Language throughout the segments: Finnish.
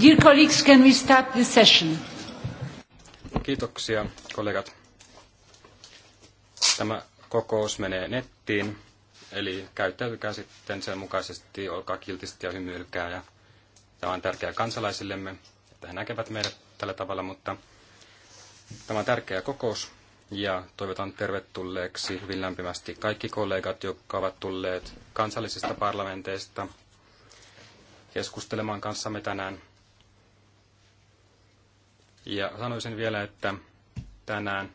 Dear colleagues, can we start the session? Kiitoksia, kollegat. Tämä kokous menee nettiin, eli käyttäytykää sitten sen mukaisesti, olkaa kiltisti ja hymyilkää. Ja tämä on tärkeää kansalaisillemme, että he näkevät meidät tällä tavalla, mutta tämä on tärkeä kokous ja toivotan tervetulleeksi hyvin lämpimästi kaikki kollegat, jotka ovat tulleet kansallisista parlamenteista keskustelemaan kanssamme tänään. Ja sanoisin vielä, että tänään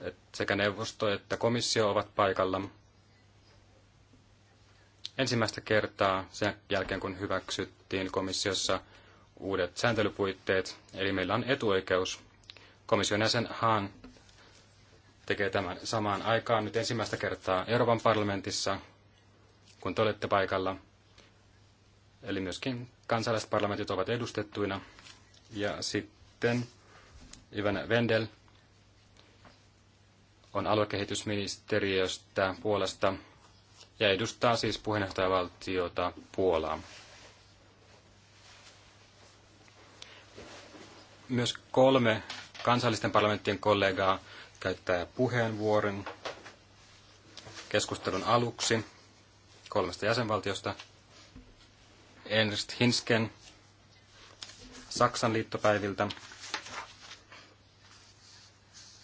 että sekä neuvosto että komissio ovat paikalla ensimmäistä kertaa sen jälkeen, kun hyväksyttiin komissiossa uudet sääntelypuitteet. Eli meillä on etuoikeus. Komission jäsen Haan tekee tämän samaan aikaan nyt ensimmäistä kertaa Euroopan parlamentissa, kun te olette paikalla. Eli myöskin kansalaiset parlamentit ovat edustettuina ja sitten Ivan Wendel on aluekehitysministeriöstä Puolasta ja edustaa siis puheenjohtajavaltiota Puolaa. Myös kolme kansallisten parlamenttien kollegaa käyttää puheenvuoron keskustelun aluksi kolmesta jäsenvaltiosta. Ernst Hinsken Saksan liittopäiviltä.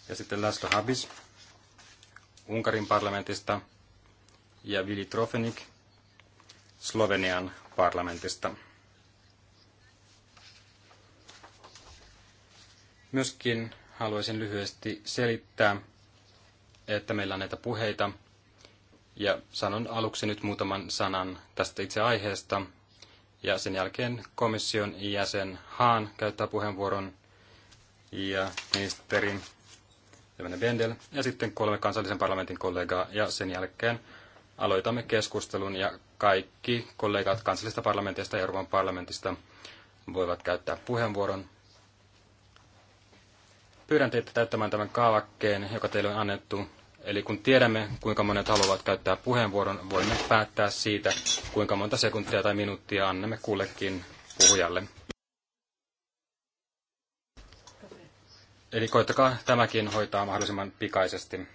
Ja sitten Laszlo Habis Unkarin parlamentista ja Vili Trofenik Slovenian parlamentista. Myöskin haluaisin lyhyesti selittää, että meillä on näitä puheita, ja sanon aluksi nyt muutaman sanan tästä itse aiheesta, ja sen jälkeen komission jäsen Haan käyttää puheenvuoron ja ministeri Jemene Bendel ja sitten kolme kansallisen parlamentin kollegaa ja sen jälkeen aloitamme keskustelun ja kaikki kollegat kansallisesta parlamentista ja Euroopan parlamentista voivat käyttää puheenvuoron. Pyydän teitä täyttämään tämän kaavakkeen, joka teille on annettu Eli kun tiedämme, kuinka monet haluavat käyttää puheenvuoron, voimme päättää siitä, kuinka monta sekuntia tai minuuttia annamme kullekin puhujalle. Eli koittakaa tämäkin hoitaa mahdollisimman pikaisesti.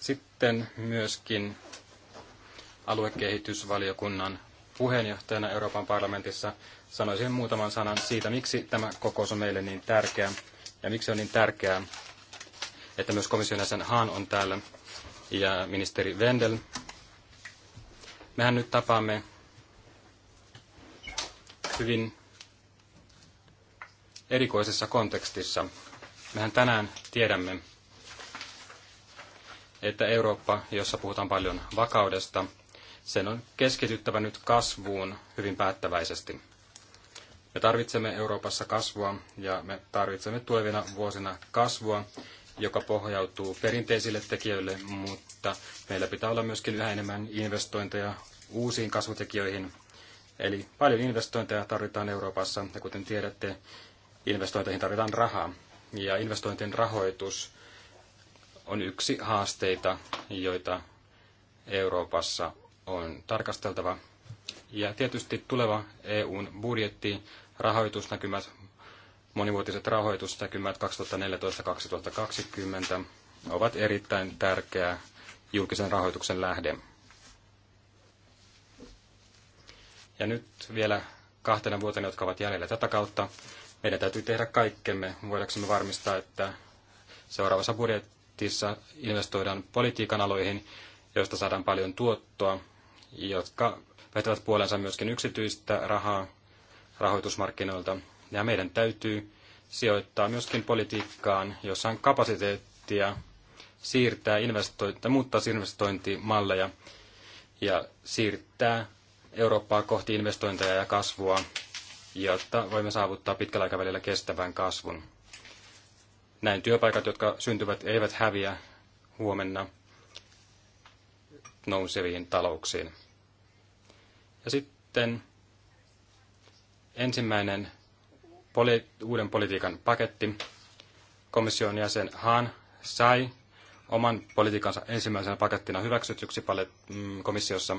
Sitten myöskin aluekehitysvaliokunnan puheenjohtajana Euroopan parlamentissa sanoisin muutaman sanan siitä, miksi tämä kokous on meille niin tärkeä ja miksi on niin tärkeää, että myös komission jäsen Haan on täällä ja ministeri Wendel. Mehän nyt tapaamme hyvin erikoisessa kontekstissa. Mehän tänään tiedämme, että Eurooppa, jossa puhutaan paljon vakaudesta, sen on keskityttävä nyt kasvuun hyvin päättäväisesti. Me tarvitsemme Euroopassa kasvua ja me tarvitsemme tulevina vuosina kasvua, joka pohjautuu perinteisille tekijöille, mutta meillä pitää olla myöskin yhä enemmän investointeja uusiin kasvutekijöihin. Eli paljon investointeja tarvitaan Euroopassa, ja kuten tiedätte, investointeihin tarvitaan rahaa. Ja investointien rahoitus on yksi haasteita, joita Euroopassa on tarkasteltava. Ja tietysti tuleva EUn budjetti, rahoitusnäkymät monivuotiset rahoitusnäkymät 2014-2020 ovat erittäin tärkeä julkisen rahoituksen lähde. Ja nyt vielä kahtena vuotena, jotka ovat jäljellä tätä kautta, meidän täytyy tehdä kaikkemme, voidaksemme varmistaa, että seuraavassa budjetissa investoidaan politiikan aloihin, joista saadaan paljon tuottoa, jotka vetävät puolensa myöskin yksityistä rahaa rahoitusmarkkinoilta ja meidän täytyy sijoittaa myöskin politiikkaan, jossa on kapasiteettia siirtää investointeja, muuttaa investointimalleja ja siirtää Eurooppaa kohti investointeja ja kasvua, jotta voimme saavuttaa pitkällä aikavälillä kestävän kasvun. Näin työpaikat, jotka syntyvät, eivät häviä huomenna nouseviin talouksiin. Ja sitten ensimmäinen poli- uuden politiikan paketti. Komission jäsen Hahn sai oman politiikansa ensimmäisenä pakettina hyväksytyksi mm, komissiossa.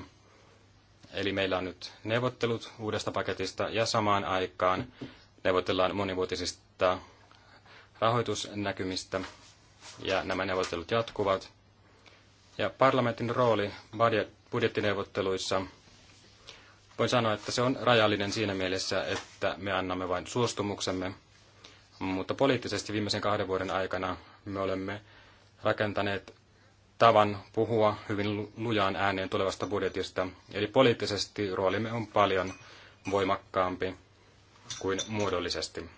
Eli meillä on nyt neuvottelut uudesta paketista ja samaan aikaan neuvotellaan monivuotisista rahoitusnäkymistä ja nämä neuvottelut jatkuvat. Ja parlamentin rooli budjettineuvotteluissa – voi sanoa, että se on rajallinen siinä mielessä, että me annamme vain suostumuksemme, mutta poliittisesti viimeisen kahden vuoden aikana me olemme rakentaneet tavan puhua hyvin lujaan ääneen tulevasta budjetista. Eli poliittisesti roolimme on paljon voimakkaampi kuin muodollisesti.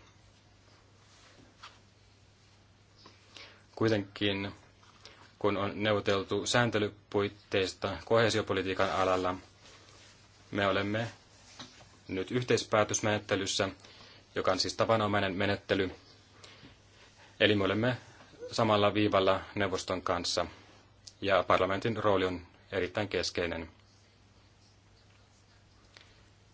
Kuitenkin, kun on neuvoteltu sääntelypuitteista kohesiopolitiikan alalla – me olemme nyt yhteispäätösmenettelyssä, joka on siis tavanomainen menettely. Eli me olemme samalla viivalla neuvoston kanssa ja parlamentin rooli on erittäin keskeinen.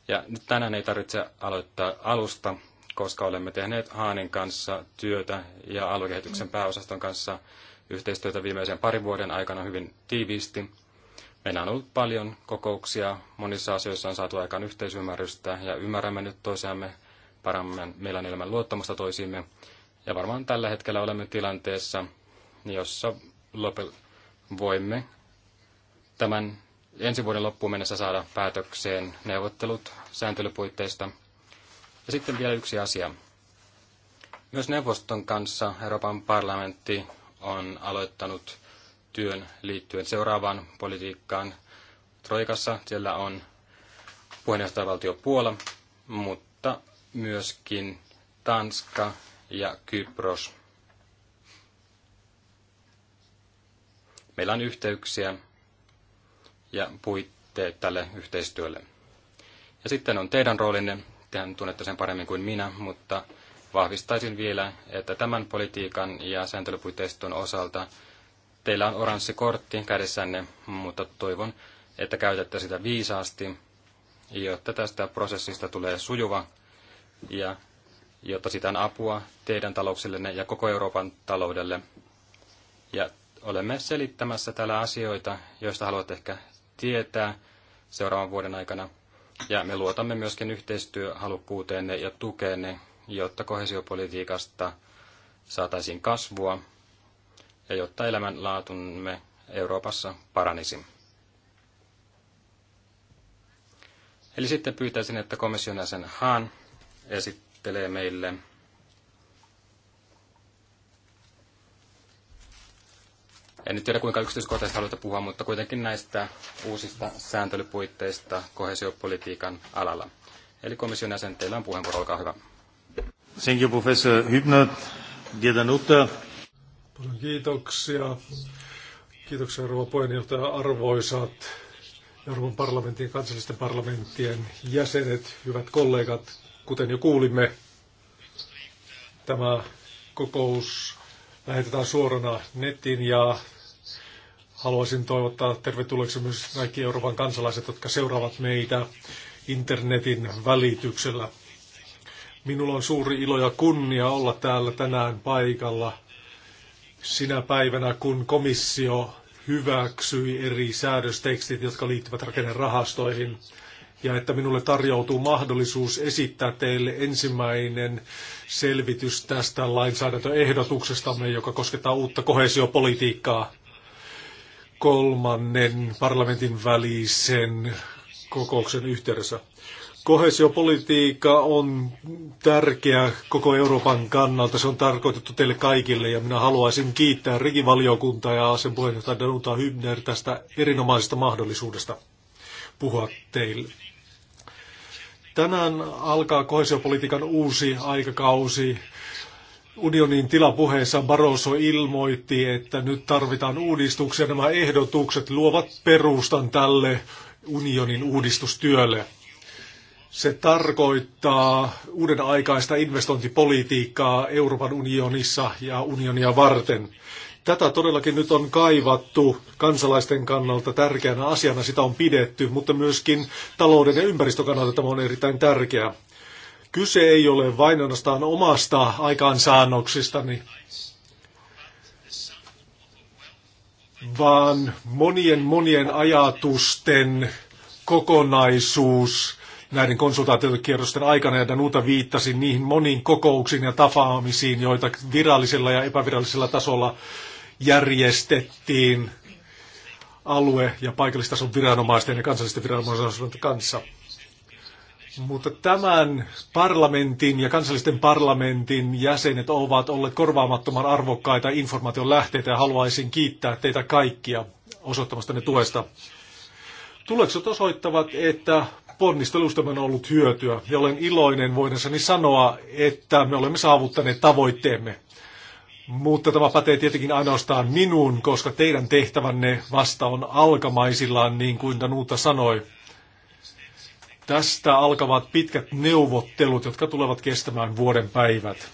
Ja nyt tänään ei tarvitse aloittaa alusta, koska olemme tehneet Haanin kanssa työtä ja aluekehityksen pääosaston kanssa yhteistyötä viimeisen parin vuoden aikana hyvin tiiviisti. Meillä on ollut paljon kokouksia, monissa asioissa on saatu aikaan yhteisymmärrystä ja ymmärrämme nyt toisiamme paremmin, meillä on enemmän luottamusta toisiimme. Ja varmaan tällä hetkellä olemme tilanteessa, jossa lop- voimme tämän ensi vuoden loppuun mennessä saada päätökseen neuvottelut sääntelypuitteista. Ja sitten vielä yksi asia. Myös neuvoston kanssa Euroopan parlamentti on aloittanut työn liittyen seuraavaan politiikkaan. Troikassa siellä on puheenjohtajavaltio Puola, mutta myöskin Tanska ja Kypros. Meillä on yhteyksiä ja puitteet tälle yhteistyölle. Ja sitten on teidän roolinne, tehän tunnette sen paremmin kuin minä, mutta vahvistaisin vielä, että tämän politiikan ja sääntelypuitteiston osalta Teillä on oranssi kortti kädessänne, mutta toivon, että käytätte sitä viisaasti, jotta tästä prosessista tulee sujuva ja jotta sitä on apua teidän talouksellenne ja koko Euroopan taloudelle. Ja olemme selittämässä täällä asioita, joista haluat ehkä tietää seuraavan vuoden aikana. Ja me luotamme myöskin yhteistyöhalukkuuteenne ja tukeenne, jotta kohesiopolitiikasta saataisiin kasvua ja jotta elämänlaatumme Euroopassa paranisi. Eli sitten pyytäisin, että komission jäsen Haan esittelee meille En nyt tiedä, kuinka yksityiskohtaisesti haluta puhua, mutta kuitenkin näistä uusista sääntelypuitteista kohesiopolitiikan alalla. Eli komission jäsen, teillä on puheenvuoro, olkaa hyvä. Thank you, professor Hübner. Dear Danuta, Paljon kiitoksia. Kiitoksia rouva puheenjohtaja, arvoisat Euroopan parlamentin kansallisten parlamenttien jäsenet, hyvät kollegat. Kuten jo kuulimme, tämä kokous lähetetään suorana netin ja haluaisin toivottaa tervetulleeksi myös kaikki Euroopan kansalaiset, jotka seuraavat meitä internetin välityksellä. Minulla on suuri ilo ja kunnia olla täällä tänään paikalla – sinä päivänä, kun komissio hyväksyi eri säädöstekstit, jotka liittyvät rakennerahastoihin, ja että minulle tarjoutuu mahdollisuus esittää teille ensimmäinen selvitys tästä lainsäädäntöehdotuksestamme, joka koskettaa uutta kohesiopolitiikkaa kolmannen parlamentin välisen kokouksen yhteydessä. Kohesiopolitiikka on tärkeä koko Euroopan kannalta. Se on tarkoitettu teille kaikille ja minä haluaisin kiittää Rigivaliokuntaa ja sen puheenjohtaja Danuta Hybner tästä erinomaisesta mahdollisuudesta puhua teille. Tänään alkaa kohesiopolitiikan uusi aikakausi. Unionin tilapuheessa Barroso ilmoitti, että nyt tarvitaan uudistuksia. Nämä ehdotukset luovat perustan tälle unionin uudistustyölle. Se tarkoittaa uuden aikaista investointipolitiikkaa Euroopan unionissa ja unionia varten. Tätä todellakin nyt on kaivattu kansalaisten kannalta tärkeänä asiana, sitä on pidetty, mutta myöskin talouden ja ympäristön kannalta tämä on erittäin tärkeää. Kyse ei ole vain ainoastaan omasta aikaansaannoksistani, vaan monien monien ajatusten kokonaisuus, näiden konsultaatiokierrosten aikana, ja Danuta viittasi niihin moniin kokouksiin ja tapaamisiin, joita virallisella ja epävirallisella tasolla järjestettiin alue- ja paikallistason viranomaisten ja kansallisten viranomaisten kanssa. Mutta tämän parlamentin ja kansallisten parlamentin jäsenet ovat olleet korvaamattoman arvokkaita informaation lähteitä ja haluaisin kiittää teitä kaikkia osoittamastanne tuesta. Tulokset osoittavat, että ponnistelusta on ollut hyötyä ja olen iloinen voidessani sanoa, että me olemme saavuttaneet tavoitteemme. Mutta tämä pätee tietenkin ainoastaan minuun, koska teidän tehtävänne vasta on alkamaisillaan, niin kuin Danuta sanoi. Tästä alkavat pitkät neuvottelut, jotka tulevat kestämään vuoden päivät.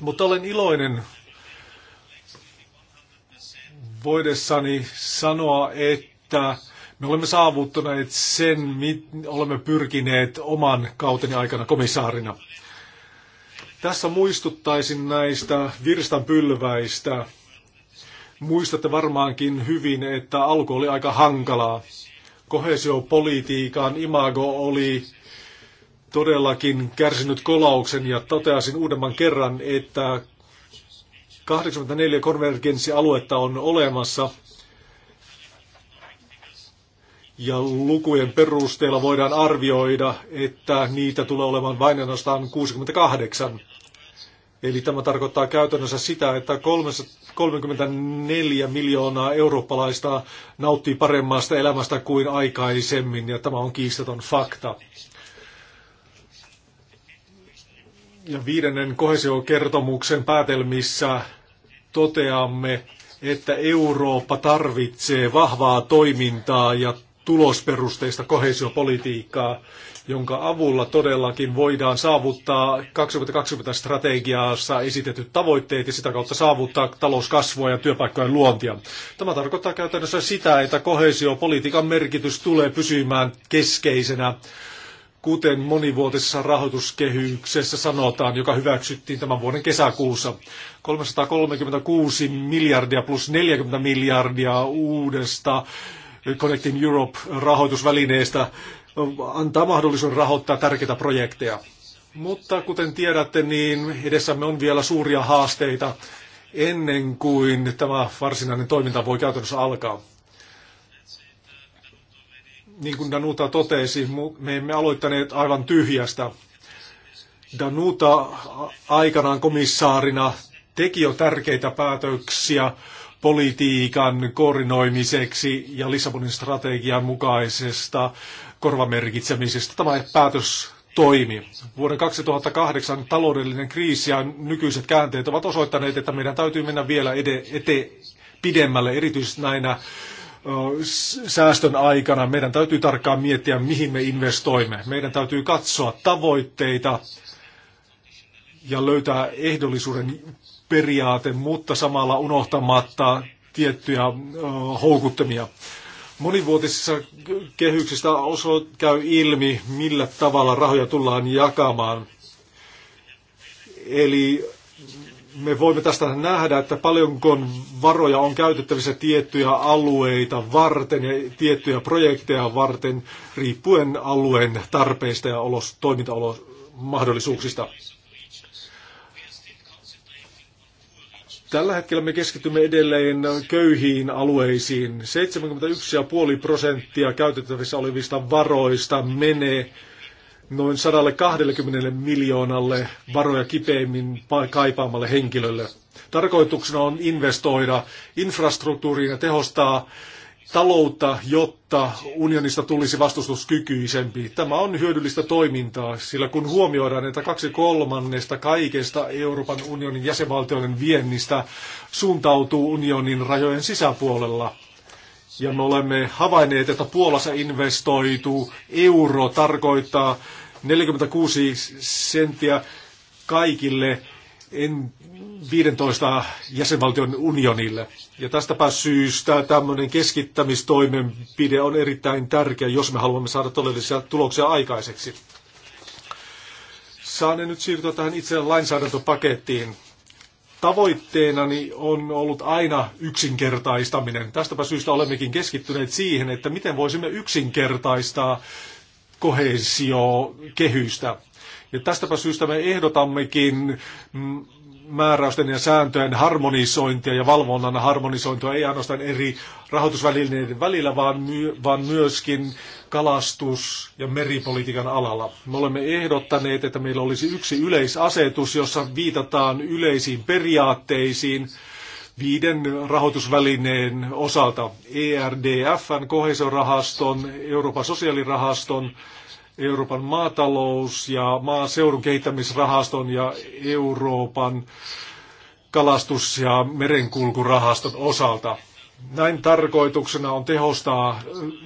Mutta olen iloinen voidessani sanoa, että me olemme saavuttaneet sen, mitä olemme pyrkineet oman kauteni aikana komissaarina. Tässä muistuttaisin näistä virstanpylväistä. Muistatte varmaankin hyvin, että alku oli aika hankalaa. Kohesiopolitiikan imago oli todellakin kärsinyt kolauksen ja toteasin uudemman kerran, että 84 konvergenssialuetta on olemassa ja lukujen perusteella voidaan arvioida, että niitä tulee olemaan vain ainoastaan 68. Eli tämä tarkoittaa käytännössä sitä, että 34 miljoonaa eurooppalaista nauttii paremmasta elämästä kuin aikaisemmin, ja tämä on kiistaton fakta. Ja viidennen kohesiokertomuksen päätelmissä toteamme, että Eurooppa tarvitsee vahvaa toimintaa ja tulosperusteista kohesiopolitiikkaa, jonka avulla todellakin voidaan saavuttaa 2020-strategiassa esitetyt tavoitteet ja sitä kautta saavuttaa talouskasvua ja työpaikkojen luontia. Tämä tarkoittaa käytännössä sitä, että kohesiopolitiikan merkitys tulee pysymään keskeisenä, kuten monivuotisessa rahoituskehyksessä sanotaan, joka hyväksyttiin tämän vuoden kesäkuussa. 336 miljardia plus 40 miljardia uudesta Connecting Europe-rahoitusvälineestä antaa mahdollisuuden rahoittaa tärkeitä projekteja. Mutta kuten tiedätte, niin edessämme on vielä suuria haasteita ennen kuin tämä varsinainen toiminta voi käytännössä alkaa. Niin kuin Danuta totesi, me emme aloittaneet aivan tyhjästä. Danuta aikanaan komissaarina teki jo tärkeitä päätöksiä politiikan koordinoimiseksi ja Lissabonin strategian mukaisesta korvamerkitsemisestä. Tämä päätös toimi. Vuoden 2008 taloudellinen kriisi ja nykyiset käänteet ovat osoittaneet, että meidän täytyy mennä vielä ede, ete, pidemmälle, erityisesti näinä säästön aikana. Meidän täytyy tarkkaan miettiä, mihin me investoimme. Meidän täytyy katsoa tavoitteita ja löytää ehdollisuuden periaate, mutta samalla unohtamatta tiettyjä houkuttamia. Monivuotisissa kehyksistä käy ilmi, millä tavalla rahoja tullaan jakamaan. Eli me voimme tästä nähdä, että paljonko varoja on käytettävissä tiettyjä alueita varten ja tiettyjä projekteja varten, riippuen alueen tarpeista ja olos, toimintaolomahdollisuuksista. mahdollisuuksista. Tällä hetkellä me keskitymme edelleen köyhiin alueisiin. 71,5 prosenttia käytettävissä olevista varoista menee noin 120 miljoonalle varoja kipeimmin kaipaamalle henkilölle. Tarkoituksena on investoida infrastruktuuriin ja tehostaa taloutta, jotta unionista tulisi vastustuskykyisempi. Tämä on hyödyllistä toimintaa, sillä kun huomioidaan, että kaksi kolmannesta kaikesta Euroopan unionin jäsenvaltioiden viennistä suuntautuu unionin rajojen sisäpuolella, ja me olemme havainneet, että Puolassa investoitu euro tarkoittaa 46 senttiä kaikille 15 jäsenvaltion unionille. Ja tästäpä syystä tämmöinen keskittämistoimenpide on erittäin tärkeä, jos me haluamme saada todellisia tuloksia aikaiseksi. Saan nyt siirtyä tähän itse lainsäädäntöpakettiin. Tavoitteenani on ollut aina yksinkertaistaminen. Tästäpä syystä olemmekin keskittyneet siihen, että miten voisimme yksinkertaistaa kohesiokehystä. Ja tästäpä syystä me ehdotammekin mm, määräysten ja sääntöjen harmonisointia ja valvonnan harmonisointia ei ainoastaan eri rahoitusvälineiden välillä, vaan, my- vaan myöskin kalastus- ja meripolitiikan alalla. Me olemme ehdottaneet, että meillä olisi yksi yleisasetus, jossa viitataan yleisiin periaatteisiin viiden rahoitusvälineen osalta ERDFn, Kohesorahaston, Euroopan sosiaalirahaston, Euroopan maatalous- ja maaseudun kehittämisrahaston ja Euroopan kalastus- ja merenkulkurahaston osalta. Näin tarkoituksena on tehostaa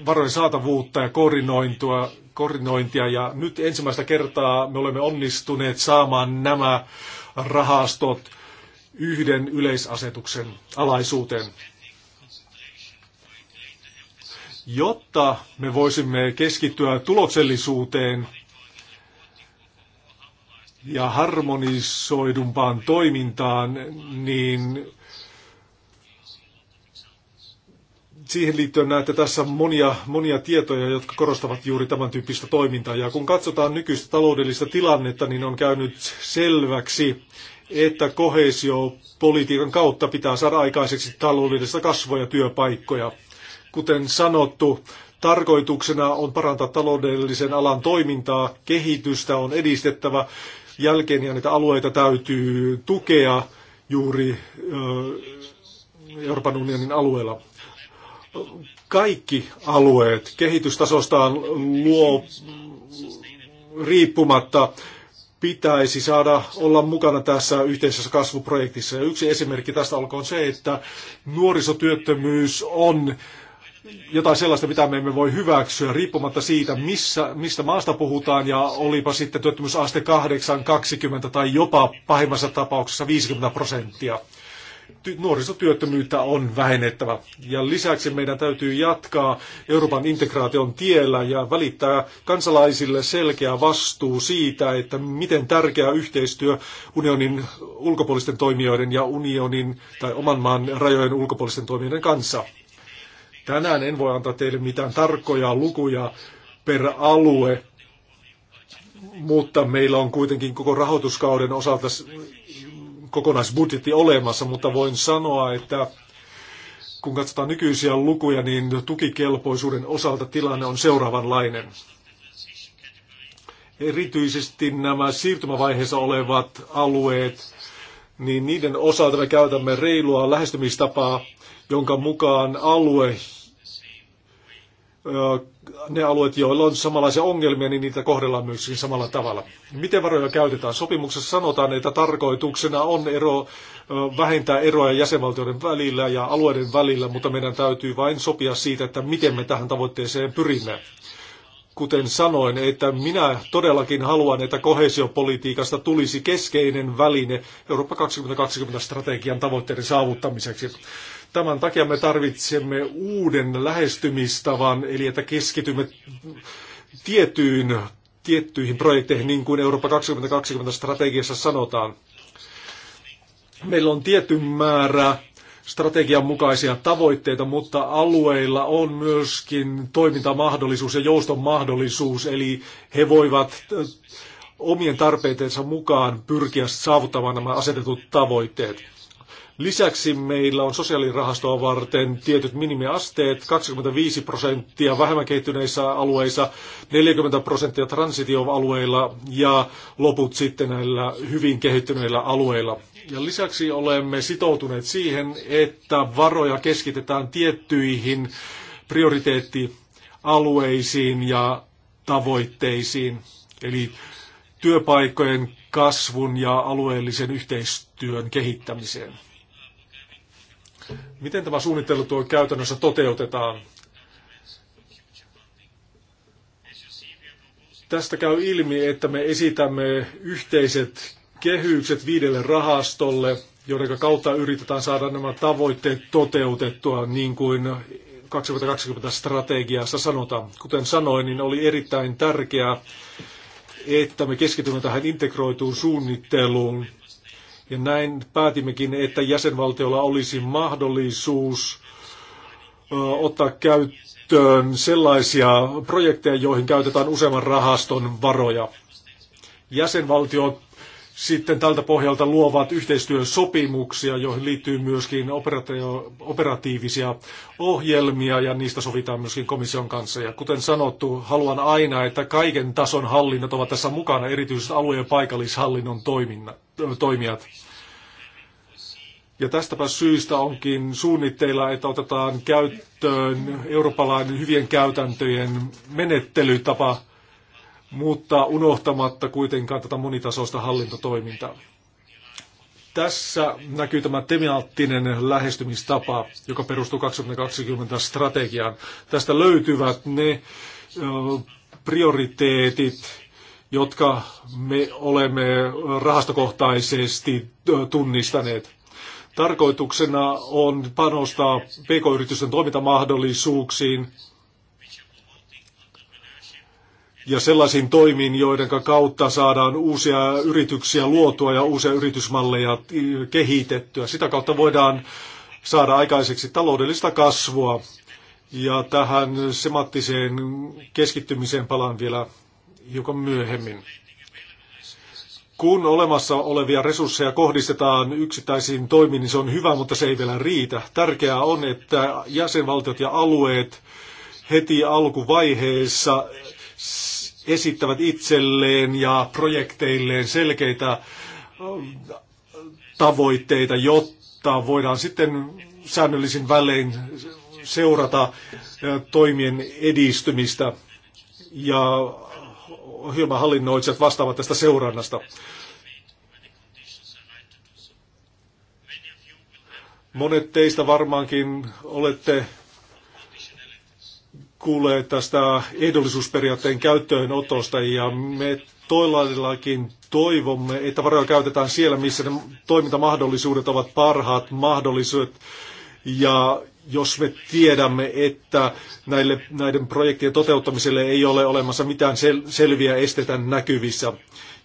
varojen saatavuutta ja koordinointia, koordinointia ja nyt ensimmäistä kertaa me olemme onnistuneet saamaan nämä rahastot yhden yleisasetuksen alaisuuteen. Jotta me voisimme keskittyä tuloksellisuuteen ja harmonisoidumpaan toimintaan, niin siihen liittyen näette tässä monia, monia tietoja, jotka korostavat juuri tämän tyyppistä toimintaa. Ja kun katsotaan nykyistä taloudellista tilannetta, niin on käynyt selväksi, että kohesiopolitiikan kautta pitää saada aikaiseksi taloudellista kasvua ja työpaikkoja. Kuten sanottu, tarkoituksena on parantaa taloudellisen alan toimintaa, kehitystä on edistettävä, jälkeen ja niitä alueita täytyy tukea juuri Euroopan unionin alueella. Kaikki alueet kehitystasostaan luo riippumatta pitäisi saada olla mukana tässä yhteisessä kasvuprojektissa. Ja yksi esimerkki tästä olkoon se, että nuorisotyöttömyys on jotain sellaista, mitä me emme voi hyväksyä, riippumatta siitä, missä, mistä maasta puhutaan, ja olipa sitten työttömyysaste 8, 20 tai jopa pahimmassa tapauksessa 50 prosenttia. Ty- nuorisotyöttömyyttä on vähennettävä. Ja lisäksi meidän täytyy jatkaa Euroopan integraation tiellä ja välittää kansalaisille selkeä vastuu siitä, että miten tärkeä yhteistyö unionin ulkopuolisten toimijoiden ja unionin tai oman maan rajojen ulkopuolisten toimijoiden kanssa Tänään en voi antaa teille mitään tarkkoja lukuja per alue, mutta meillä on kuitenkin koko rahoituskauden osalta kokonaisbudjetti olemassa, mutta voin sanoa, että kun katsotaan nykyisiä lukuja, niin tukikelpoisuuden osalta tilanne on seuraavanlainen. Erityisesti nämä siirtymävaiheessa olevat alueet, niin niiden osalta me käytämme reilua lähestymistapaa, jonka mukaan alue, ne alueet, joilla on samanlaisia ongelmia, niin niitä kohdellaan myös samalla tavalla. Miten varoja käytetään? Sopimuksessa sanotaan, että tarkoituksena on ero, vähentää eroja jäsenvaltioiden välillä ja alueiden välillä, mutta meidän täytyy vain sopia siitä, että miten me tähän tavoitteeseen pyrimme. Kuten sanoin, että minä todellakin haluan, että kohesiopolitiikasta tulisi keskeinen väline Eurooppa 2020 strategian tavoitteiden saavuttamiseksi. Tämän takia me tarvitsemme uuden lähestymistavan, eli että keskitymme tiettyyn, tiettyihin projekteihin, niin kuin Eurooppa 2020 strategiassa sanotaan. Meillä on tietty määrä strategian mukaisia tavoitteita, mutta alueilla on myöskin toimintamahdollisuus ja jouston mahdollisuus, eli he voivat omien tarpeidensa mukaan pyrkiä saavuttamaan nämä asetetut tavoitteet. Lisäksi meillä on sosiaalirahastoa varten tietyt minimiasteet, 25 prosenttia vähemmän kehittyneissä alueissa, 40 prosenttia transitioalueilla ja loput sitten näillä hyvin kehittyneillä alueilla. Ja lisäksi olemme sitoutuneet siihen, että varoja keskitetään tiettyihin prioriteettialueisiin ja tavoitteisiin, eli työpaikkojen kasvun ja alueellisen yhteistyön kehittämiseen. Miten tämä suunnittelutyö käytännössä toteutetaan? Tästä käy ilmi, että me esitämme yhteiset kehykset viidelle rahastolle, joiden kautta yritetään saada nämä tavoitteet toteutettua niin kuin 2020 strategiassa sanotaan. Kuten sanoin, niin oli erittäin tärkeää, että me keskitymme tähän integroituun suunnitteluun ja näin päätimmekin, että jäsenvaltiolla olisi mahdollisuus ottaa käyttöön sellaisia projekteja, joihin käytetään useamman rahaston varoja. Jäsenvaltiot sitten tältä pohjalta luovat yhteistyön sopimuksia, joihin liittyy myöskin operatiivisia ohjelmia ja niistä sovitaan myöskin komission kanssa. Ja kuten sanottu, haluan aina, että kaiken tason hallinnat ovat tässä mukana, erityisesti alue- ja paikallishallinnon toimijat. Ja tästäpä syystä onkin suunnitteilla, että otetaan käyttöön eurooppalainen hyvien käytäntöjen menettelytapa – mutta unohtamatta kuitenkaan tätä monitasoista hallintotoimintaa. Tässä näkyy tämä temaattinen lähestymistapa, joka perustuu 2020 strategiaan. Tästä löytyvät ne prioriteetit, jotka me olemme rahastokohtaisesti tunnistaneet. Tarkoituksena on panostaa pk-yritysten toimintamahdollisuuksiin, ja sellaisiin toimiin, joiden kautta saadaan uusia yrityksiä luotua ja uusia yritysmalleja kehitettyä. Sitä kautta voidaan saada aikaiseksi taloudellista kasvua. Ja tähän semattiseen keskittymiseen palaan vielä hiukan myöhemmin. Kun olemassa olevia resursseja kohdistetaan yksittäisiin toimiin, niin se on hyvä, mutta se ei vielä riitä. Tärkeää on, että jäsenvaltiot ja alueet heti alkuvaiheessa esittävät itselleen ja projekteilleen selkeitä tavoitteita, jotta voidaan sitten säännöllisin välein seurata toimien edistymistä ja ohjelmahallinnoitsijat vastaavat tästä seurannasta. Monet teistä varmaankin olette kuulee tästä ehdollisuusperiaatteen käyttöönotosta ja me toillaillakin toivomme, että varoja käytetään siellä, missä ne toimintamahdollisuudet ovat parhaat mahdollisuudet. Ja jos me tiedämme, että näille, näiden projektien toteuttamiselle ei ole olemassa mitään sel- selviä esteitä näkyvissä.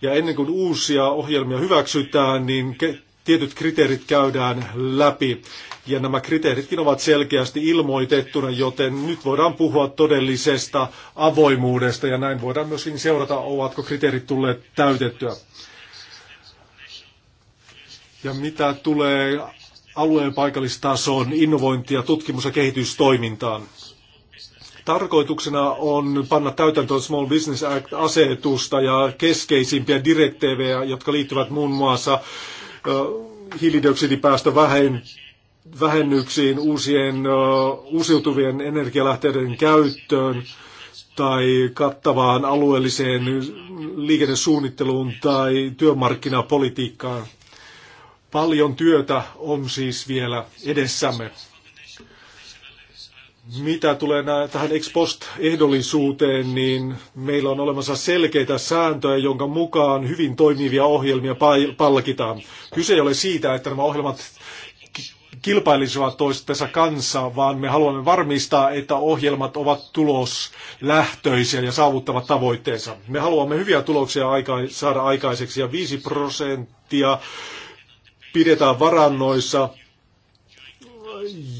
Ja ennen kuin uusia ohjelmia hyväksytään, niin ke- tietyt kriteerit käydään läpi. Ja nämä kriteeritkin ovat selkeästi ilmoitettuna, joten nyt voidaan puhua todellisesta avoimuudesta ja näin voidaan myöskin seurata, ovatko kriteerit tulleet täytettyä. Ja mitä tulee alueen paikallistason innovointia, tutkimus- ja kehitystoimintaan. Tarkoituksena on panna täytäntöön Small Business Act-asetusta ja keskeisimpiä direktiivejä, jotka liittyvät muun muassa hiilidioksidipäästövähennyksiin, uusien, uusiutuvien energialähteiden käyttöön tai kattavaan alueelliseen liikennesuunnitteluun tai työmarkkinapolitiikkaan. Paljon työtä on siis vielä edessämme. Mitä tulee tähän ex post-ehdollisuuteen, niin meillä on olemassa selkeitä sääntöjä, jonka mukaan hyvin toimivia ohjelmia palkitaan. Kyse ei ole siitä, että nämä ohjelmat kilpailisivat toistensa kanssa, vaan me haluamme varmistaa, että ohjelmat ovat tuloslähtöisiä ja saavuttavat tavoitteensa. Me haluamme hyviä tuloksia saada aikaiseksi ja 5 prosenttia pidetään varannoissa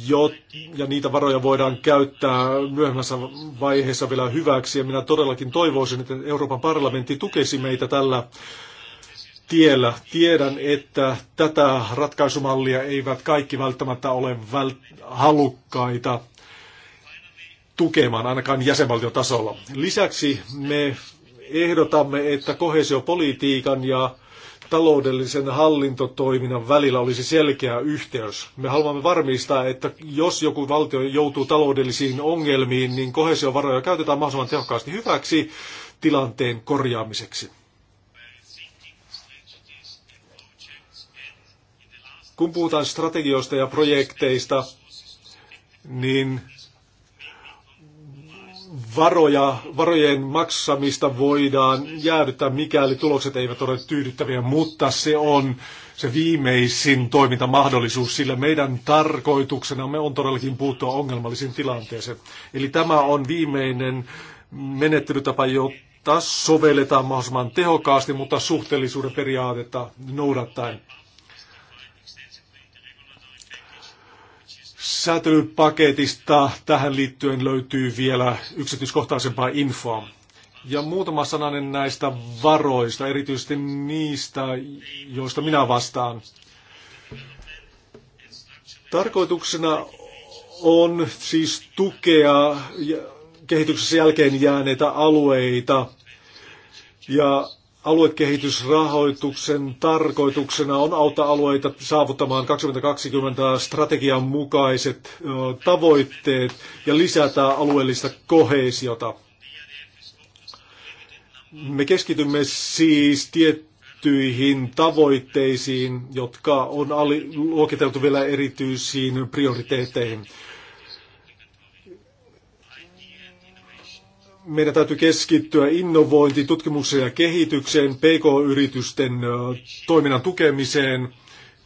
jo, ja niitä varoja voidaan käyttää myöhemmässä vaiheessa vielä hyväksi. Ja minä todellakin toivoisin, että Euroopan parlamentti tukisi meitä tällä tiellä. Tiedän, että tätä ratkaisumallia eivät kaikki välttämättä ole vält- halukkaita tukemaan, ainakaan jäsenvaltiotasolla. Lisäksi me ehdotamme, että kohesiopolitiikan ja taloudellisen hallintotoiminnan välillä olisi selkeä yhteys. Me haluamme varmistaa, että jos joku valtio joutuu taloudellisiin ongelmiin, niin kohesiovaroja käytetään mahdollisimman tehokkaasti hyväksi tilanteen korjaamiseksi. Kun puhutaan strategioista ja projekteista, niin varoja, varojen maksamista voidaan jäädyttää, mikäli tulokset eivät ole tyydyttäviä, mutta se on se viimeisin toimintamahdollisuus, sillä meidän tarkoituksena me on todellakin puuttua ongelmallisiin tilanteeseen. Eli tämä on viimeinen menettelytapa, jota sovelletaan mahdollisimman tehokkaasti, mutta suhteellisuuden periaatetta noudattaen. säätelypaketista tähän liittyen löytyy vielä yksityiskohtaisempaa infoa. Ja muutama sananen näistä varoista, erityisesti niistä, joista minä vastaan. Tarkoituksena on siis tukea kehityksessä jälkeen jääneitä alueita ja Aluekehitysrahoituksen tarkoituksena on auttaa alueita saavuttamaan 2020 strategian mukaiset tavoitteet ja lisätä alueellista kohesiota. Me keskitymme siis tiettyihin tavoitteisiin, jotka on luokiteltu vielä erityisiin prioriteetteihin. meidän täytyy keskittyä innovointi tutkimukseen ja kehitykseen, PK-yritysten toiminnan tukemiseen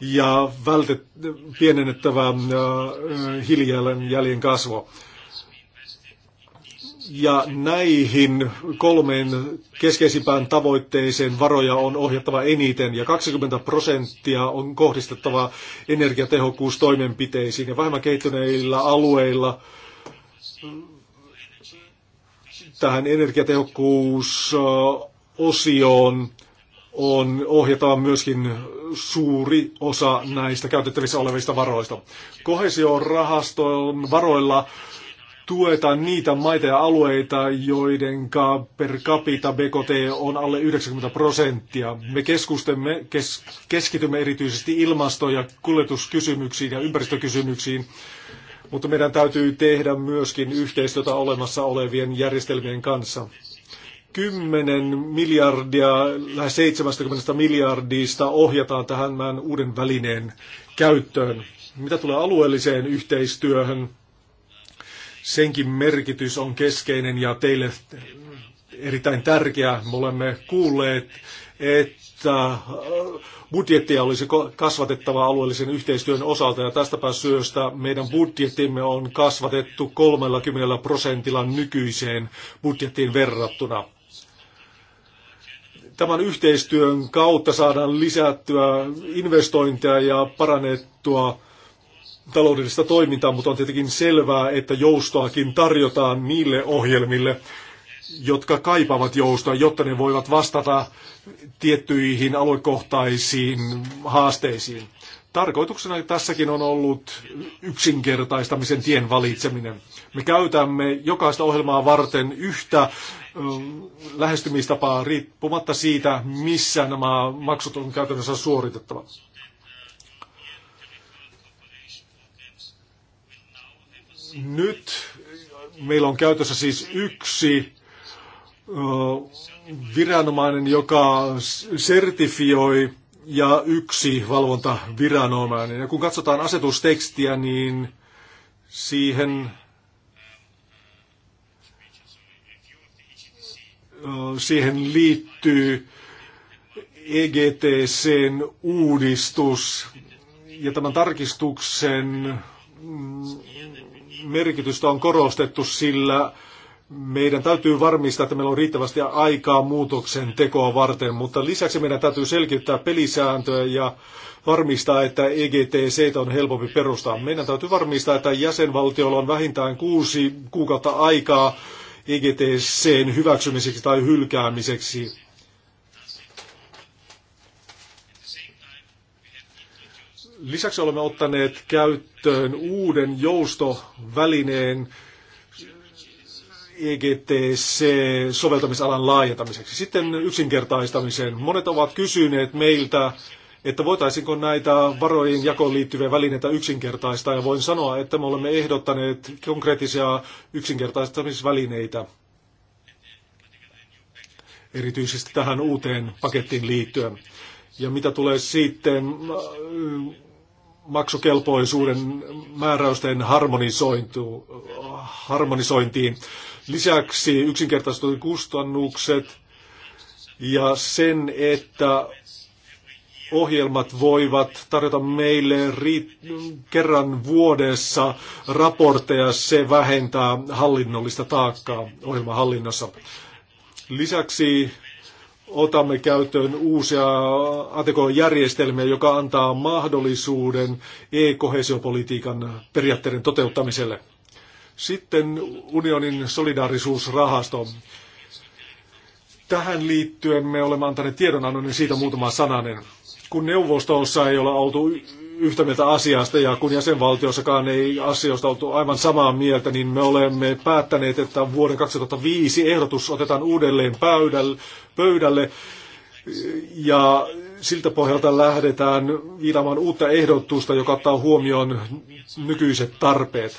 ja vältet, pienennettävä hiilijalanjäljen kasvo. Ja näihin kolmeen keskeisimpään tavoitteeseen varoja on ohjattava eniten ja 20 prosenttia on kohdistettava energiatehokkuustoimenpiteisiin ja vähemmän kehittyneillä alueilla tähän energiatehokkuusosioon on ohjataan myöskin suuri osa näistä käytettävissä olevista varoista. Kohesiorahaston varoilla tuetaan niitä maita ja alueita, joiden per capita BKT on alle 90 prosenttia. Me keskustemme, kes, keskitymme erityisesti ilmasto- ja kuljetuskysymyksiin ja ympäristökysymyksiin mutta meidän täytyy tehdä myöskin yhteistyötä olemassa olevien järjestelmien kanssa. 10 miljardia, lähes 70 miljardista ohjataan tähän uuden välineen käyttöön. Mitä tulee alueelliseen yhteistyöhön, senkin merkitys on keskeinen ja teille erittäin tärkeä. Me olemme kuulleet, että budjettia olisi kasvatettava alueellisen yhteistyön osalta ja tästäpä syöstä meidän budjettimme on kasvatettu 30 prosentilla nykyiseen budjettiin verrattuna. Tämän yhteistyön kautta saadaan lisättyä investointeja ja parannettua taloudellista toimintaa, mutta on tietenkin selvää, että joustoakin tarjotaan niille ohjelmille, jotka kaipaavat joustoa, jotta ne voivat vastata tiettyihin aluekohtaisiin haasteisiin. Tarkoituksena tässäkin on ollut yksinkertaistamisen tien valitseminen. Me käytämme jokaista ohjelmaa varten yhtä lähestymistapaa riippumatta siitä, missä nämä maksut on käytännössä suoritettava. Nyt meillä on käytössä siis yksi viranomainen, joka sertifioi ja yksi valvontaviranomainen. Ja kun katsotaan asetustekstiä, niin siihen siihen liittyy EGTCn uudistus ja tämän tarkistuksen mm, merkitystä on korostettu, sillä meidän täytyy varmistaa, että meillä on riittävästi aikaa muutoksen tekoa varten, mutta lisäksi meidän täytyy selkiyttää pelisääntöä ja varmistaa, että EGTC on helpompi perustaa. Meidän täytyy varmistaa, että jäsenvaltiolla on vähintään kuusi kuukautta aikaa EGTCn hyväksymiseksi tai hylkäämiseksi. Lisäksi olemme ottaneet käyttöön uuden joustovälineen, EGTC-soveltamisalan laajentamiseksi. Sitten yksinkertaistamiseen. Monet ovat kysyneet meiltä, että voitaisiinko näitä varojen jakoon liittyviä välineitä yksinkertaistaa, ja voin sanoa, että me olemme ehdottaneet konkreettisia yksinkertaistamisvälineitä erityisesti tähän uuteen pakettiin liittyen. Ja mitä tulee sitten äh, maksukelpoisuuden määräysten harmonisointiin, Lisäksi yksinkertaistetut kustannukset ja sen, että ohjelmat voivat tarjota meille kerran vuodessa raportteja, se vähentää hallinnollista taakkaa ohjelmahallinnassa. Lisäksi otamme käyttöön uusia ATK-järjestelmiä, joka antaa mahdollisuuden e-kohesiopolitiikan periaatteiden toteuttamiselle. Sitten unionin solidaarisuusrahasto. Tähän liittyen me olemme antaneet tiedonannon ja niin siitä muutama sananen. Kun neuvostossa ei ole oltu yhtä mieltä asiasta ja kun jäsenvaltiossakaan ei asioista oltu aivan samaa mieltä, niin me olemme päättäneet, että vuoden 2005 ehdotus otetaan uudelleen pöydälle ja siltä pohjalta lähdetään viilaamaan uutta ehdotusta, joka ottaa huomioon nykyiset tarpeet.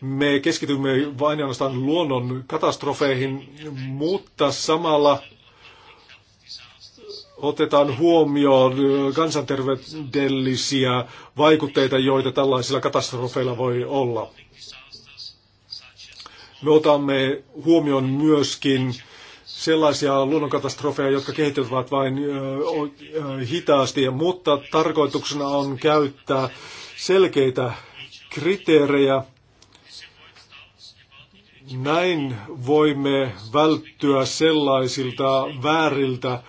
Me keskitymme vain ainoastaan luonnon katastrofeihin, mutta samalla otetaan huomioon kansanterveydellisiä vaikutteita, joita tällaisilla katastrofeilla voi olla. Me otamme huomioon myöskin sellaisia luonnonkatastrofeja, jotka kehittyvät vain hitaasti, mutta tarkoituksena on käyttää selkeitä kriteerejä näin voimme välttyä sellaisilta vääriltä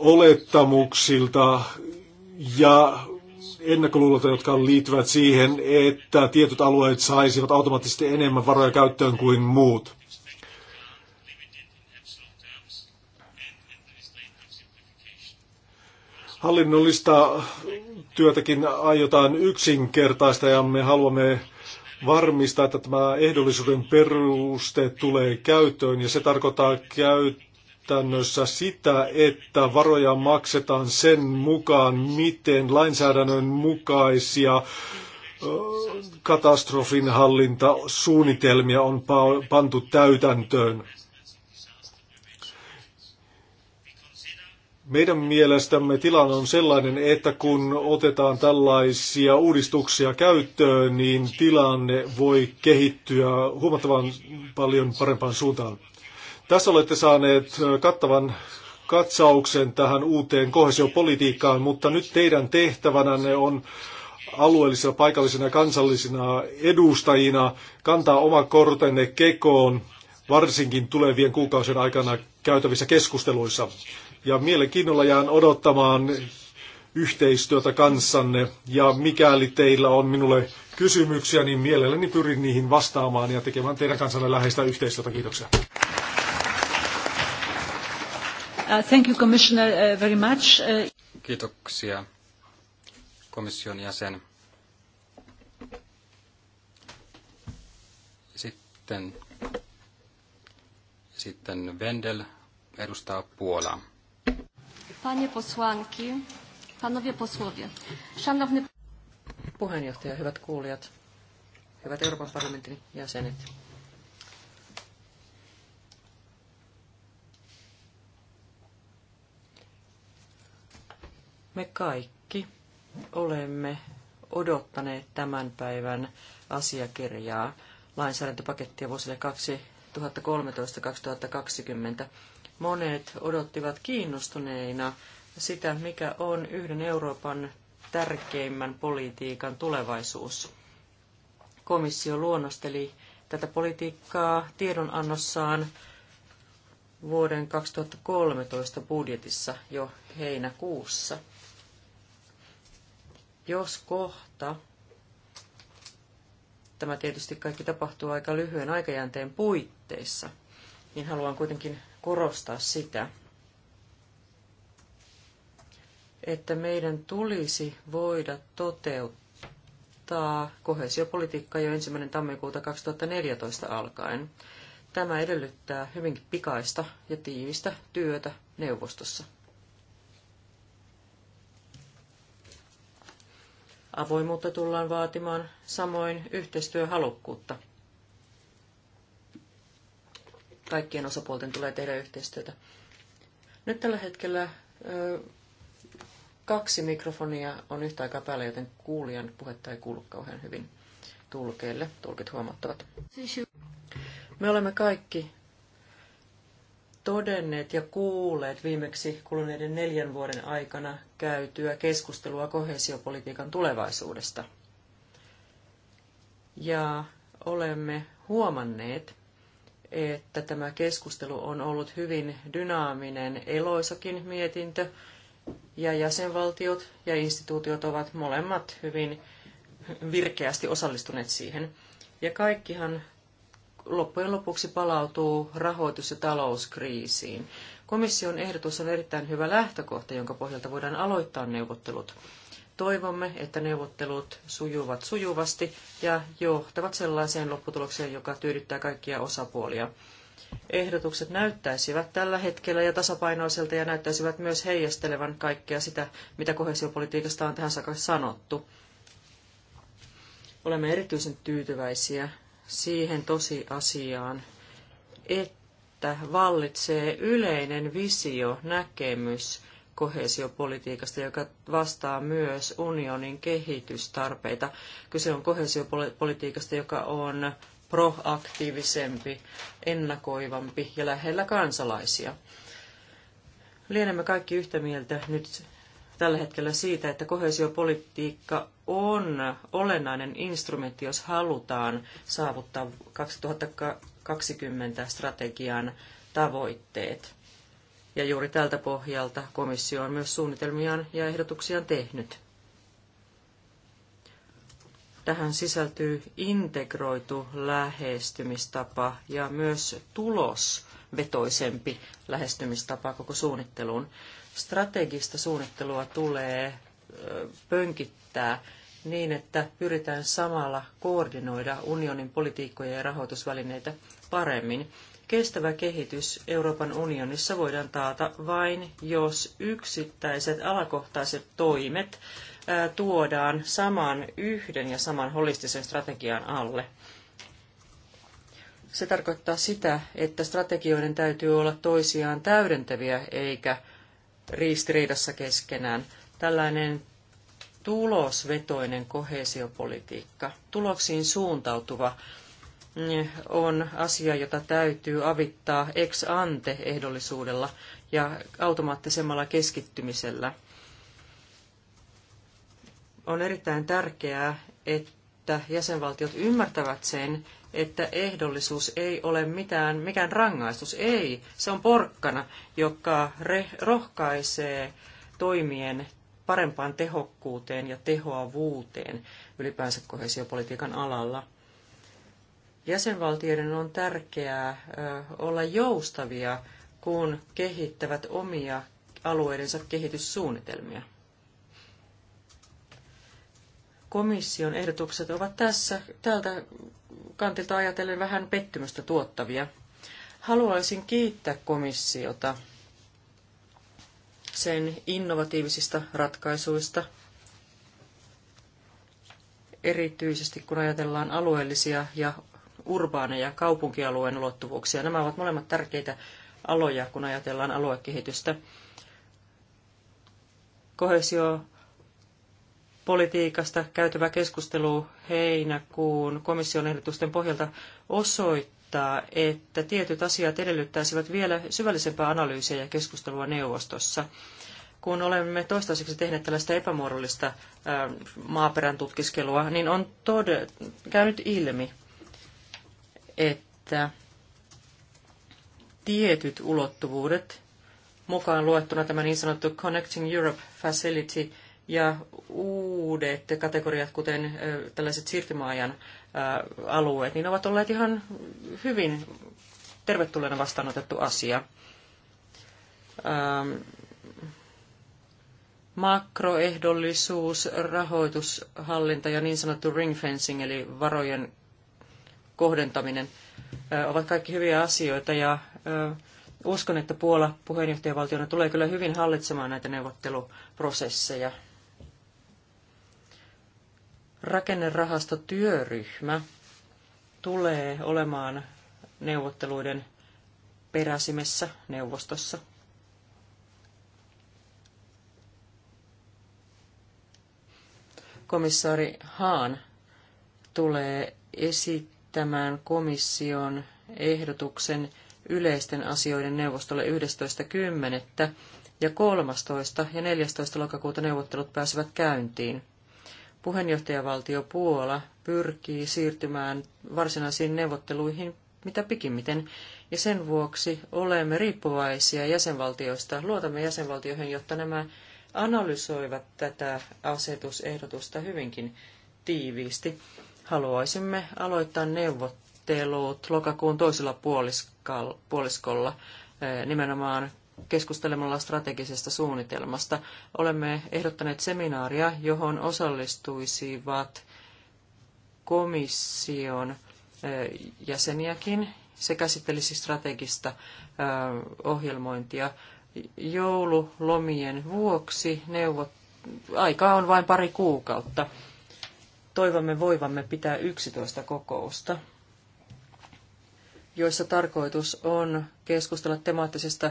olettamuksilta ja ennakkoluulot, jotka liittyvät siihen, että tietyt alueet saisivat automaattisesti enemmän varoja käyttöön kuin muut. Hallinnollista työtäkin aiotaan yksinkertaista ja me haluamme varmistaa, että tämä ehdollisuuden peruste tulee käyttöön ja se tarkoittaa käytännössä sitä, että varoja maksetaan sen mukaan, miten lainsäädännön mukaisia katastrofin hallintasuunnitelmia on pantu täytäntöön. Meidän mielestämme tilanne on sellainen, että kun otetaan tällaisia uudistuksia käyttöön, niin tilanne voi kehittyä huomattavan paljon parempaan suuntaan. Tässä olette saaneet kattavan katsauksen tähän uuteen kohesiopolitiikkaan, mutta nyt teidän tehtävänänne on alueellisena, paikallisena ja kansallisena edustajina kantaa oma kortenne kekoon, varsinkin tulevien kuukausien aikana käytävissä keskusteluissa ja mielenkiinnolla jään odottamaan yhteistyötä kanssanne ja mikäli teillä on minulle kysymyksiä, niin mielelläni pyrin niihin vastaamaan ja tekemään teidän kanssanne läheistä yhteistyötä. Kiitoksia. Uh, thank you, Commissioner, uh, very much. Uh, Kiitoksia, komission jäsen. Sitten, sitten Wendel edustaa Puolaa. Panie posłanki, panowie posłowie. Szanowny... Puheenjohtaja, hyvät kuulijat, hyvät Euroopan parlamentin jäsenet. Me kaikki olemme odottaneet tämän päivän asiakirjaa lainsäädäntöpakettia vuosille 2013-2020. Monet odottivat kiinnostuneina sitä, mikä on yhden Euroopan tärkeimmän politiikan tulevaisuus. Komissio luonnosteli tätä politiikkaa tiedonannossaan vuoden 2013 budjetissa jo heinäkuussa. Jos kohta, tämä tietysti kaikki tapahtuu aika lyhyen aikajänteen puitteissa, niin haluan kuitenkin korostaa sitä, että meidän tulisi voida toteuttaa kohesiopolitiikka jo ensimmäinen tammikuuta 2014 alkaen. Tämä edellyttää hyvinkin pikaista ja tiivistä työtä neuvostossa. Avoimuutta tullaan vaatimaan, samoin yhteistyöhalukkuutta – kaikkien osapuolten tulee tehdä yhteistyötä. Nyt tällä hetkellä kaksi mikrofonia on yhtä aikaa päällä, joten kuulijan puhetta ei kuulu kauhean hyvin tulkeille. Tulkit huomattavat. Me olemme kaikki todenneet ja kuulleet viimeksi kuluneiden neljän vuoden aikana käytyä keskustelua kohesiopolitiikan tulevaisuudesta. Ja olemme huomanneet, että tämä keskustelu on ollut hyvin dynaaminen, eloisakin mietintö, ja jäsenvaltiot ja instituutiot ovat molemmat hyvin virkeästi osallistuneet siihen. Ja kaikkihan loppujen lopuksi palautuu rahoitus- ja talouskriisiin. Komission ehdotus on erittäin hyvä lähtökohta, jonka pohjalta voidaan aloittaa neuvottelut. Toivomme, että neuvottelut sujuvat sujuvasti ja johtavat sellaiseen lopputulokseen, joka tyydyttää kaikkia osapuolia. Ehdotukset näyttäisivät tällä hetkellä ja tasapainoiselta ja näyttäisivät myös heijastelevan kaikkea sitä, mitä kohesiopolitiikasta on tähän saakka sanottu. Olemme erityisen tyytyväisiä siihen tosiasiaan, että vallitsee yleinen visio, näkemys – kohesiopolitiikasta, joka vastaa myös unionin kehitystarpeita. Kyse on kohesiopolitiikasta, joka on proaktiivisempi, ennakoivampi ja lähellä kansalaisia. Lienemme kaikki yhtä mieltä nyt tällä hetkellä siitä, että kohesiopolitiikka on olennainen instrumentti, jos halutaan saavuttaa 2020 strategian tavoitteet ja juuri tältä pohjalta komissio on myös suunnitelmiaan ja ehdotuksiaan tehnyt. Tähän sisältyy integroitu lähestymistapa ja myös tulosvetoisempi lähestymistapa koko suunnitteluun. Strategista suunnittelua tulee pönkittää niin, että pyritään samalla koordinoida unionin politiikkoja ja rahoitusvälineitä paremmin. Kestävä kehitys Euroopan unionissa voidaan taata vain, jos yksittäiset alakohtaiset toimet tuodaan saman yhden ja saman holistisen strategian alle. Se tarkoittaa sitä, että strategioiden täytyy olla toisiaan täydentäviä eikä ristiriidassa keskenään. Tällainen tulosvetoinen kohesiopolitiikka, tuloksiin suuntautuva on asia, jota täytyy avittaa ex ante ehdollisuudella ja automaattisemmalla keskittymisellä. On erittäin tärkeää, että jäsenvaltiot ymmärtävät sen, että ehdollisuus ei ole mitään, mikään rangaistus. Ei, se on porkkana, joka rohkaisee toimien parempaan tehokkuuteen ja tehoavuuteen ylipäänsä kohesiopolitiikan alalla. Jäsenvaltioiden on tärkeää olla joustavia, kun kehittävät omia alueidensa kehityssuunnitelmia. Komission ehdotukset ovat tässä tältä kantilta ajatellen vähän pettymystä tuottavia. Haluaisin kiittää komissiota sen innovatiivisista ratkaisuista, erityisesti kun ajatellaan alueellisia ja urbaaneja kaupunkialueen ulottuvuuksia. Nämä ovat molemmat tärkeitä aloja, kun ajatellaan aluekehitystä. Kohesio politiikasta käytävä keskustelu heinäkuun komission ehdotusten pohjalta osoittaa, että tietyt asiat edellyttäisivät vielä syvällisempää analyysiä ja keskustelua neuvostossa. Kun olemme toistaiseksi tehneet tällaista epämuodollista maaperän tutkiskelua, niin on tode- käynyt ilmi, että tietyt ulottuvuudet, mukaan luettuna tämä niin sanottu Connecting Europe Facility ja uudet kategoriat, kuten tällaiset siirtymäajan alueet, niin ovat olleet ihan hyvin tervetulleena vastaanotettu asia. makroehdollisuus, rahoitushallinta ja niin sanottu ring fencing, eli varojen kohdentaminen ovat kaikki hyviä asioita ja uskon, että Puola puheenjohtajavaltiona tulee kyllä hyvin hallitsemaan näitä neuvotteluprosesseja. Rakennerahastotyöryhmä tulee olemaan neuvotteluiden peräsimessä neuvostossa. Komissaari Haan tulee esittämään tämän komission ehdotuksen yleisten asioiden neuvostolle 11.10. ja 13. ja 14. lokakuuta neuvottelut pääsevät käyntiin. Puheenjohtajavaltio Puola pyrkii siirtymään varsinaisiin neuvotteluihin mitä pikimmiten, ja sen vuoksi olemme riippuvaisia jäsenvaltioista. Luotamme jäsenvaltioihin, jotta nämä analysoivat tätä asetusehdotusta hyvinkin tiiviisti. Haluaisimme aloittaa neuvottelut lokakuun toisella puoliskolla eh, nimenomaan keskustelemalla strategisesta suunnitelmasta. Olemme ehdottaneet seminaaria, johon osallistuisivat komission eh, jäseniäkin. Se käsittelisi strategista eh, ohjelmointia joululomien vuoksi. Neuvot- Aikaa on vain pari kuukautta toivomme voivamme pitää 11 kokousta, joissa tarkoitus on keskustella temaattisesta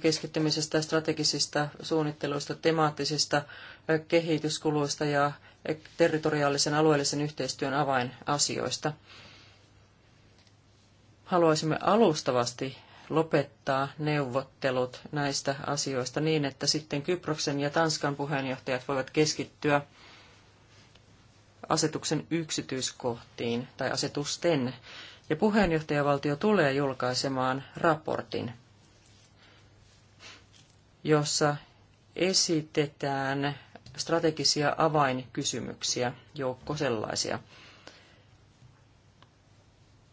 keskittymisestä, strategisista suunnitteluista, temaattisista kehityskuluista ja territoriaalisen alueellisen yhteistyön avainasioista. Haluaisimme alustavasti lopettaa neuvottelut näistä asioista niin, että sitten Kyproksen ja Tanskan puheenjohtajat voivat keskittyä asetuksen yksityiskohtiin tai asetusten, ja puheenjohtajavaltio tulee julkaisemaan raportin, jossa esitetään strategisia avainkysymyksiä, joukko sellaisia.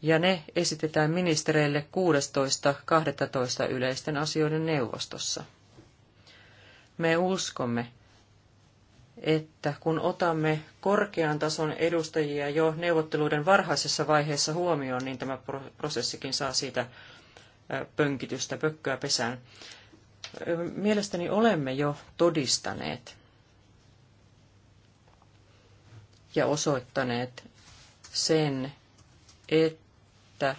Ja ne esitetään ministereille 16.12. yleisten asioiden neuvostossa. Me uskomme, että kun otamme korkean tason edustajia jo neuvotteluiden varhaisessa vaiheessa huomioon, niin tämä prosessikin saa siitä pönkitystä, pökköä pesään. Mielestäni olemme jo todistaneet ja osoittaneet sen, että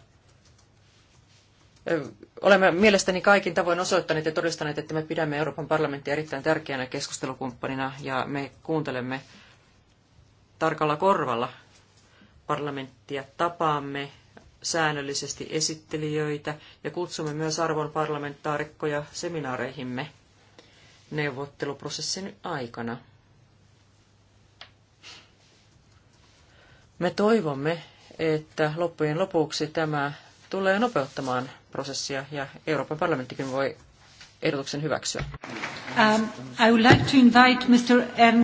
olemme mielestäni kaikin tavoin osoittaneet ja todistaneet, että me pidämme Euroopan parlamenttia erittäin tärkeänä keskustelukumppanina ja me kuuntelemme tarkalla korvalla parlamenttia, tapaamme säännöllisesti esittelijöitä ja kutsumme myös arvon parlamentaarikkoja seminaareihimme neuvotteluprosessin aikana. Me toivomme, että loppujen lopuksi tämä tulee nopeuttamaan prosessia ja Euroopan parlamenttikin voi ehdotuksen hyväksyä. Um, I would like to invite Mr. Ern...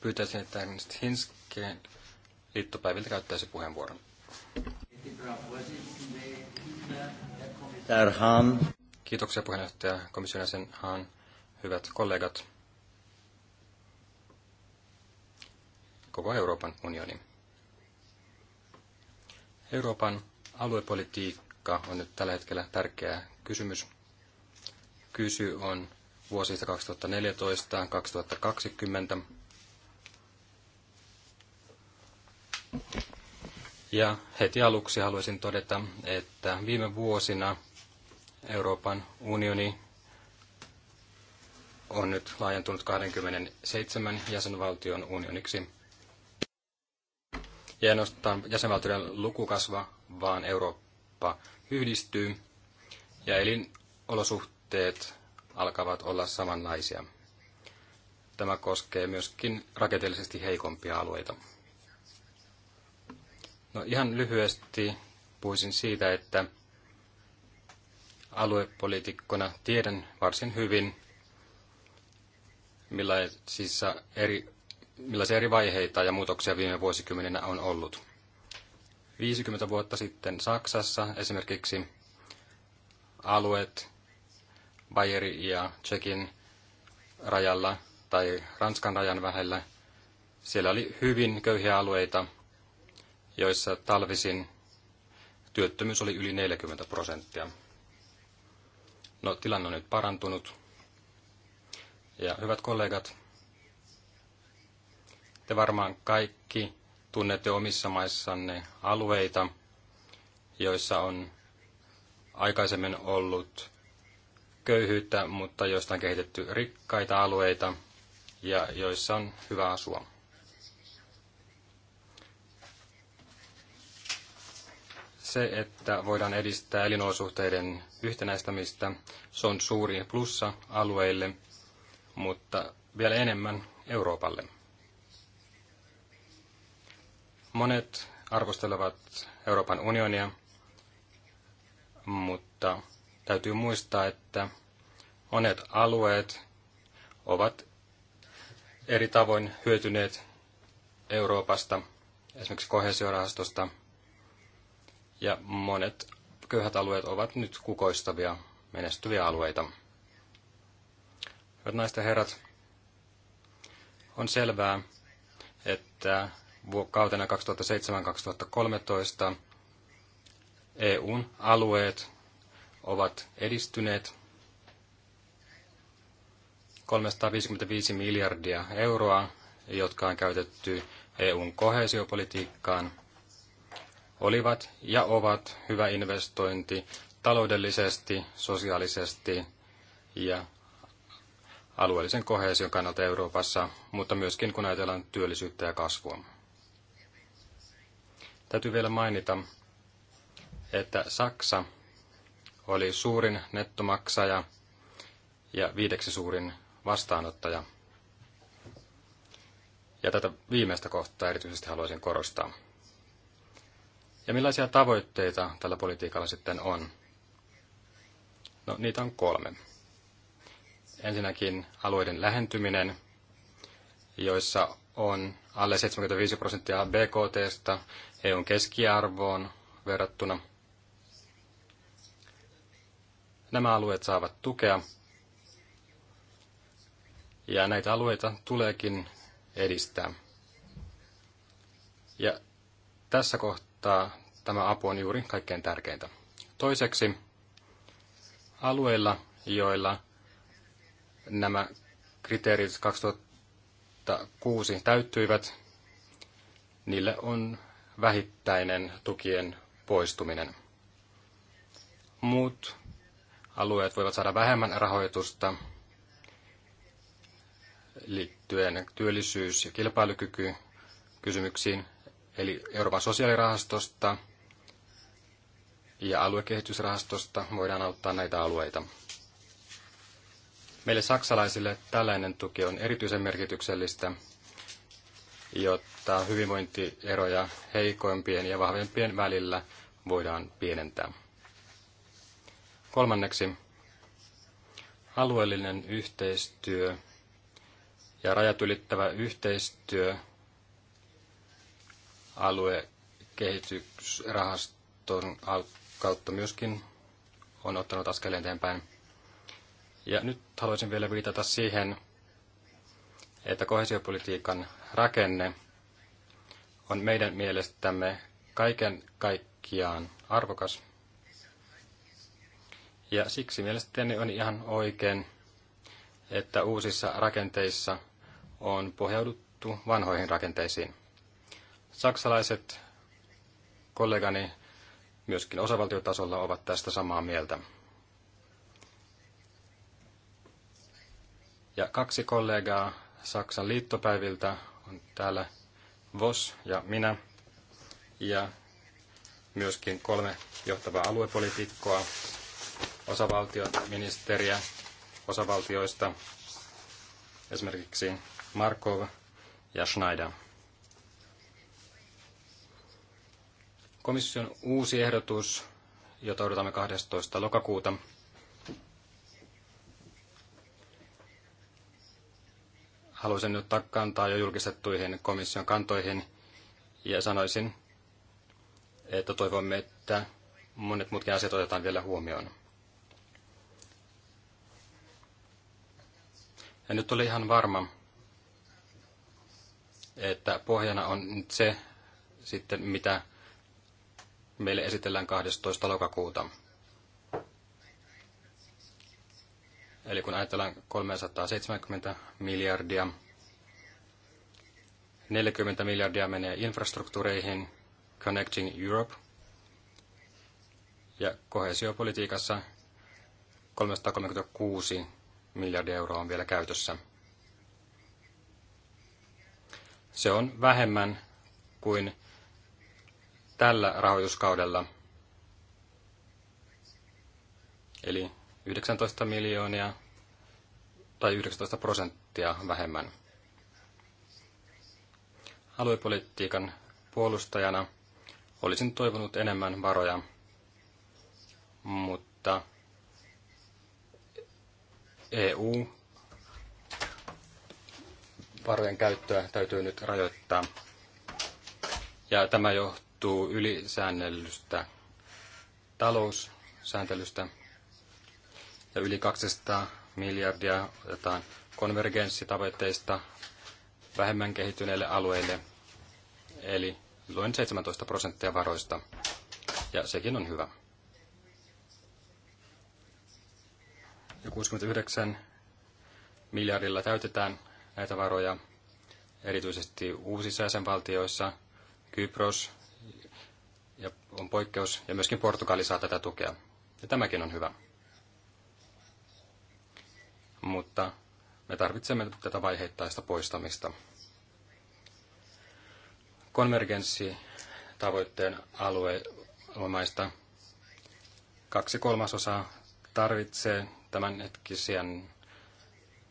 Pyytäisin, että Ernst Hinske liittopäiviltä käyttäisi puheenvuoron. Kiitoksia puheenjohtaja komission jäsen Haan. Hyvät kollegat. Koko Euroopan unioni. Euroopan aluepolitiikka Kreikka on nyt tällä hetkellä tärkeä kysymys. Kysy on vuosista 2014-2020. Ja heti aluksi haluaisin todeta, että viime vuosina Euroopan unioni on nyt laajentunut 27 jäsenvaltion unioniksi. Ja ei jäsenvaltioiden lukukasva, vaan Eurooppa yhdistyy ja elinolosuhteet alkavat olla samanlaisia. Tämä koskee myöskin rakenteellisesti heikompia alueita. No ihan lyhyesti puhuisin siitä, että aluepolitiikkona tiedän varsin hyvin, millaisia eri, millaisia eri vaiheita ja muutoksia viime vuosikymmeninä on ollut. 50 vuotta sitten Saksassa esimerkiksi alueet Bayeri ja Tsekin rajalla tai Ranskan rajan vähellä. Siellä oli hyvin köyhiä alueita, joissa talvisin työttömyys oli yli 40 prosenttia. No, tilanne on nyt parantunut. Ja hyvät kollegat, te varmaan kaikki tunnette omissa maissanne alueita, joissa on aikaisemmin ollut köyhyyttä, mutta joista on kehitetty rikkaita alueita ja joissa on hyvä asua. Se, että voidaan edistää elinolosuhteiden yhtenäistämistä, se on suuri plussa alueille, mutta vielä enemmän Euroopalle. Monet arvostelevat Euroopan unionia, mutta täytyy muistaa, että monet alueet ovat eri tavoin hyötyneet Euroopasta, esimerkiksi kohesiorahastosta, ja monet köyhät alueet ovat nyt kukoistavia, menestyviä alueita. Hyvät naiset ja herrat, on selvää, että kautena 2007-2013 EUn alueet ovat edistyneet 355 miljardia euroa, jotka on käytetty EUn kohesiopolitiikkaan, olivat ja ovat hyvä investointi taloudellisesti, sosiaalisesti ja alueellisen kohesion kannalta Euroopassa, mutta myöskin kun ajatellaan työllisyyttä ja kasvua. Täytyy vielä mainita, että Saksa oli suurin nettomaksaja ja viideksi suurin vastaanottaja. Ja tätä viimeistä kohtaa erityisesti haluaisin korostaa. Ja millaisia tavoitteita tällä politiikalla sitten on? No, niitä on kolme. Ensinnäkin alueiden lähentyminen, joissa on alle 75 prosenttia BKTstä EUn keskiarvoon verrattuna. Nämä alueet saavat tukea ja näitä alueita tuleekin edistää. Ja tässä kohtaa tämä apu on juuri kaikkein tärkeintä. Toiseksi alueilla, joilla nämä kriteerit 2006 täyttyivät, niille on vähittäinen tukien poistuminen. Muut alueet voivat saada vähemmän rahoitusta liittyen työllisyys- ja kilpailukykykysymyksiin, eli Euroopan sosiaalirahastosta ja aluekehitysrahastosta voidaan auttaa näitä alueita. Meille saksalaisille tällainen tuki on erityisen merkityksellistä, jotta hyvinvointieroja heikoimpien ja vahvempien välillä voidaan pienentää. Kolmanneksi, alueellinen yhteistyö ja rajat ylittävä yhteistyö aluekehitysrahaston kautta myöskin on ottanut askeleen eteenpäin. Ja nyt haluaisin vielä viitata siihen, että kohesiopolitiikan rakenne on meidän mielestämme kaiken kaikkiaan arvokas. Ja siksi mielestäni on ihan oikein, että uusissa rakenteissa on pohjauduttu vanhoihin rakenteisiin. Saksalaiset kollegani myöskin osavaltiotasolla ovat tästä samaa mieltä. Ja kaksi kollegaa Saksan liittopäiviltä on täällä Vos ja minä ja myöskin kolme johtavaa aluepolitiikkoa, ministeriä osavaltioista, esimerkiksi Markov ja Schneider. Komission uusi ehdotus, jota odotamme 12. lokakuuta, haluaisin nyt ottaa kantaa jo julkistettuihin komission kantoihin ja sanoisin, että toivomme, että monet muutkin asiat otetaan vielä huomioon. Ja nyt oli ihan varma, että pohjana on nyt se sitten, mitä meille esitellään 12. lokakuuta. Eli kun ajatellaan 370 miljardia, 40 miljardia menee infrastruktuureihin, Connecting Europe, ja kohesiopolitiikassa 336 miljardia euroa on vielä käytössä. Se on vähemmän kuin tällä rahoituskaudella. Eli 19 miljoonia tai 19 prosenttia vähemmän. Aluepolitiikan puolustajana olisin toivonut enemmän varoja, mutta EU varojen käyttöä täytyy nyt rajoittaa. Ja tämä johtuu ylisäännellystä taloussääntelystä ja yli 200 miljardia otetaan konvergenssitavoitteista vähemmän kehittyneille alueille, eli noin 17 prosenttia varoista, ja sekin on hyvä. Ja 69 miljardilla täytetään näitä varoja, erityisesti uusissa jäsenvaltioissa, Kypros ja on poikkeus, ja myöskin Portugali saa tätä tukea. Ja tämäkin on hyvä mutta me tarvitsemme tätä vaiheittaista poistamista. Konvergenssitavoitteen alueomaista kaksi kolmasosaa tarvitsee tämänhetkisen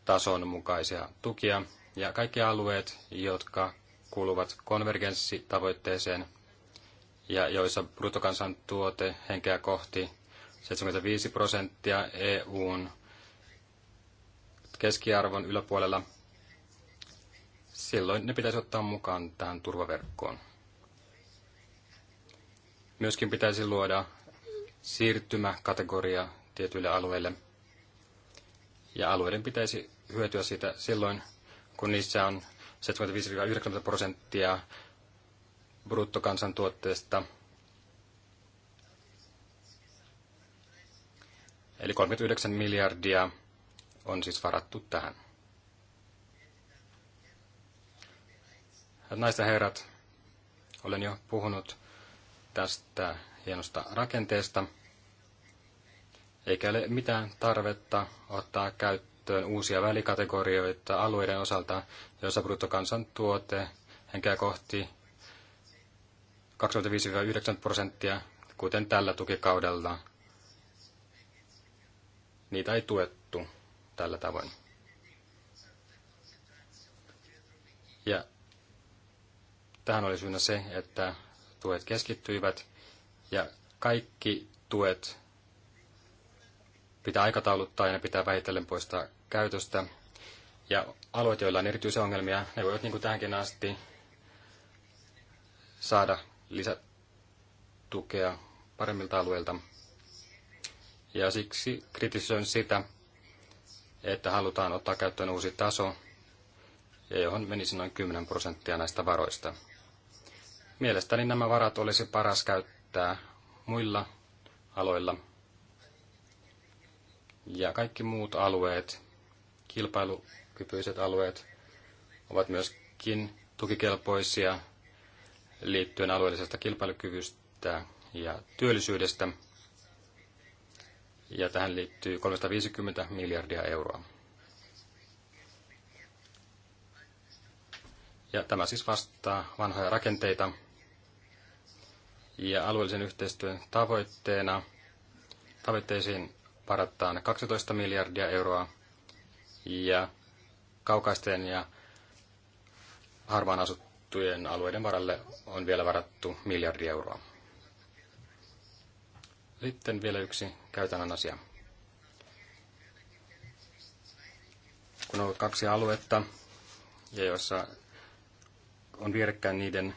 tason mukaisia tukia, ja kaikki alueet, jotka kuuluvat konvergenssitavoitteeseen ja joissa bruttokansantuote henkeä kohti 75 prosenttia EUn keskiarvon yläpuolella, silloin ne pitäisi ottaa mukaan tähän turvaverkkoon. Myöskin pitäisi luoda siirtymäkategoria tietyille alueille, ja alueiden pitäisi hyötyä siitä silloin, kun niissä on 75-90 prosenttia bruttokansantuotteesta. Eli 39 miljardia on siis varattu tähän. Naiset ja herrat, olen jo puhunut tästä hienosta rakenteesta, eikä ole mitään tarvetta ottaa käyttöön uusia välikategorioita alueiden osalta, joissa bruttokansantuote henkeä kohti 25-9 prosenttia, kuten tällä tukikaudella. Niitä ei tuettu tällä tavoin. Ja tähän oli syynä se, että tuet keskittyivät ja kaikki tuet pitää aikatauluttaa ja ne pitää vähitellen poistaa käytöstä. Ja alueet, joilla on erityisiä ongelmia, ne voivat niin kuin tähänkin asti saada lisätukea paremmilta alueilta. Ja siksi kritisoin sitä, että halutaan ottaa käyttöön uusi taso, ja johon menisi noin 10 prosenttia näistä varoista. Mielestäni nämä varat olisi paras käyttää muilla aloilla. Ja kaikki muut alueet, kilpailukykyiset alueet, ovat myöskin tukikelpoisia liittyen alueellisesta kilpailukyvystä ja työllisyydestä ja tähän liittyy 350 miljardia euroa. Ja tämä siis vastaa vanhoja rakenteita. Ja alueellisen yhteistyön tavoitteena tavoitteisiin varataan 12 miljardia euroa ja kaukaisten ja harvaan asuttujen alueiden varalle on vielä varattu miljardi euroa. Sitten vielä yksi käytännön asia. Kun on kaksi aluetta, ja joissa on vierekkäin niiden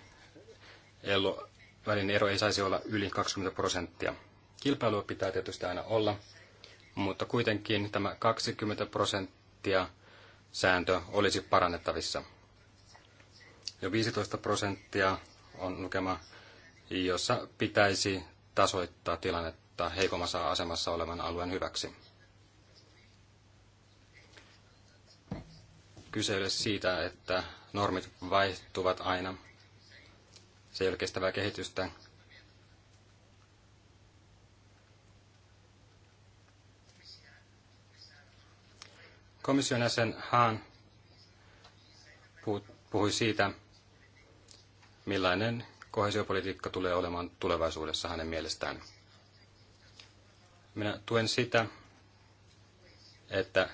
elo, välinen ero ei saisi olla yli 20 prosenttia. Kilpailua pitää tietysti aina olla, mutta kuitenkin tämä 20 prosenttia sääntö olisi parannettavissa. Jo 15 prosenttia on lukema, jossa pitäisi tasoittaa tilannetta heikommassa asemassa olevan alueen hyväksi. Kyse ei ole siitä, että normit vaihtuvat aina. Se ei ole kestävää kehitystä. Komission jäsen Haan puhui siitä, millainen kohesiopolitiikka tulee olemaan tulevaisuudessa hänen mielestään. Minä tuen sitä, että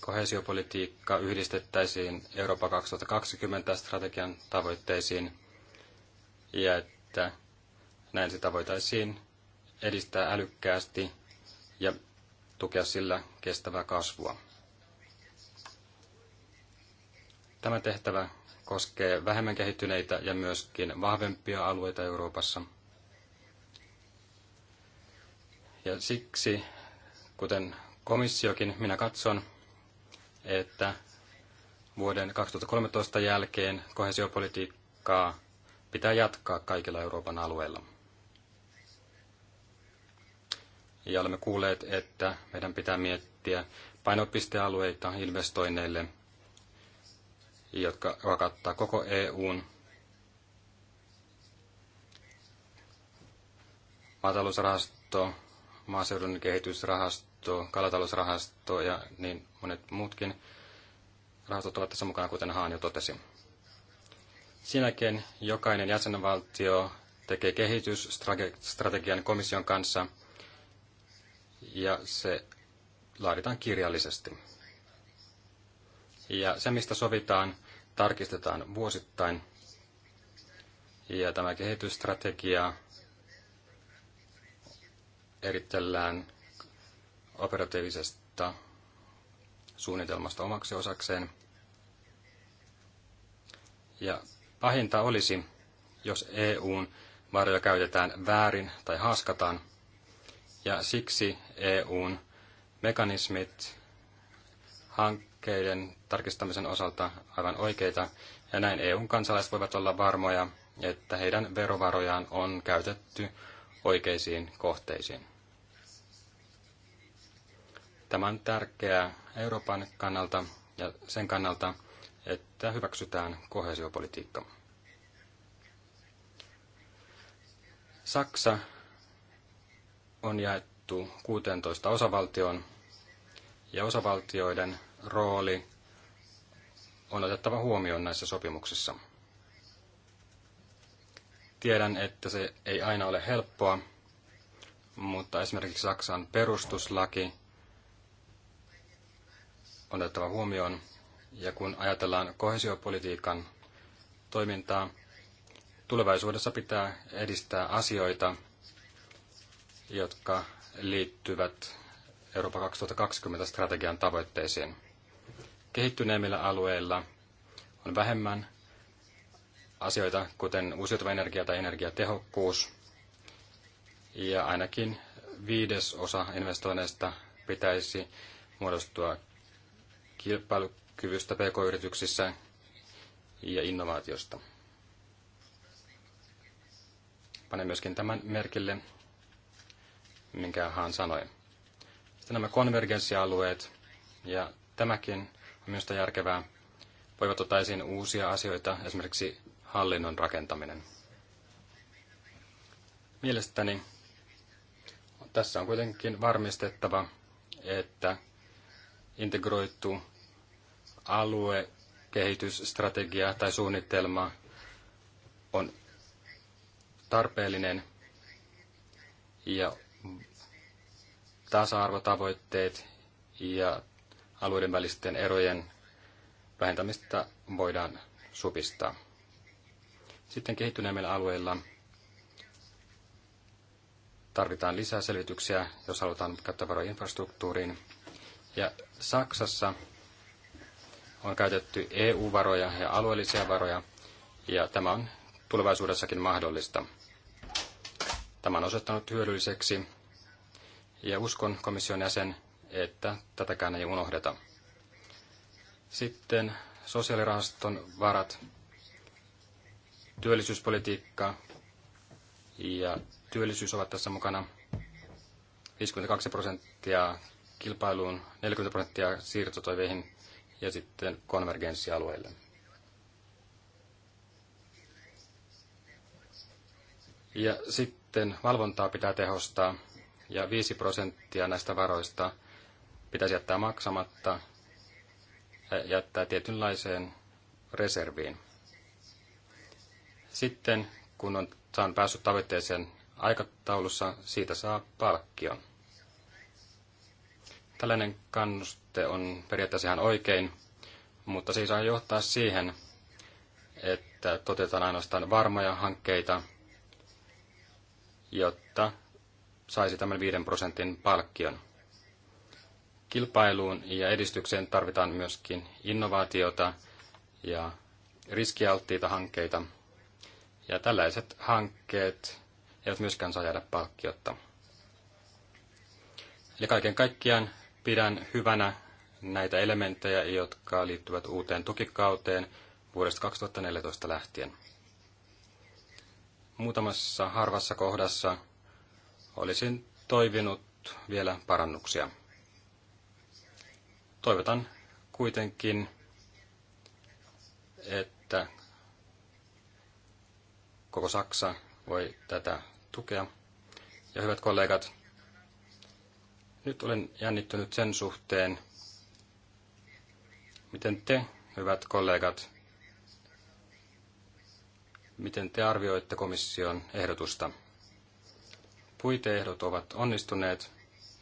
kohesiopolitiikka yhdistettäisiin Eurooppa 2020 strategian tavoitteisiin ja että näin sitä voitaisiin edistää älykkäästi ja tukea sillä kestävää kasvua. Tämä tehtävä koskee vähemmän kehittyneitä ja myöskin vahvempia alueita Euroopassa. Ja siksi, kuten komissiokin, minä katson, että vuoden 2013 jälkeen kohesiopolitiikkaa pitää jatkaa kaikilla Euroopan alueilla. Ja olemme kuulleet, että meidän pitää miettiä painopistealueita investoinneille jotka kattaa koko EUn. Maatalousrahasto, maaseudun kehitysrahasto, kalatalousrahasto ja niin monet muutkin rahastot ovat tässä mukana, kuten Haan jo totesi. Sen jälkeen jokainen jäsenvaltio tekee kehitysstrategian komission kanssa ja se laaditaan kirjallisesti. Ja se, mistä sovitaan, tarkistetaan vuosittain. Ja tämä kehitysstrategia eritellään operatiivisesta suunnitelmasta omaksi osakseen. Ja pahinta olisi, jos EUn varoja käytetään väärin tai haaskataan, ja siksi EUn mekanismit, hank- lääkkeiden tarkistamisen osalta aivan oikeita, ja näin EUn kansalaiset voivat olla varmoja, että heidän verovarojaan on käytetty oikeisiin kohteisiin. Tämä on tärkeää Euroopan kannalta ja sen kannalta, että hyväksytään kohesiopolitiikka. Saksa on jaettu 16 osavaltioon ja osavaltioiden rooli on otettava huomioon näissä sopimuksissa. Tiedän, että se ei aina ole helppoa, mutta esimerkiksi Saksan perustuslaki on otettava huomioon. Ja kun ajatellaan kohesiopolitiikan toimintaa, tulevaisuudessa pitää edistää asioita, jotka liittyvät Euroopan 2020 strategian tavoitteisiin kehittyneemmillä alueilla on vähemmän asioita, kuten uusiutuva energia tai energiatehokkuus. Ja ainakin viides osa investoinneista pitäisi muodostua kilpailukyvystä pk-yrityksissä ja innovaatiosta. Panen myöskin tämän merkille, minkä hän sanoi. Sitten nämä konvergenssialueet, ja tämäkin minusta järkevää, voivat ottaa esiin uusia asioita, esimerkiksi hallinnon rakentaminen. Mielestäni tässä on kuitenkin varmistettava, että integroitu aluekehitysstrategia tai suunnitelma on tarpeellinen ja tasa-arvotavoitteet ja alueiden välisten erojen vähentämistä voidaan supistaa. Sitten kehittyneemmillä alueilla tarvitaan lisää selvityksiä, jos halutaan käyttää varoja infrastruktuuriin. Ja Saksassa on käytetty EU-varoja ja alueellisia varoja, ja tämä on tulevaisuudessakin mahdollista. Tämä on osoittanut hyödylliseksi, ja uskon komission jäsen, että tätäkään ei unohdeta. Sitten sosiaalirahaston varat, työllisyyspolitiikka ja työllisyys ovat tässä mukana. 52 prosenttia kilpailuun, 40 prosenttia siirtotoiveihin ja sitten konvergenssialueille. Ja sitten valvontaa pitää tehostaa ja 5 prosenttia näistä varoista – pitäisi jättää maksamatta, jättää tietynlaiseen reserviin. Sitten, kun on saan päässyt tavoitteeseen aikataulussa, siitä saa palkkion. Tällainen kannuste on periaatteessa ihan oikein, mutta se ei saa johtaa siihen, että toteutetaan ainoastaan varmoja hankkeita, jotta saisi tämän 5 prosentin palkkion. Kilpailuun ja edistykseen tarvitaan myöskin innovaatiota ja riskialttiita hankkeita. Ja tällaiset hankkeet eivät myöskään saa jäädä palkkiotta. Eli kaiken kaikkiaan pidän hyvänä näitä elementtejä, jotka liittyvät uuteen tukikauteen vuodesta 2014 lähtien. Muutamassa harvassa kohdassa olisin toivinut vielä parannuksia toivotan kuitenkin, että koko Saksa voi tätä tukea. Ja hyvät kollegat, nyt olen jännittynyt sen suhteen, miten te, hyvät kollegat, miten te arvioitte komission ehdotusta. Puiteehdot ovat onnistuneet,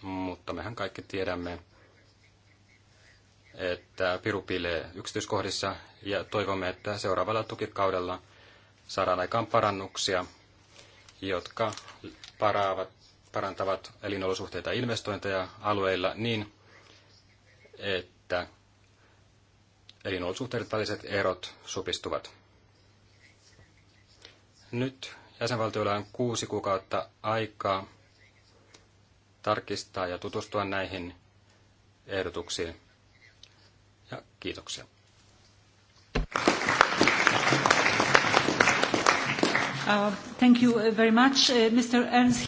mutta mehän kaikki tiedämme, että Piru piilee yksityiskohdissa ja toivomme, että seuraavalla tukikaudella saadaan aikaan parannuksia, jotka paraavat, parantavat elinolosuhteita ja investointeja alueilla niin, että elinolosuhteiden väliset erot supistuvat. Nyt jäsenvaltioilla on kuusi kuukautta aikaa tarkistaa ja tutustua näihin ehdotuksiin. Ja kiitoksia. Uh, thank you very much, uh, Mr. Ernst.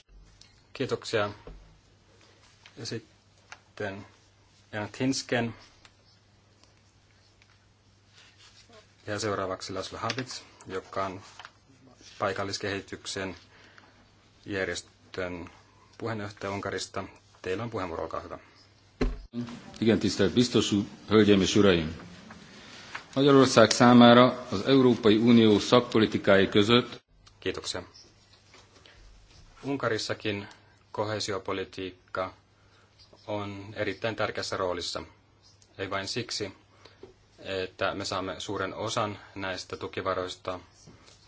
Kiitoksia. Ja sitten Ernst Hinsken. Ja seuraavaksi Laszlo Havits, joka on paikalliskehityksen järjestön puheenjohtaja Unkarista. Teillä on puheenvuoro, olkaa hyvä. Igen, tisztelt biztos úr, hölgyeim és uraim! Magyarország számára az Európai Unió szakpolitikái között... Kiitoksia. Unkarissakin kohesiopolitiikka on erittäin tärkeässä roolissa. Ei vain siksi, että me saamme suuren osan näistä tukivaroista,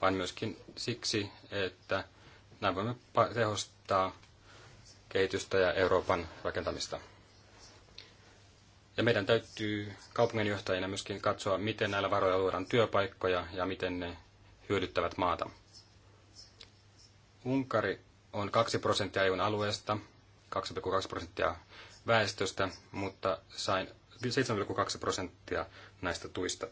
vaan myöskin siksi, että näin voimme tehostaa kehitystä ja Euroopan rakentamista. Ja meidän täytyy kaupunginjohtajina myöskin katsoa, miten näillä varoilla luodaan työpaikkoja ja miten ne hyödyttävät maata. Unkari on 2 prosenttia EUn alueesta, 2,2 prosenttia väestöstä, mutta sain 7,2 prosenttia näistä tuista.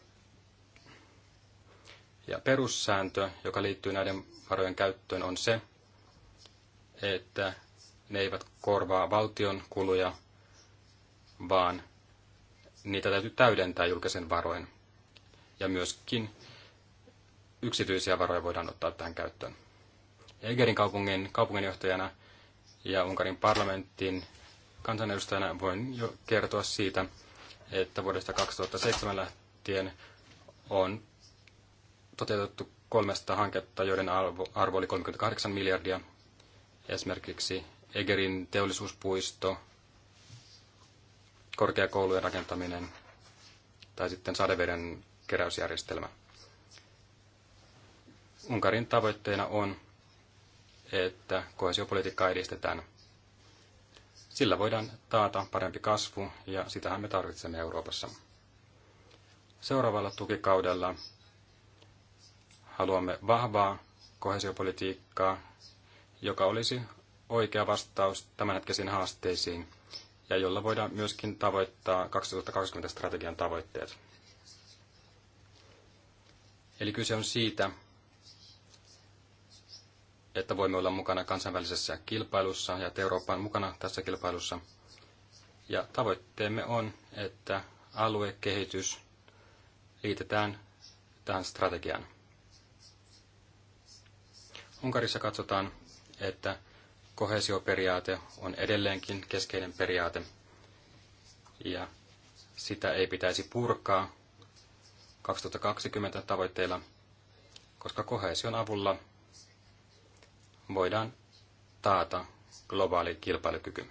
Ja perussääntö, joka liittyy näiden varojen käyttöön, on se, että ne eivät korvaa valtion kuluja, vaan niitä täytyy täydentää julkisen varoin. Ja myöskin yksityisiä varoja voidaan ottaa tähän käyttöön. Egerin kaupungin kaupunginjohtajana ja Unkarin parlamentin kansanedustajana voin jo kertoa siitä, että vuodesta 2007 lähtien on toteutettu kolmesta hanketta, joiden arvo, arvo oli 38 miljardia. Esimerkiksi Egerin teollisuuspuisto, korkeakoulujen rakentaminen tai sitten sadeveden keräysjärjestelmä. Unkarin tavoitteena on, että kohesiopolitiikkaa edistetään. Sillä voidaan taata parempi kasvu ja sitähän me tarvitsemme Euroopassa. Seuraavalla tukikaudella haluamme vahvaa kohesiopolitiikkaa, joka olisi oikea vastaus tämänhetkisiin haasteisiin ja jolla voidaan myöskin tavoittaa 2020 strategian tavoitteet. Eli kyse on siitä, että voimme olla mukana kansainvälisessä kilpailussa ja että Eurooppa on mukana tässä kilpailussa. Ja tavoitteemme on, että aluekehitys liitetään tähän strategiaan. Unkarissa katsotaan, että kohesioperiaate on edelleenkin keskeinen periaate ja sitä ei pitäisi purkaa 2020 tavoitteilla, koska kohesion avulla voidaan taata globaali kilpailukyky.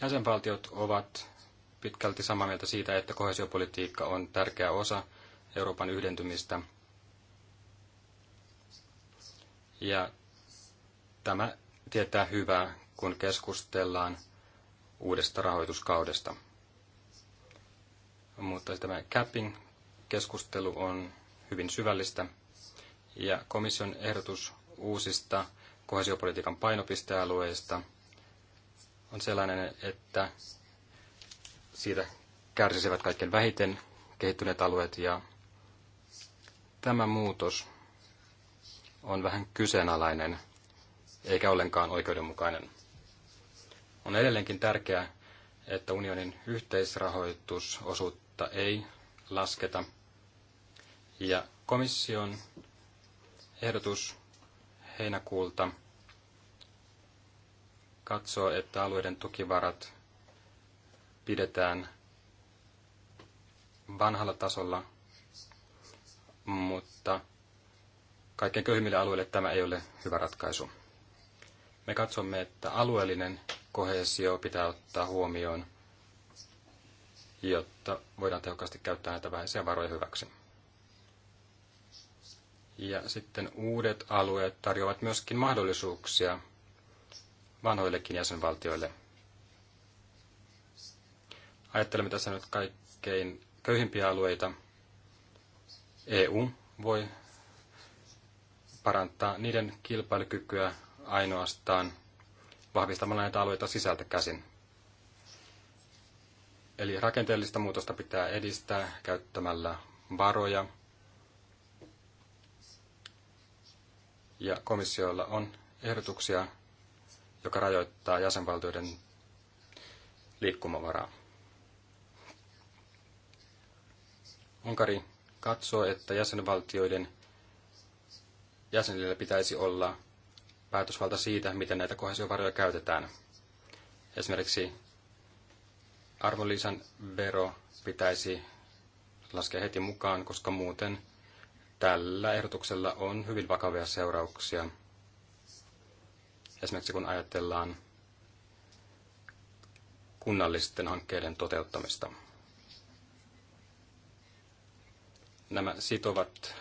Jäsenvaltiot ovat pitkälti samaa mieltä siitä, että kohesiopolitiikka on tärkeä osa Euroopan yhdentymistä. Ja Tämä tietää hyvää, kun keskustellaan uudesta rahoituskaudesta. Mutta tämä capping-keskustelu on hyvin syvällistä ja komission ehdotus uusista kohesiopolitiikan painopistealueista on sellainen, että siitä kärsisivät kaikkein vähiten kehittyneet alueet ja tämä muutos on vähän kyseenalainen – eikä ollenkaan oikeudenmukainen. On edelleenkin tärkeää, että unionin yhteisrahoitusosuutta ei lasketa. Ja komission ehdotus heinäkuulta katsoo, että alueiden tukivarat pidetään vanhalla tasolla, mutta kaikkein köyhimmille alueille tämä ei ole hyvä ratkaisu. Me katsomme, että alueellinen kohesio pitää ottaa huomioon, jotta voidaan tehokkaasti käyttää näitä vähäisiä varoja hyväksi. Ja sitten uudet alueet tarjoavat myöskin mahdollisuuksia vanhoillekin jäsenvaltioille. Ajattelemme tässä nyt kaikkein köyhimpiä alueita. EU voi parantaa niiden kilpailukykyä ainoastaan vahvistamalla näitä alueita sisältä käsin. Eli rakenteellista muutosta pitää edistää käyttämällä varoja. Ja komissiolla on ehdotuksia, joka rajoittaa jäsenvaltioiden liikkumavaraa. Unkari katsoo, että jäsenvaltioiden jäsenillä pitäisi olla päätösvalta siitä, miten näitä kohesiovaroja käytetään. Esimerkiksi arvonlisän vero pitäisi laskea heti mukaan, koska muuten tällä ehdotuksella on hyvin vakavia seurauksia. Esimerkiksi kun ajatellaan kunnallisten hankkeiden toteuttamista. Nämä sitovat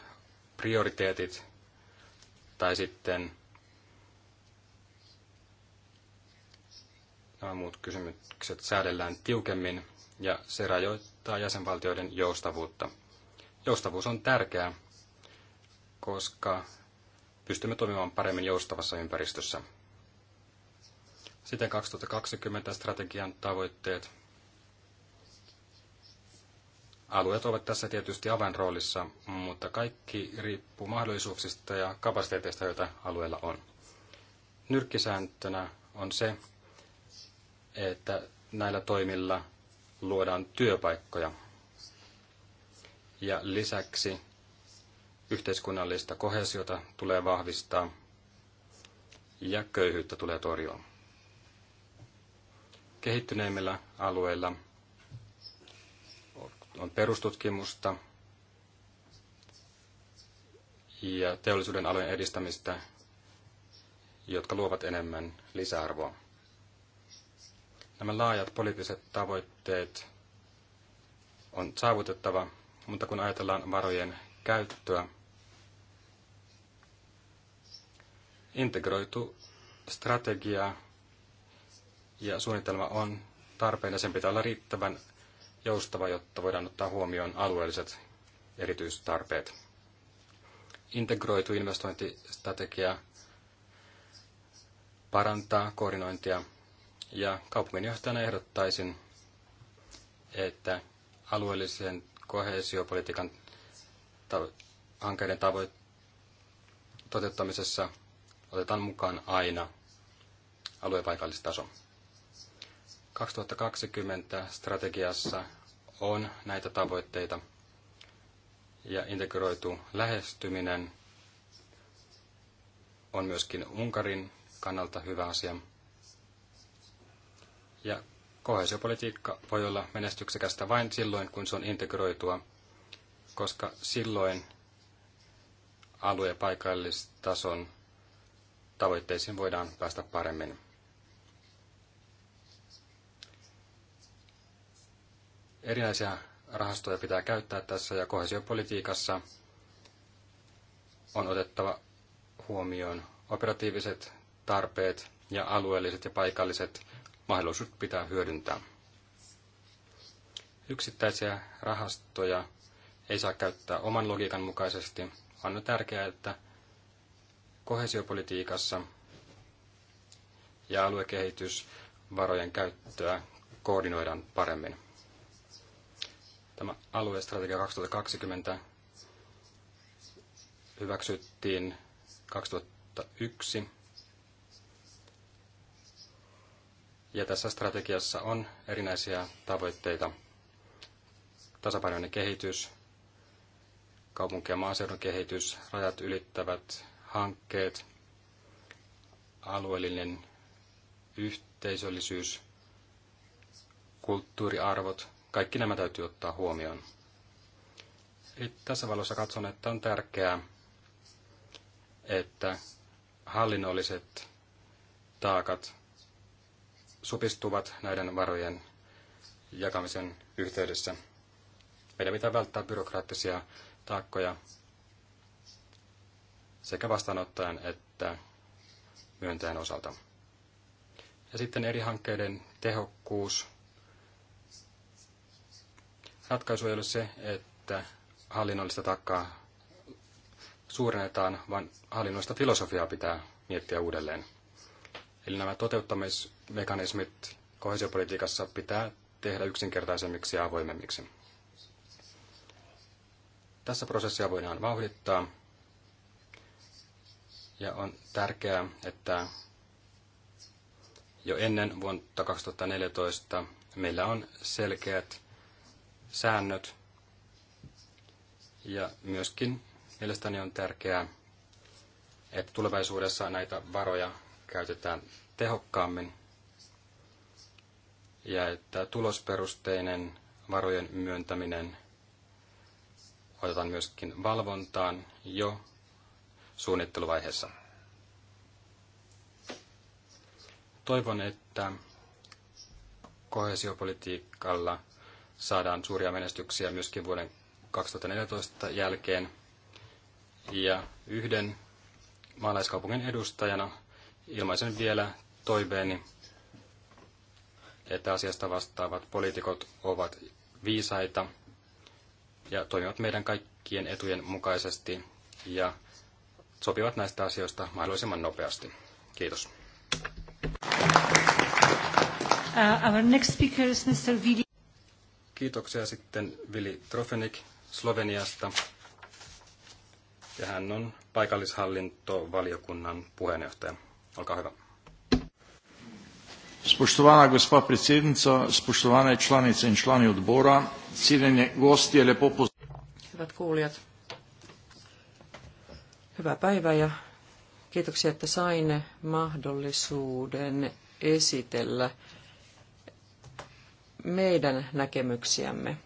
prioriteetit tai sitten nämä muut kysymykset säädellään tiukemmin ja se rajoittaa jäsenvaltioiden joustavuutta. Joustavuus on tärkeää, koska pystymme toimimaan paremmin joustavassa ympäristössä. Sitten 2020 strategian tavoitteet. Alueet ovat tässä tietysti avainroolissa, mutta kaikki riippuu mahdollisuuksista ja kapasiteeteista, joita alueella on. Nyrkkisääntönä on se, että näillä toimilla luodaan työpaikkoja ja lisäksi yhteiskunnallista kohesiota tulee vahvistaa ja köyhyyttä tulee torjua. Kehittyneimmillä alueilla on perustutkimusta ja teollisuuden alojen edistämistä, jotka luovat enemmän lisäarvoa. Nämä laajat poliittiset tavoitteet on saavutettava, mutta kun ajatellaan varojen käyttöä, integroitu strategia ja suunnitelma on tarpeen ja sen pitää olla riittävän joustava, jotta voidaan ottaa huomioon alueelliset erityistarpeet. Integroitu investointistrategia parantaa koordinointia ja kaupunginjohtajana ehdottaisin, että alueellisen kohesiopolitiikan tavo- hankkeiden toteuttamisessa otetaan mukaan aina aluepaikallistaso. 2020 strategiassa on näitä tavoitteita ja integroitu lähestyminen on myöskin Unkarin kannalta hyvä asia. Ja kohesiopolitiikka voi olla menestyksekästä vain silloin, kun se on integroitua, koska silloin alue- ja paikallistason tavoitteisiin voidaan päästä paremmin. Erilaisia rahastoja pitää käyttää tässä ja kohesiopolitiikassa on otettava huomioon operatiiviset tarpeet ja alueelliset ja paikalliset mahdollisuus pitää hyödyntää. Yksittäisiä rahastoja ei saa käyttää oman logiikan mukaisesti, vaan on tärkeää, että kohesiopolitiikassa ja aluekehitysvarojen käyttöä koordinoidaan paremmin. Tämä aluestrategia 2020 hyväksyttiin 2001 Ja tässä strategiassa on erinäisiä tavoitteita. Tasapainoinen kehitys, kaupunki- ja maaseudun kehitys, rajat ylittävät hankkeet, alueellinen yhteisöllisyys, kulttuuriarvot, kaikki nämä täytyy ottaa huomioon. Eli tässä valossa katson, että on tärkeää, että hallinnolliset taakat supistuvat näiden varojen jakamisen yhteydessä. Meidän pitää välttää byrokraattisia taakkoja sekä vastaanottajan että myöntäjän osalta. Ja sitten eri hankkeiden tehokkuus. Ratkaisu ei ole se, että hallinnollista takkaa suurennetaan, vaan hallinnollista filosofiaa pitää miettiä uudelleen. Eli nämä toteuttamismekanismit kohesiopolitiikassa pitää tehdä yksinkertaisemmiksi ja avoimemmiksi. Tässä prosessia voidaan vauhdittaa ja on tärkeää, että jo ennen vuotta 2014 meillä on selkeät säännöt ja myöskin mielestäni on tärkeää, että tulevaisuudessa näitä varoja käytetään tehokkaammin ja että tulosperusteinen varojen myöntäminen otetaan myöskin valvontaan jo suunnitteluvaiheessa. Toivon, että kohesiopolitiikalla saadaan suuria menestyksiä myöskin vuoden 2014 jälkeen. Ja yhden maalaiskaupungin edustajana ilmaisen vielä toiveeni, että asiasta vastaavat poliitikot ovat viisaita ja toimivat meidän kaikkien etujen mukaisesti ja sopivat näistä asioista mahdollisimman nopeasti. Kiitos. Uh, our next speaker is Mr. Vili. Kiitoksia sitten Vili Trofenik Sloveniasta. Ja hän on paikallishallintovaliokunnan puheenjohtaja. Olkaa hyvä. Spoštovana gospa predsednica, spoštovane članice in člani odbora, ciljene gostje, lepo pozdravljeni. Hyvät kuulijat, hyvää päivää ja kiitoksia, että sain mahdollisuuden esitellä meidän näkemyksiämme,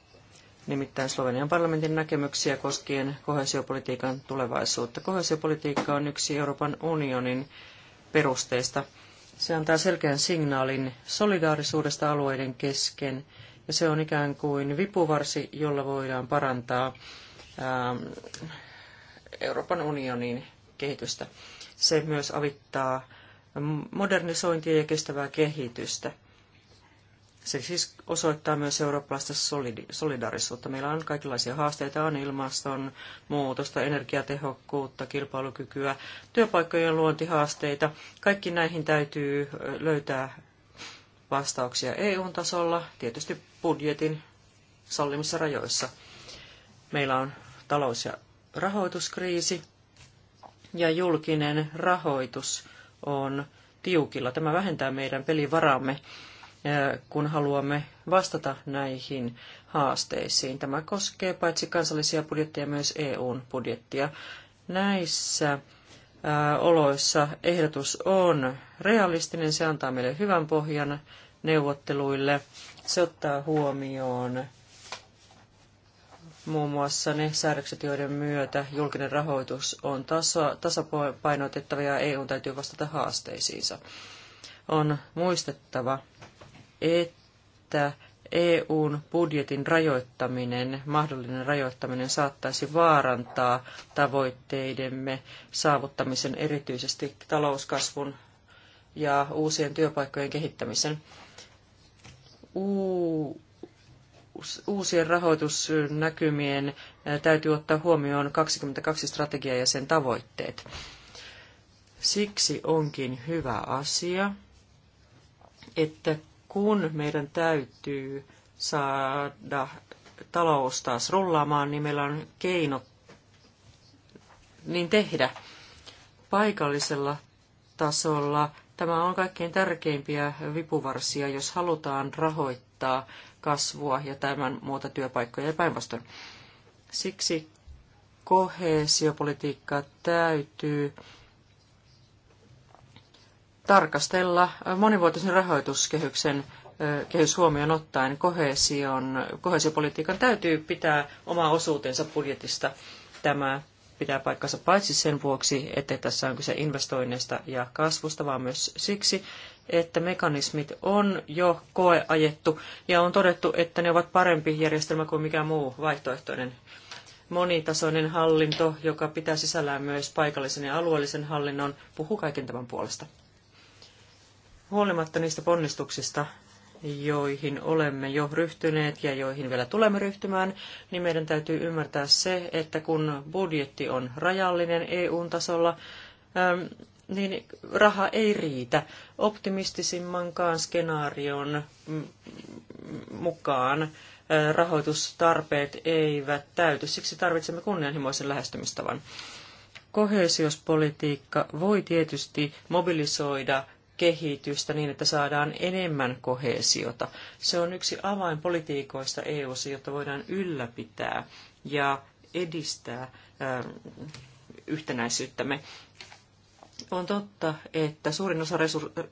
nimittäin Slovenian parlamentin näkemyksiä koskien kohesiopolitiikan tulevaisuutta. Kohesiopolitiikka on yksi Euroopan unionin perusteista. Se antaa selkeän signaalin solidaarisuudesta alueiden kesken ja se on ikään kuin vipuvarsi, jolla voidaan parantaa ähm, Euroopan unionin kehitystä. Se myös avittaa modernisointia ja kestävää kehitystä. Se siis osoittaa myös eurooppalaista solidarisuutta. Meillä on kaikenlaisia haasteita, on muutosta energiatehokkuutta, kilpailukykyä, työpaikkojen luontihaasteita. Kaikki näihin täytyy löytää vastauksia EU-tasolla, tietysti budjetin sallimissa rajoissa. Meillä on talous- ja rahoituskriisi ja julkinen rahoitus on tiukilla. Tämä vähentää meidän pelivaraamme kun haluamme vastata näihin haasteisiin. Tämä koskee paitsi kansallisia budjetteja myös EUn budjettia. Näissä oloissa ehdotus on realistinen, se antaa meille hyvän pohjan neuvotteluille. Se ottaa huomioon muun muassa ne säädökset, joiden myötä julkinen rahoitus on tasa, tasapainotettava ja EU täytyy vastata haasteisiinsa. On muistettava, että EUn budjetin rajoittaminen, mahdollinen rajoittaminen saattaisi vaarantaa tavoitteidemme saavuttamisen erityisesti talouskasvun ja uusien työpaikkojen kehittämisen. Uusien rahoitusnäkymien täytyy ottaa huomioon 22 strategiaa ja sen tavoitteet. Siksi onkin hyvä asia, että kun meidän täytyy saada talous taas rullaamaan, niin meillä on keinot niin tehdä. Paikallisella tasolla tämä on kaikkein tärkeimpiä vipuvarsia, jos halutaan rahoittaa kasvua ja tämän muuta työpaikkoja ja päinvastoin. Siksi kohesiopolitiikka täytyy tarkastella monivuotisen rahoituskehyksen kehys huomioon ottaen kohesion, kohesiopolitiikan täytyy pitää oma osuutensa budjetista. Tämä pitää paikkansa paitsi sen vuoksi, että tässä on kyse investoinneista ja kasvusta, vaan myös siksi, että mekanismit on jo koeajettu ja on todettu, että ne ovat parempi järjestelmä kuin mikä muu vaihtoehtoinen monitasoinen hallinto, joka pitää sisällään myös paikallisen ja alueellisen hallinnon, puhuu kaiken tämän puolesta. Huolimatta niistä ponnistuksista, joihin olemme jo ryhtyneet ja joihin vielä tulemme ryhtymään, niin meidän täytyy ymmärtää se, että kun budjetti on rajallinen EU-tasolla, niin raha ei riitä. Optimistisimmankaan skenaarion mm, mukaan rahoitustarpeet eivät täyty. Siksi tarvitsemme kunnianhimoisen lähestymistavan. Kohesiospolitiikka voi tietysti mobilisoida kehitystä niin, että saadaan enemmän kohesiota. Se on yksi avainpolitiikoista EU:ssa, jotta voidaan ylläpitää ja edistää ähm, yhtenäisyyttämme. On totta, että suurin osa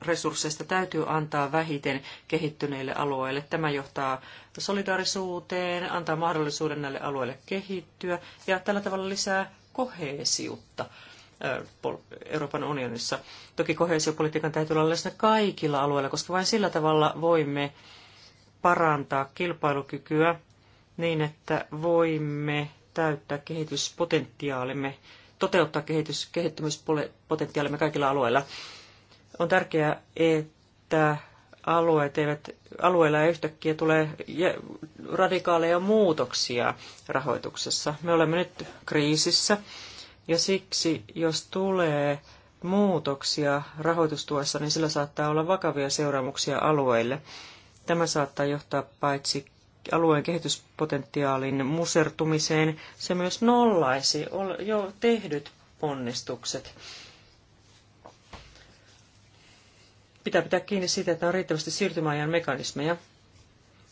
resursseista täytyy antaa vähiten kehittyneille alueille. Tämä johtaa solidaarisuuteen, antaa mahdollisuuden näille alueille kehittyä ja tällä tavalla lisää koheesiutta. Euroopan unionissa. Toki kohesiopolitiikan täytyy olla läsnä kaikilla alueilla, koska vain sillä tavalla voimme parantaa kilpailukykyä niin, että voimme täyttää kehityspotentiaalimme, toteuttaa kehitys, kehittymispotentiaalimme kaikilla alueilla. On tärkeää, että alueet eivät, alueilla ei yhtäkkiä tule radikaaleja muutoksia rahoituksessa. Me olemme nyt kriisissä ja siksi, jos tulee muutoksia rahoitustuessa, niin sillä saattaa olla vakavia seuraamuksia alueille. Tämä saattaa johtaa paitsi alueen kehityspotentiaalin musertumiseen, se myös nollaisi jo tehdyt ponnistukset. Pitää pitää kiinni siitä, että on riittävästi siirtymäajan mekanismeja,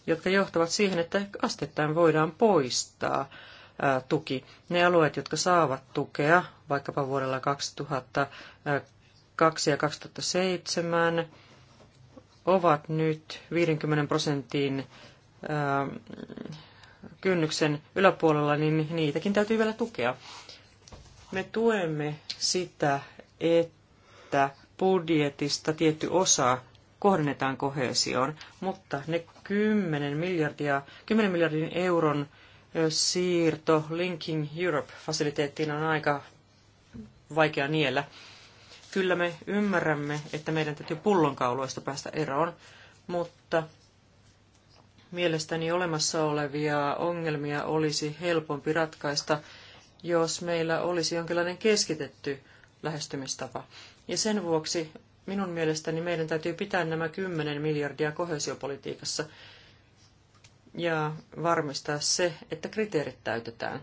jotka johtavat siihen, että asteittain voidaan poistaa tuki. Ne alueet, jotka saavat tukea, vaikkapa vuodella 2002 ja 2007, ovat nyt 50 prosentin kynnyksen yläpuolella, niin niitäkin täytyy vielä tukea. Me tuemme sitä, että budjetista tietty osa kohdennetaan kohesioon, mutta ne 10 miljardia, 10 miljardin euron siirto Linking Europe-fasiliteettiin on aika vaikea niellä. Kyllä me ymmärrämme, että meidän täytyy pullonkauloista päästä eroon, mutta mielestäni olemassa olevia ongelmia olisi helpompi ratkaista, jos meillä olisi jonkinlainen keskitetty lähestymistapa. Ja sen vuoksi minun mielestäni meidän täytyy pitää nämä 10 miljardia kohesiopolitiikassa ja varmistaa se, että kriteerit täytetään.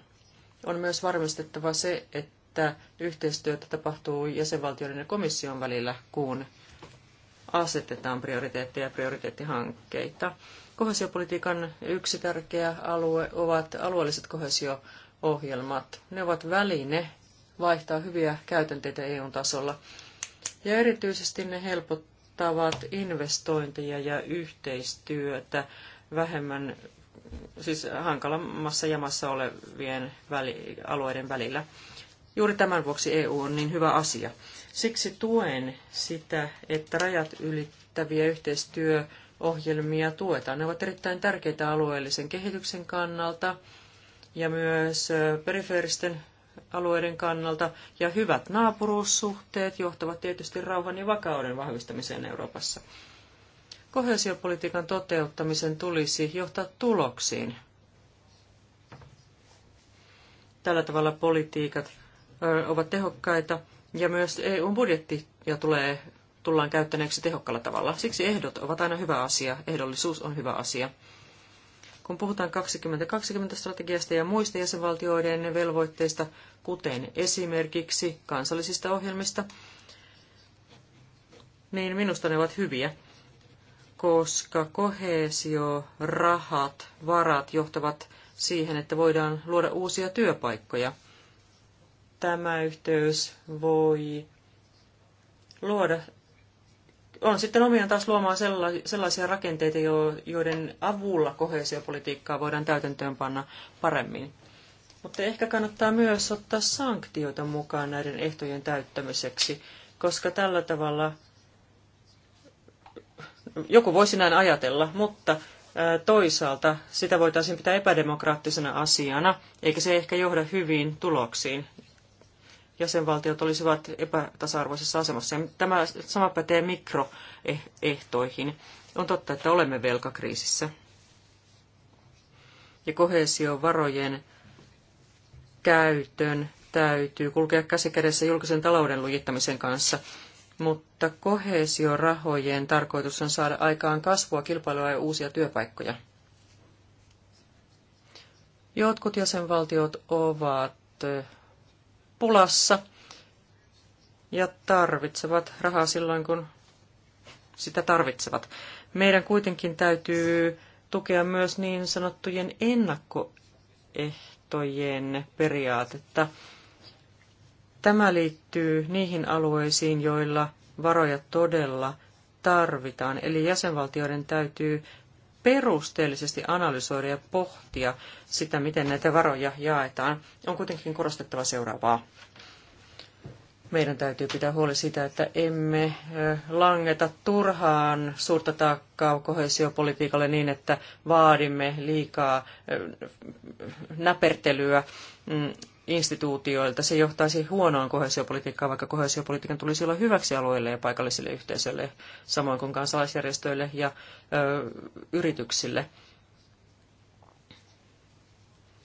On myös varmistettava se, että yhteistyötä tapahtuu jäsenvaltioiden ja komission välillä, kun asetetaan prioriteetteja ja prioriteettihankkeita. Kohesiopolitiikan yksi tärkeä alue ovat alueelliset kohesio-ohjelmat. Ne ovat väline vaihtaa hyviä käytänteitä EU-tasolla. Ja erityisesti ne helpottavat investointeja ja yhteistyötä vähemmän, siis hankalammassa jamassa olevien väli, alueiden välillä. Juuri tämän vuoksi EU on niin hyvä asia. Siksi tuen sitä, että rajat ylittäviä yhteistyöohjelmia tuetaan. Ne ovat erittäin tärkeitä alueellisen kehityksen kannalta ja myös perifeeristen alueiden kannalta. Ja hyvät naapuruussuhteet johtavat tietysti rauhan ja vakauden vahvistamiseen Euroopassa. Kohesiopolitiikan toteuttamisen tulisi johtaa tuloksiin. Tällä tavalla politiikat ovat tehokkaita ja myös EU-budjetti ja tulee, tullaan käyttäneeksi tehokkaalla tavalla. Siksi ehdot ovat aina hyvä asia, ehdollisuus on hyvä asia. Kun puhutaan 2020-strategiasta ja muista jäsenvaltioiden velvoitteista, kuten esimerkiksi kansallisista ohjelmista, niin minusta ne ovat hyviä koska rahat, varat johtavat siihen, että voidaan luoda uusia työpaikkoja. Tämä yhteys voi luoda, on sitten omiaan taas luomaan sellaisia rakenteita, joiden avulla koheesiopolitiikkaa voidaan täytäntöön panna paremmin. Mutta ehkä kannattaa myös ottaa sanktioita mukaan näiden ehtojen täyttämiseksi, koska tällä tavalla joku voisi näin ajatella, mutta toisaalta sitä voitaisiin pitää epädemokraattisena asiana, eikä se ehkä johda hyviin tuloksiin. Jäsenvaltiot olisivat epätasa-arvoisessa asemassa. Ja tämä sama pätee mikroehtoihin. On totta, että olemme velkakriisissä. Ja kohesiovarojen käytön täytyy kulkea kädessä julkisen talouden lujittamisen kanssa mutta kohesiorahojen tarkoitus on saada aikaan kasvua, kilpailua ja uusia työpaikkoja. Jotkut jäsenvaltiot ovat pulassa ja tarvitsevat rahaa silloin, kun sitä tarvitsevat. Meidän kuitenkin täytyy tukea myös niin sanottujen ennakkoehtojen periaatetta. Tämä liittyy niihin alueisiin, joilla varoja todella tarvitaan. Eli jäsenvaltioiden täytyy perusteellisesti analysoida ja pohtia sitä, miten näitä varoja jaetaan. On kuitenkin korostettava seuraavaa. Meidän täytyy pitää huoli siitä, että emme langeta turhaan suurta taakkaa kohesiopolitiikalle niin, että vaadimme liikaa näpertelyä mm, instituutioilta. Se johtaisi huonoon kohesiopolitiikkaan, vaikka kohesiopolitiikan tulisi olla hyväksi alueille ja paikallisille yhteisöille, samoin kuin kansalaisjärjestöille ja ö, yrityksille.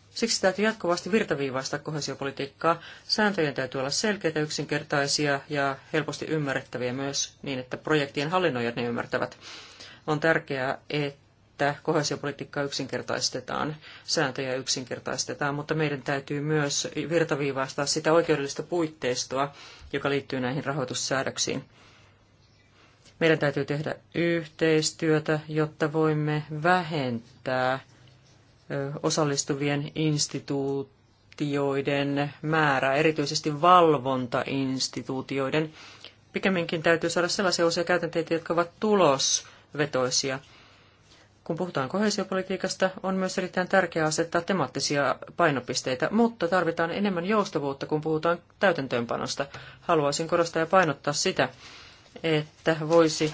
Siksi täytyy jatkuvasti virtaviivaistaa kohesiopolitiikkaa. Sääntöjen täytyy olla selkeitä, yksinkertaisia ja helposti ymmärrettäviä myös niin, että projektien hallinnoijat ne ymmärtävät. On tärkeää, että että kohesiopolitiikkaa yksinkertaistetaan, sääntöjä yksinkertaistetaan, mutta meidän täytyy myös virtaviivaistaa sitä oikeudellista puitteistoa, joka liittyy näihin rahoitussäädöksiin. Meidän täytyy tehdä yhteistyötä, jotta voimme vähentää osallistuvien instituutioiden määrää, erityisesti valvontainstituutioiden. Pikemminkin täytyy saada sellaisia osia käytänteitä, jotka ovat tulosvetoisia – kun puhutaan kohesiopolitiikasta, on myös erittäin tärkeää asettaa temaattisia painopisteitä, mutta tarvitaan enemmän joustavuutta, kun puhutaan täytäntöönpanosta. Haluaisin korostaa ja painottaa sitä, että voisi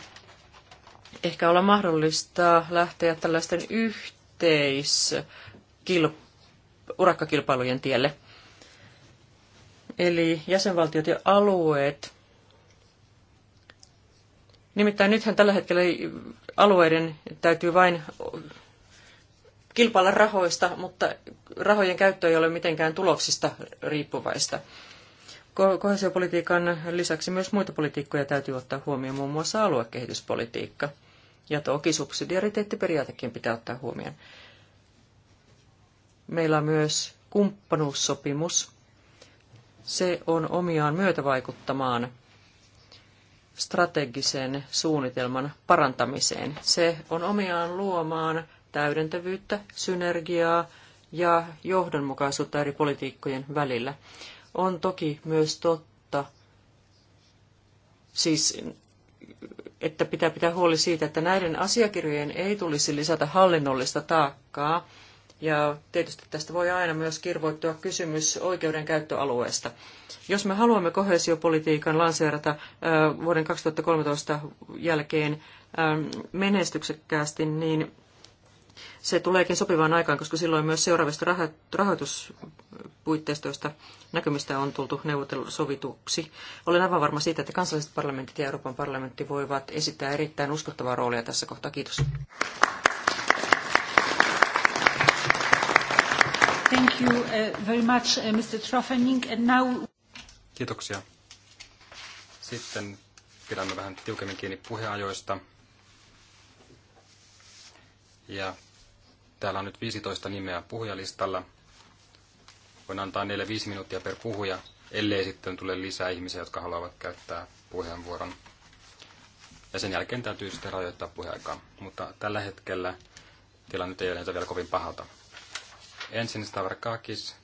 ehkä olla mahdollista lähteä tällaisten yhteis-urakkakilpailujen tielle. Eli jäsenvaltiot ja alueet Nimittäin nythän tällä hetkellä alueiden täytyy vain kilpailla rahoista, mutta rahojen käyttö ei ole mitenkään tuloksista riippuvaista. Kohesiopolitiikan lisäksi myös muita politiikkoja täytyy ottaa huomioon, muun muassa aluekehityspolitiikka. Ja toki subsidiariteettiperiaatekin pitää ottaa huomioon. Meillä on myös kumppanuussopimus. Se on omiaan myötävaikuttamaan strategisen suunnitelman parantamiseen. Se on omiaan luomaan täydentävyyttä, synergiaa ja johdonmukaisuutta eri politiikkojen välillä. On toki myös totta, siis että pitää pitää huoli siitä, että näiden asiakirjojen ei tulisi lisätä hallinnollista taakkaa, ja tietysti tästä voi aina myös kirvoittua kysymys oikeudenkäyttöalueesta. Jos me haluamme kohesiopolitiikan lanseerata vuoden 2013 jälkeen menestyksekkäästi, niin se tuleekin sopivaan aikaan, koska silloin myös seuraavista rahoituspuitteistoista näkymistä on tultu sovituksi. Olen aivan varma siitä, että kansalliset parlamentit ja Euroopan parlamentti voivat esittää erittäin uskottavaa roolia tässä kohtaa. Kiitos. Thank you uh, very much, uh, Mr. now... Kiitoksia. Sitten pidämme vähän tiukemmin kiinni puheajoista. Ja täällä on nyt 15 nimeä puhujalistalla. Voin antaa neille 5 minuuttia per puhuja, ellei sitten tule lisää ihmisiä, jotka haluavat käyttää puheenvuoron. Ja sen jälkeen täytyy sitten rajoittaa puheaikaa. Mutta tällä hetkellä tilanne ei ole vielä kovin pahalta. Ensin Stavrakakis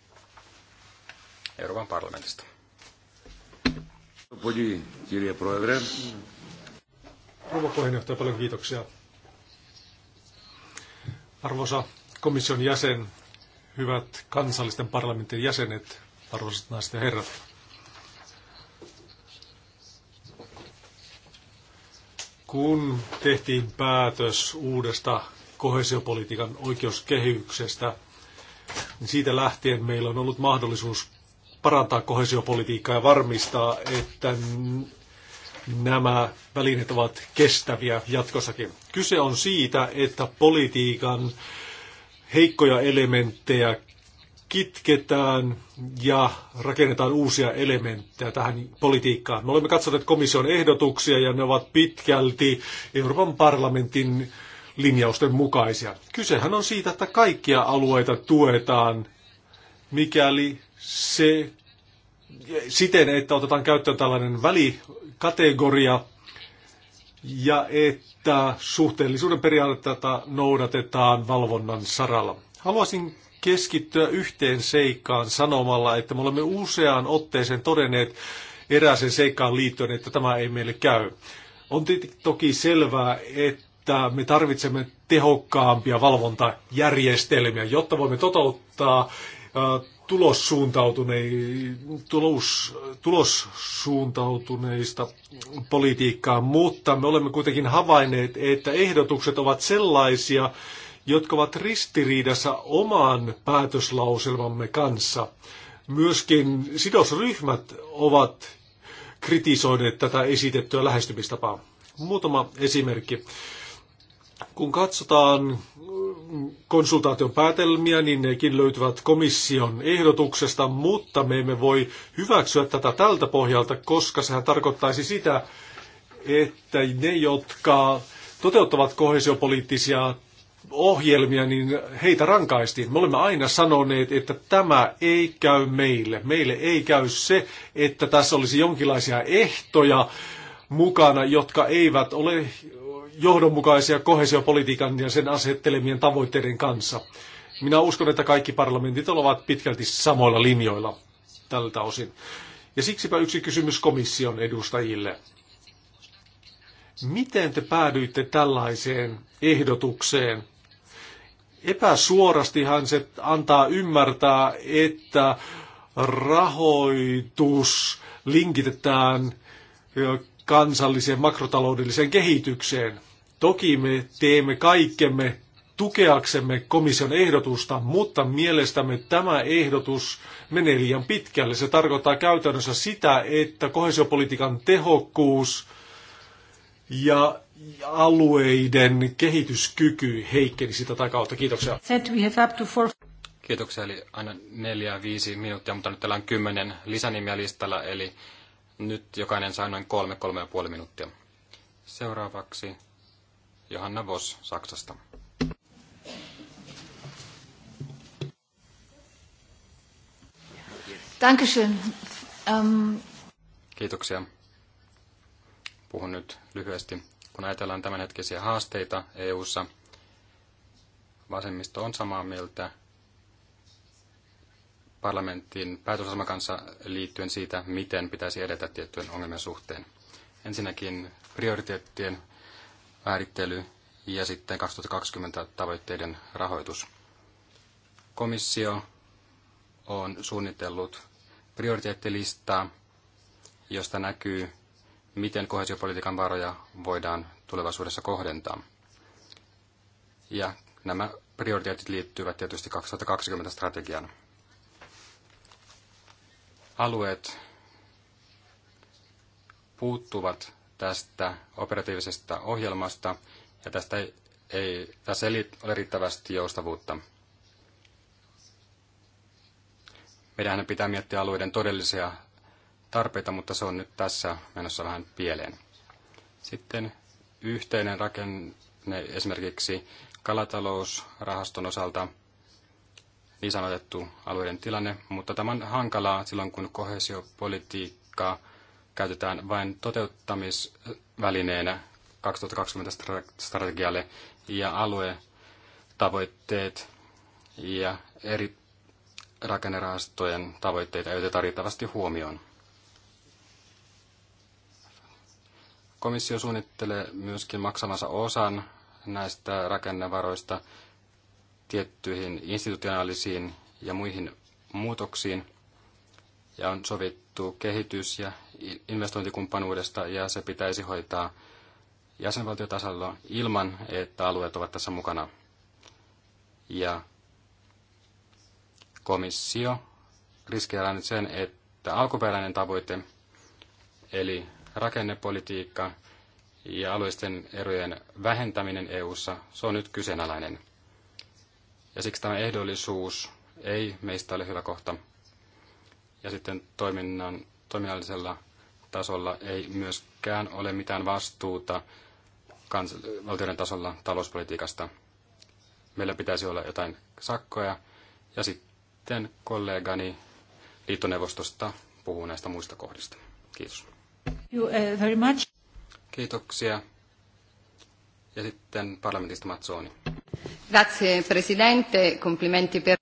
Euroopan parlamentista. Πολύ, κύριε Πρόεδρε. Rouva puheenjohtaja, paljon kiitoksia. Arvoisa komission jäsen, hyvät kansallisten parlamentin jäsenet, arvoisat naiset ja herrat. Kun tehtiin päätös uudesta kohesiopolitiikan oikeuskehyksestä – niin siitä lähtien meillä on ollut mahdollisuus parantaa kohesiopolitiikkaa ja varmistaa, että nämä välineet ovat kestäviä jatkossakin. Kyse on siitä, että politiikan heikkoja elementtejä kitketään ja rakennetaan uusia elementtejä tähän politiikkaan. Me olemme katsoneet komission ehdotuksia ja ne ovat pitkälti Euroopan parlamentin linjausten mukaisia. Kysehän on siitä, että kaikkia alueita tuetaan, mikäli se siten, että otetaan käyttöön tällainen välikategoria ja että suhteellisuuden periaatteita noudatetaan valvonnan saralla. Haluaisin keskittyä yhteen seikkaan sanomalla, että me olemme useaan otteeseen todenneet erääseen seikkaan liittyen, että tämä ei meille käy. On toki selvää, että että me tarvitsemme tehokkaampia valvontajärjestelmiä, jotta voimme toteuttaa tulos, tulossuuntautuneista politiikkaa, mutta me olemme kuitenkin havainneet, että ehdotukset ovat sellaisia, jotka ovat ristiriidassa oman päätöslauselmamme kanssa. Myöskin sidosryhmät ovat kritisoineet tätä esitettyä lähestymistapaa. Muutama esimerkki. Kun katsotaan mm, konsultaation päätelmiä, niin nekin löytyvät komission ehdotuksesta, mutta me emme voi hyväksyä tätä tältä pohjalta, koska sehän tarkoittaisi sitä, että ne, jotka toteuttavat kohesiopoliittisia ohjelmia, niin heitä rankaistiin. Me olemme aina sanoneet, että tämä ei käy meille. Meille ei käy se, että tässä olisi jonkinlaisia ehtoja mukana, jotka eivät ole johdonmukaisia kohesiopolitiikan ja sen asettelemien tavoitteiden kanssa. Minä uskon, että kaikki parlamentit ovat pitkälti samoilla linjoilla tältä osin. Ja siksipä yksi kysymys komission edustajille. Miten te päädyitte tällaiseen ehdotukseen? Epäsuorastihan se antaa ymmärtää, että rahoitus linkitetään kansalliseen makrotaloudelliseen kehitykseen. Toki me teemme kaikkemme tukeaksemme komission ehdotusta, mutta mielestämme tämä ehdotus menee liian pitkälle. Se tarkoittaa käytännössä sitä, että kohesiopolitiikan tehokkuus ja alueiden kehityskyky heikkenisi tätä kautta. Kiitoksia. Kiitoksia, eli aina neljä, viisi minuuttia, mutta nyt täällä on kymmenen lisänimiä listalla, eli nyt jokainen saa noin kolme, kolme ja puoli minuuttia. Seuraavaksi Johanna Voss Saksasta. Dankeschön. Um... Kiitoksia. Puhun nyt lyhyesti. Kun ajatellaan tämänhetkisiä haasteita EU:ssa, vasemmisto on samaa mieltä parlamentin päätösaseman kanssa liittyen siitä, miten pitäisi edetä tiettyjen ongelmien suhteen. Ensinnäkin prioriteettien määrittely ja sitten 2020 tavoitteiden rahoitus. Komissio on suunnitellut prioriteettilistaa, josta näkyy, miten kohesiopolitiikan varoja voidaan tulevaisuudessa kohdentaa. Ja nämä prioriteetit liittyvät tietysti 2020 strategiaan. Alueet puuttuvat tästä operatiivisesta ohjelmasta, ja tästä ei, ei, tässä ei ole riittävästi joustavuutta. Meidän pitää miettiä alueiden todellisia tarpeita, mutta se on nyt tässä menossa vähän pieleen. Sitten yhteinen rakenne esimerkiksi kalatalousrahaston osalta, niin sanotettu alueiden tilanne, mutta tämä on hankalaa silloin, kun kohesiopolitiikkaa käytetään vain toteuttamisvälineenä 2020 strategialle ja aluetavoitteet ja eri rakennerahastojen tavoitteita ei oteta riittävästi huomioon. Komissio suunnittelee myöskin maksamansa osan näistä rakennevaroista tiettyihin institutionaalisiin ja muihin muutoksiin – ja on sovittu kehitys- ja investointikumppanuudesta ja se pitäisi hoitaa jäsenvaltiotasolla ilman, että alueet ovat tässä mukana. Ja komissio riskeää nyt sen, että alkuperäinen tavoite, eli rakennepolitiikka ja alueisten erojen vähentäminen EU:ssa, se on nyt kyseenalainen. Ja siksi tämä ehdollisuus ei meistä ole hyvä kohta. Ja sitten toiminnan, toiminnallisella tasolla ei myöskään ole mitään vastuuta kans, valtioiden tasolla talouspolitiikasta. Meillä pitäisi olla jotain sakkoja. Ja sitten kollegani liittoneuvostosta puhuu näistä muista kohdista. Kiitos. You, uh, very much. Kiitoksia. Ja sitten parlamentista Mazzoni. Grazie, presidente. Complimenti per...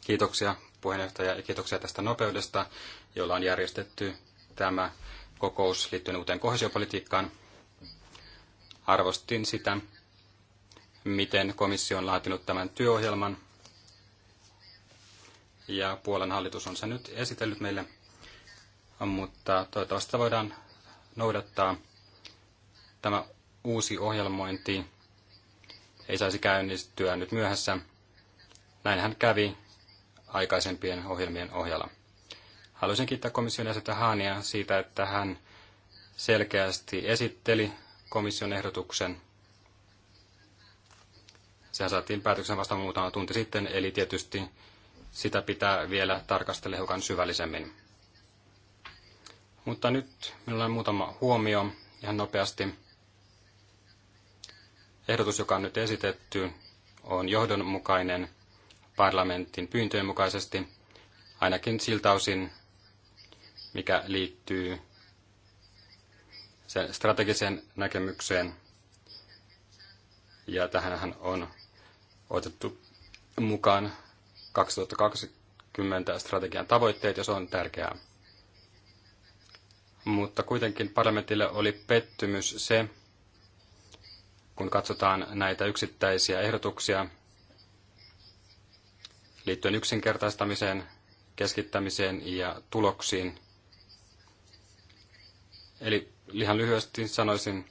Kiitoksia puheenjohtaja, ja kiitoksia tästä nopeudesta, jolla on järjestetty tämä kokous liittyen uuteen kohesiopolitiikkaan. Arvostin sitä, miten komissio on laatinut tämän työohjelman, ja Puolan hallitus on sen nyt esitellyt meille, mutta toivottavasti voidaan noudattaa. Tämä uusi ohjelmointi ei saisi käynnistyä nyt myöhässä. Näinhän kävi aikaisempien ohjelmien ohjalla. Haluaisin kiittää komission jäsentä Haania siitä, että hän selkeästi esitteli komission ehdotuksen. Sehän saatiin päätöksen vasta muutama tunti sitten, eli tietysti sitä pitää vielä tarkastella hiukan syvällisemmin. Mutta nyt minulla on muutama huomio ihan nopeasti. Ehdotus, joka on nyt esitetty, on johdonmukainen parlamentin pyyntöjen mukaisesti, ainakin siltä osin, mikä liittyy sen strategiseen näkemykseen. Ja tähän on otettu mukaan 2020 strategian tavoitteet, ja se on tärkeää. Mutta kuitenkin parlamentille oli pettymys se, kun katsotaan näitä yksittäisiä ehdotuksia, liittyen yksinkertaistamiseen, keskittämiseen ja tuloksiin. Eli ihan lyhyesti sanoisin,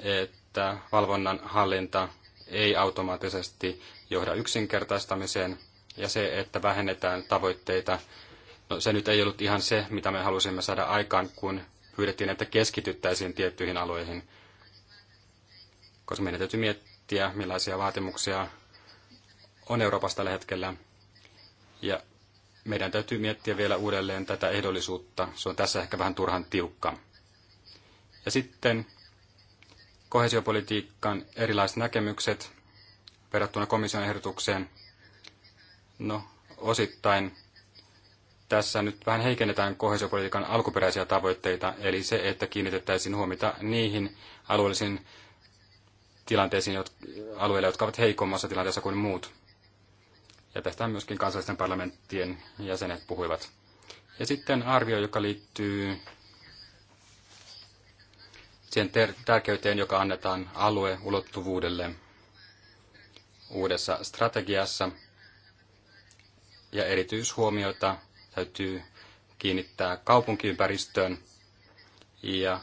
että valvonnan hallinta ei automaattisesti johda yksinkertaistamiseen ja se, että vähennetään tavoitteita, no se nyt ei ollut ihan se, mitä me halusimme saada aikaan, kun pyydettiin, että keskityttäisiin tiettyihin alueihin, koska meidän täytyy miettiä, millaisia vaatimuksia on Euroopassa tällä hetkellä. Ja meidän täytyy miettiä vielä uudelleen tätä ehdollisuutta. Se on tässä ehkä vähän turhan tiukka. Ja sitten kohesiopolitiikan erilaiset näkemykset verrattuna komission ehdotukseen. No, osittain tässä nyt vähän heikennetään kohesiopolitiikan alkuperäisiä tavoitteita, eli se, että kiinnitettäisiin huomiota niihin alueellisiin tilanteisiin, alueille, jotka ovat heikommassa tilanteessa kuin muut. Ja tästä myöskin kansallisten parlamenttien jäsenet puhuivat. Ja sitten arvio, joka liittyy siihen tärkeyteen, joka annetaan alueulottuvuudelle uudessa strategiassa. Ja erityishuomiota täytyy kiinnittää kaupunkiympäristöön. Ja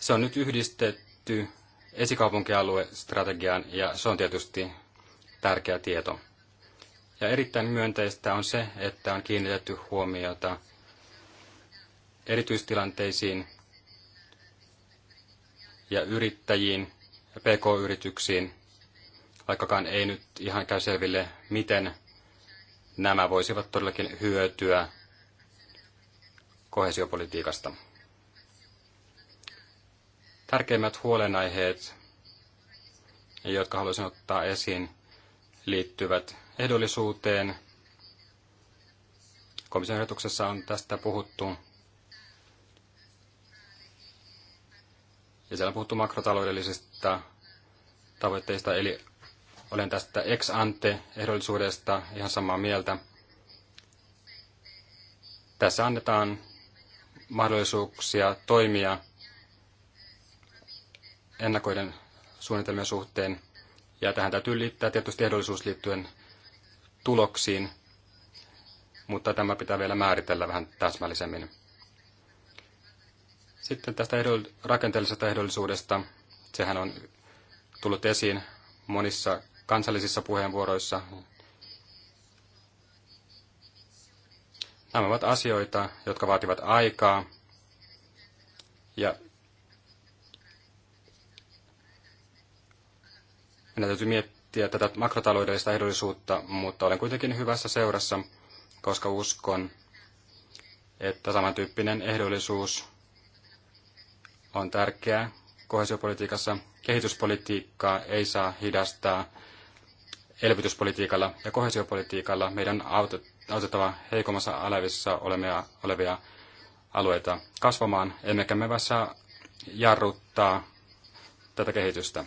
se on nyt yhdistetty esikaupunkialuestrategiaan ja se on tietysti tärkeä tieto. Ja erittäin myönteistä on se, että on kiinnitetty huomiota erityistilanteisiin ja yrittäjiin ja pk-yrityksiin, vaikkakaan ei nyt ihan käy selville, miten nämä voisivat todellakin hyötyä kohesiopolitiikasta. Tärkeimmät huolenaiheet, jotka haluaisin ottaa esiin, liittyvät ehdollisuuteen. Komission ehdotuksessa on tästä puhuttu. Ja siellä on puhuttu makrotaloudellisista tavoitteista, eli olen tästä ex ante ehdollisuudesta ihan samaa mieltä. Tässä annetaan mahdollisuuksia toimia ennakoiden suunnitelmien suhteen – ja tähän täytyy liittää tietysti ehdollisuus liittyen tuloksiin, mutta tämä pitää vielä määritellä vähän täsmällisemmin. Sitten tästä ehdoll- rakenteellisesta ehdollisuudesta. Sehän on tullut esiin monissa kansallisissa puheenvuoroissa. Nämä ovat asioita, jotka vaativat aikaa, ja Meidän täytyy miettiä tätä makrotaloudellista ehdollisuutta, mutta olen kuitenkin hyvässä seurassa, koska uskon, että samantyyppinen ehdollisuus on tärkeää kohesiopolitiikassa. Kehityspolitiikkaa ei saa hidastaa elvytyspolitiikalla ja kohesiopolitiikalla. Meidän autettava heikommassa alevissa olevia, olevia alueita kasvamaan, emmekä me saa jarruttaa tätä kehitystä.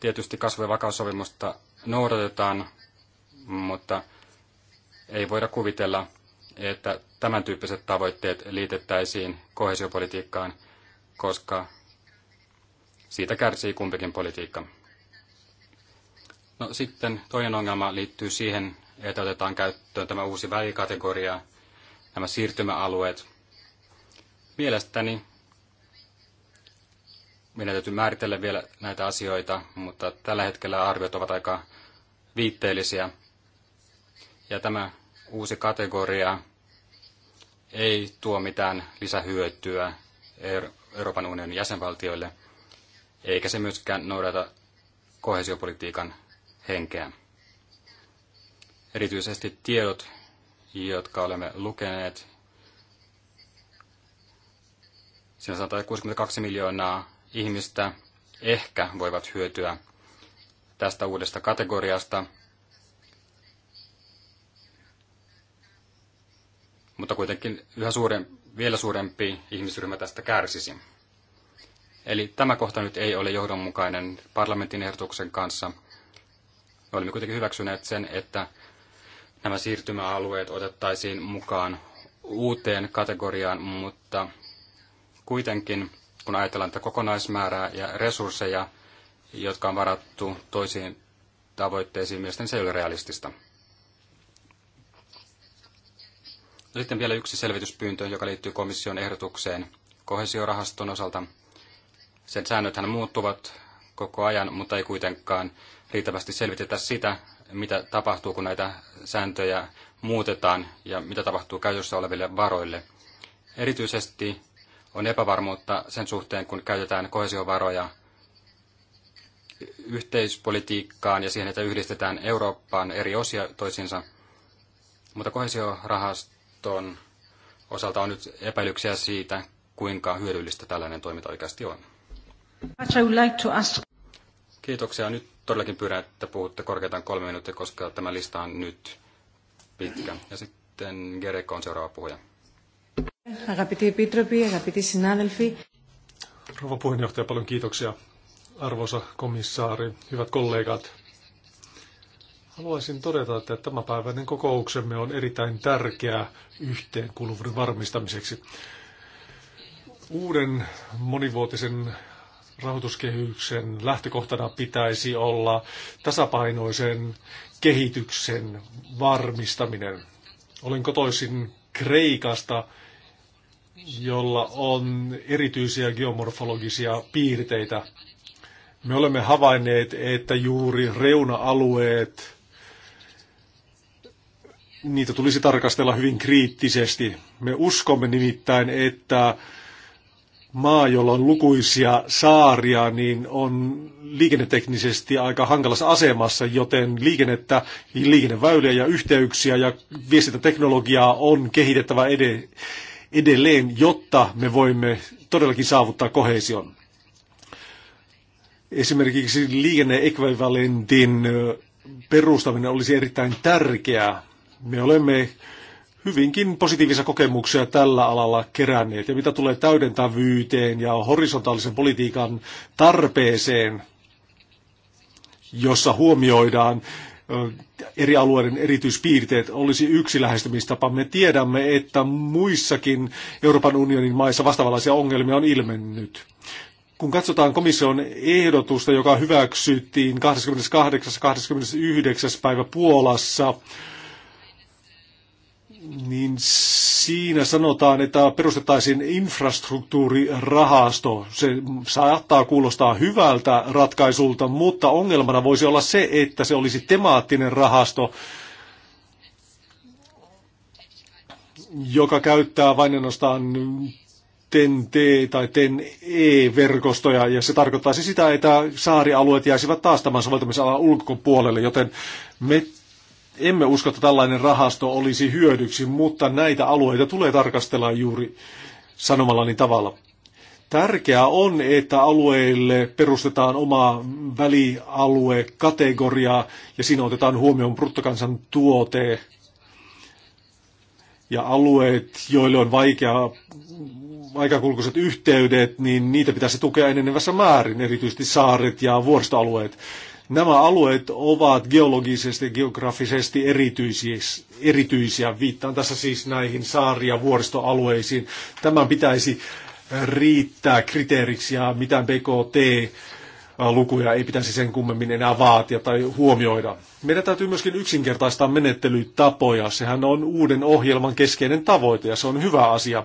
Tietysti kasvu- ja vakaussopimusta noudatetaan, mutta ei voida kuvitella, että tämän tyyppiset tavoitteet liitettäisiin kohesiopolitiikkaan, koska siitä kärsii kumpikin politiikka. No, sitten toinen ongelma liittyy siihen, että otetaan käyttöön tämä uusi välikategoria, nämä siirtymäalueet. Mielestäni meidän täytyy määritellä vielä näitä asioita, mutta tällä hetkellä arviot ovat aika viitteellisiä. Ja tämä uusi kategoria ei tuo mitään lisähyötyä Euroopan unionin jäsenvaltioille, eikä se myöskään noudata kohesiopolitiikan henkeä. Erityisesti tiedot, jotka olemme lukeneet, siinä 162 miljoonaa ihmistä ehkä voivat hyötyä tästä uudesta kategoriasta. Mutta kuitenkin yhä suurempi, vielä suurempi ihmisryhmä tästä kärsisi. Eli tämä kohta nyt ei ole johdonmukainen parlamentin ehdotuksen kanssa. Me olemme kuitenkin hyväksyneet sen, että nämä siirtymäalueet otettaisiin mukaan uuteen kategoriaan, mutta kuitenkin kun ajatellaan tätä kokonaismäärää ja resursseja, jotka on varattu toisiin tavoitteisiin, mielestäni se ei ole realistista. sitten vielä yksi selvityspyyntö, joka liittyy komission ehdotukseen kohesiorahaston osalta. Sen säännöthän muuttuvat koko ajan, mutta ei kuitenkaan riittävästi selvitetä sitä, mitä tapahtuu, kun näitä sääntöjä muutetaan ja mitä tapahtuu käytössä oleville varoille. Erityisesti on epävarmuutta sen suhteen, kun käytetään kohesiovaroja yhteispolitiikkaan ja siihen, että yhdistetään Eurooppaan eri osia toisiinsa. Mutta kohesiorahaston osalta on nyt epäilyksiä siitä, kuinka hyödyllistä tällainen toiminta oikeasti on. Kiitoksia. Nyt todellakin pyydän, että puhutte korkeintaan kolme minuuttia, koska tämä lista on nyt pitkä. Ja sitten Gereko on seuraava puhuja. Αγαπητοί επίτροποι, αγαπητοί συνάδελφοι. Rouva puheenjohtaja, paljon kiitoksia. Arvoisa komissaari, hyvät kollegat. Haluaisin todeta, että tämänpäiväinen kokouksemme on erittäin tärkeä yhteenkuuluvuuden varmistamiseksi. Uuden monivuotisen rahoituskehyksen lähtökohtana pitäisi olla tasapainoisen kehityksen varmistaminen. Olen kotoisin Kreikasta, jolla on erityisiä geomorfologisia piirteitä. Me olemme havainneet, että juuri reuna-alueet, niitä tulisi tarkastella hyvin kriittisesti. Me uskomme nimittäin, että maa, jolla on lukuisia saaria, niin on liikenneteknisesti aika hankalassa asemassa, joten liikennettä, liikenneväyliä ja yhteyksiä ja viestintäteknologiaa on kehitettävä edelleen edelleen, jotta me voimme todellakin saavuttaa kohesion. Esimerkiksi liikenneekvivalentin perustaminen olisi erittäin tärkeää. Me olemme hyvinkin positiivisia kokemuksia tällä alalla keränneet. Ja mitä tulee täydentävyyteen ja horisontaalisen politiikan tarpeeseen, jossa huomioidaan eri alueiden erityispiirteet olisi yksi lähestymistapa. Me tiedämme, että muissakin Euroopan unionin maissa vastaavanlaisia ongelmia on ilmennyt. Kun katsotaan komission ehdotusta, joka hyväksyttiin 28.–29. päivä Puolassa, niin siinä sanotaan, että perustettaisiin infrastruktuurirahasto. Se saattaa kuulostaa hyvältä ratkaisulta, mutta ongelmana voisi olla se, että se olisi temaattinen rahasto, joka käyttää vain ainoastaan TEN-T tai TEN-E-verkostoja, ja se tarkoittaisi sitä, että saarialueet jäisivät taas tämän soveltamisalan ulkopuolelle, joten me emme usko, että tällainen rahasto olisi hyödyksi, mutta näitä alueita tulee tarkastella juuri sanomallani tavalla. Tärkeää on, että alueille perustetaan oma välialuekategoria ja siinä otetaan huomioon bruttokansantuote ja alueet, joille on vaikea, aikakulkuiset yhteydet, niin niitä pitäisi tukea enenevässä määrin, erityisesti saaret ja vuoristoalueet. Nämä alueet ovat geologisesti ja geografisesti erityisiä. Viittaan tässä siis näihin saari- ja vuoristoalueisiin. Tämän pitäisi riittää kriteeriksi ja mitään BKT lukuja ei pitäisi sen kummemmin enää vaatia tai huomioida. Meidän täytyy myöskin yksinkertaistaa menettelytapoja. Sehän on uuden ohjelman keskeinen tavoite ja se on hyvä asia.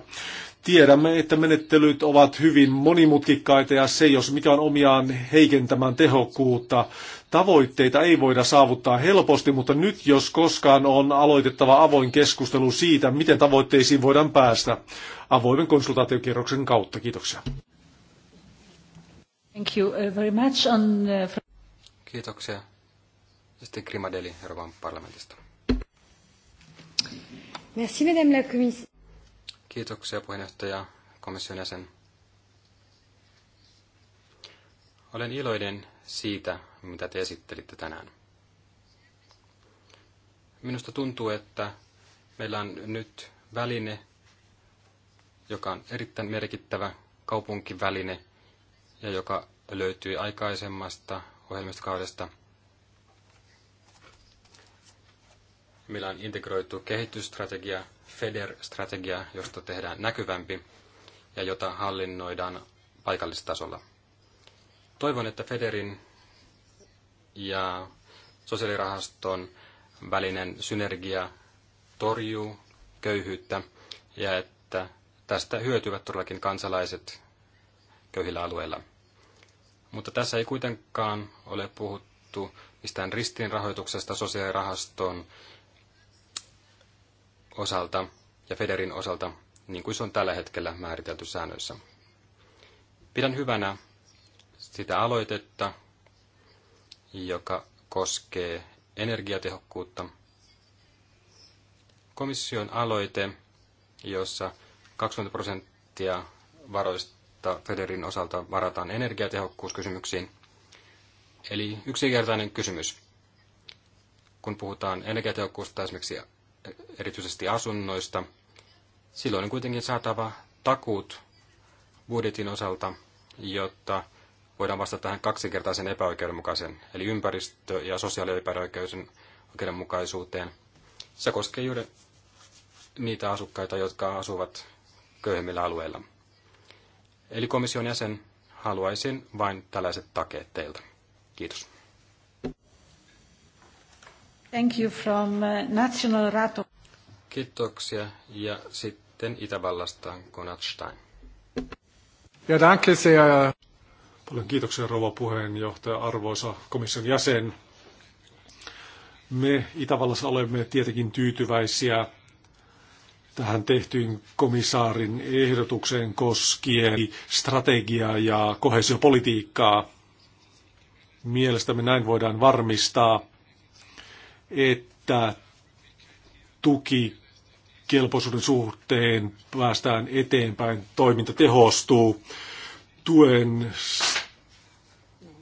Tiedämme, että menettelyt ovat hyvin monimutkikkaita ja se, jos mikä on omiaan heikentämään tehokkuutta, Tavoitteita ei voida saavuttaa helposti, mutta nyt jos koskaan on aloitettava avoin keskustelu siitä, miten tavoitteisiin voidaan päästä avoimen konsultaatiokierroksen kautta. Kiitoksia. Thank you uh, very much on... Uh, Kiitoksia. Sitten Grimadeli Euroopan parlamentista. Merci, madame la commissaire. Kiitoksia puheenjohtaja komission jäsen. Olen iloinen siitä, mitä te esittelitte tänään. Minusta tuntuu, että meillä on nyt väline, joka on erittäin merkittävä kaupunkiväline ja joka löytyy aikaisemmasta ohjelmistokaudesta. Meillä on integroitu kehitysstrategia, FEDER-strategia, josta tehdään näkyvämpi ja jota hallinnoidaan paikallistasolla. Toivon, että FEDERin ja sosiaalirahaston välinen synergia torjuu köyhyyttä ja että tästä hyötyvät todellakin kansalaiset köyhillä alueilla. Mutta tässä ei kuitenkaan ole puhuttu mistään ristiinrahoituksesta sosiaalirahaston osalta ja Federin osalta, niin kuin se on tällä hetkellä määritelty säännöissä. Pidän hyvänä sitä aloitetta, joka koskee energiatehokkuutta. Komission aloite, jossa 20 prosenttia varoista Federin osalta varataan energiatehokkuuskysymyksiin. Eli yksinkertainen kysymys. Kun puhutaan energiatehokkuusta esimerkiksi erityisesti asunnoista, silloin on kuitenkin saatava takuut budjetin osalta, jotta – voidaan vastata tähän kaksinkertaisen epäoikeudenmukaisen, eli ympäristö- ja sosiaalioikeudenmukaisuuteen. Se koskee juuri niitä asukkaita, jotka asuvat köyhemmillä alueilla. Eli komission jäsen, haluaisin vain tällaiset takeet teiltä. Kiitos. Thank you from uh, National Rato. Kiitoksia. Ja sitten Itävallasta Konatstein. Stein. Ja danke sehr. Paljon kiitoksia rouva puheenjohtaja, arvoisa komission jäsen. Me Itävallassa olemme tietenkin tyytyväisiä tähän tehtyyn komissaarin ehdotukseen koskien strategiaa ja kohesiopolitiikkaa. Mielestämme näin voidaan varmistaa, että tuki kelpoisuuden suhteen päästään eteenpäin, toiminta tehostuu, tuen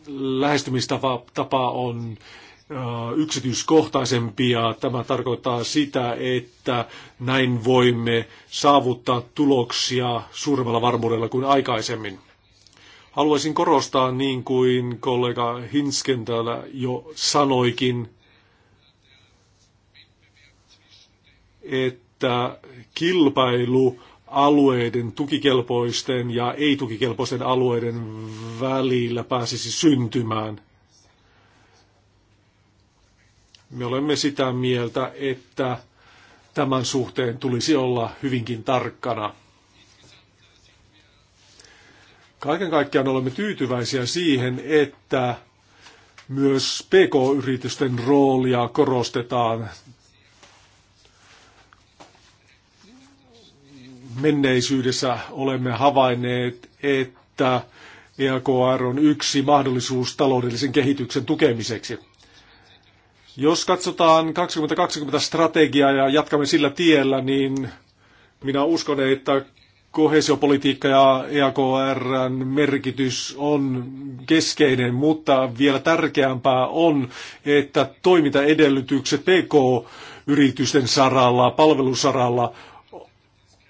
lähestymistapa on äh, yksityiskohtaisempi ja tämä tarkoittaa sitä, että näin voimme saavuttaa tuloksia suuremmalla varmuudella kuin aikaisemmin. Haluaisin korostaa, niin kuin kollega Hinsken täällä jo sanoikin, että kilpailu alueiden, tukikelpoisten ja ei-tukikelpoisten alueiden välillä pääsisi syntymään. Me olemme sitä mieltä, että tämän suhteen tulisi olla hyvinkin tarkkana. Kaiken kaikkiaan olemme tyytyväisiä siihen, että myös PK-yritysten roolia korostetaan menneisyydessä olemme havainneet, että EAKR on yksi mahdollisuus taloudellisen kehityksen tukemiseksi. Jos katsotaan 2020 strategiaa ja jatkamme sillä tiellä, niin minä uskon, että kohesiopolitiikka ja EAKRn merkitys on keskeinen, mutta vielä tärkeämpää on, että toimintaedellytykset PK-yritysten saralla, palvelusaralla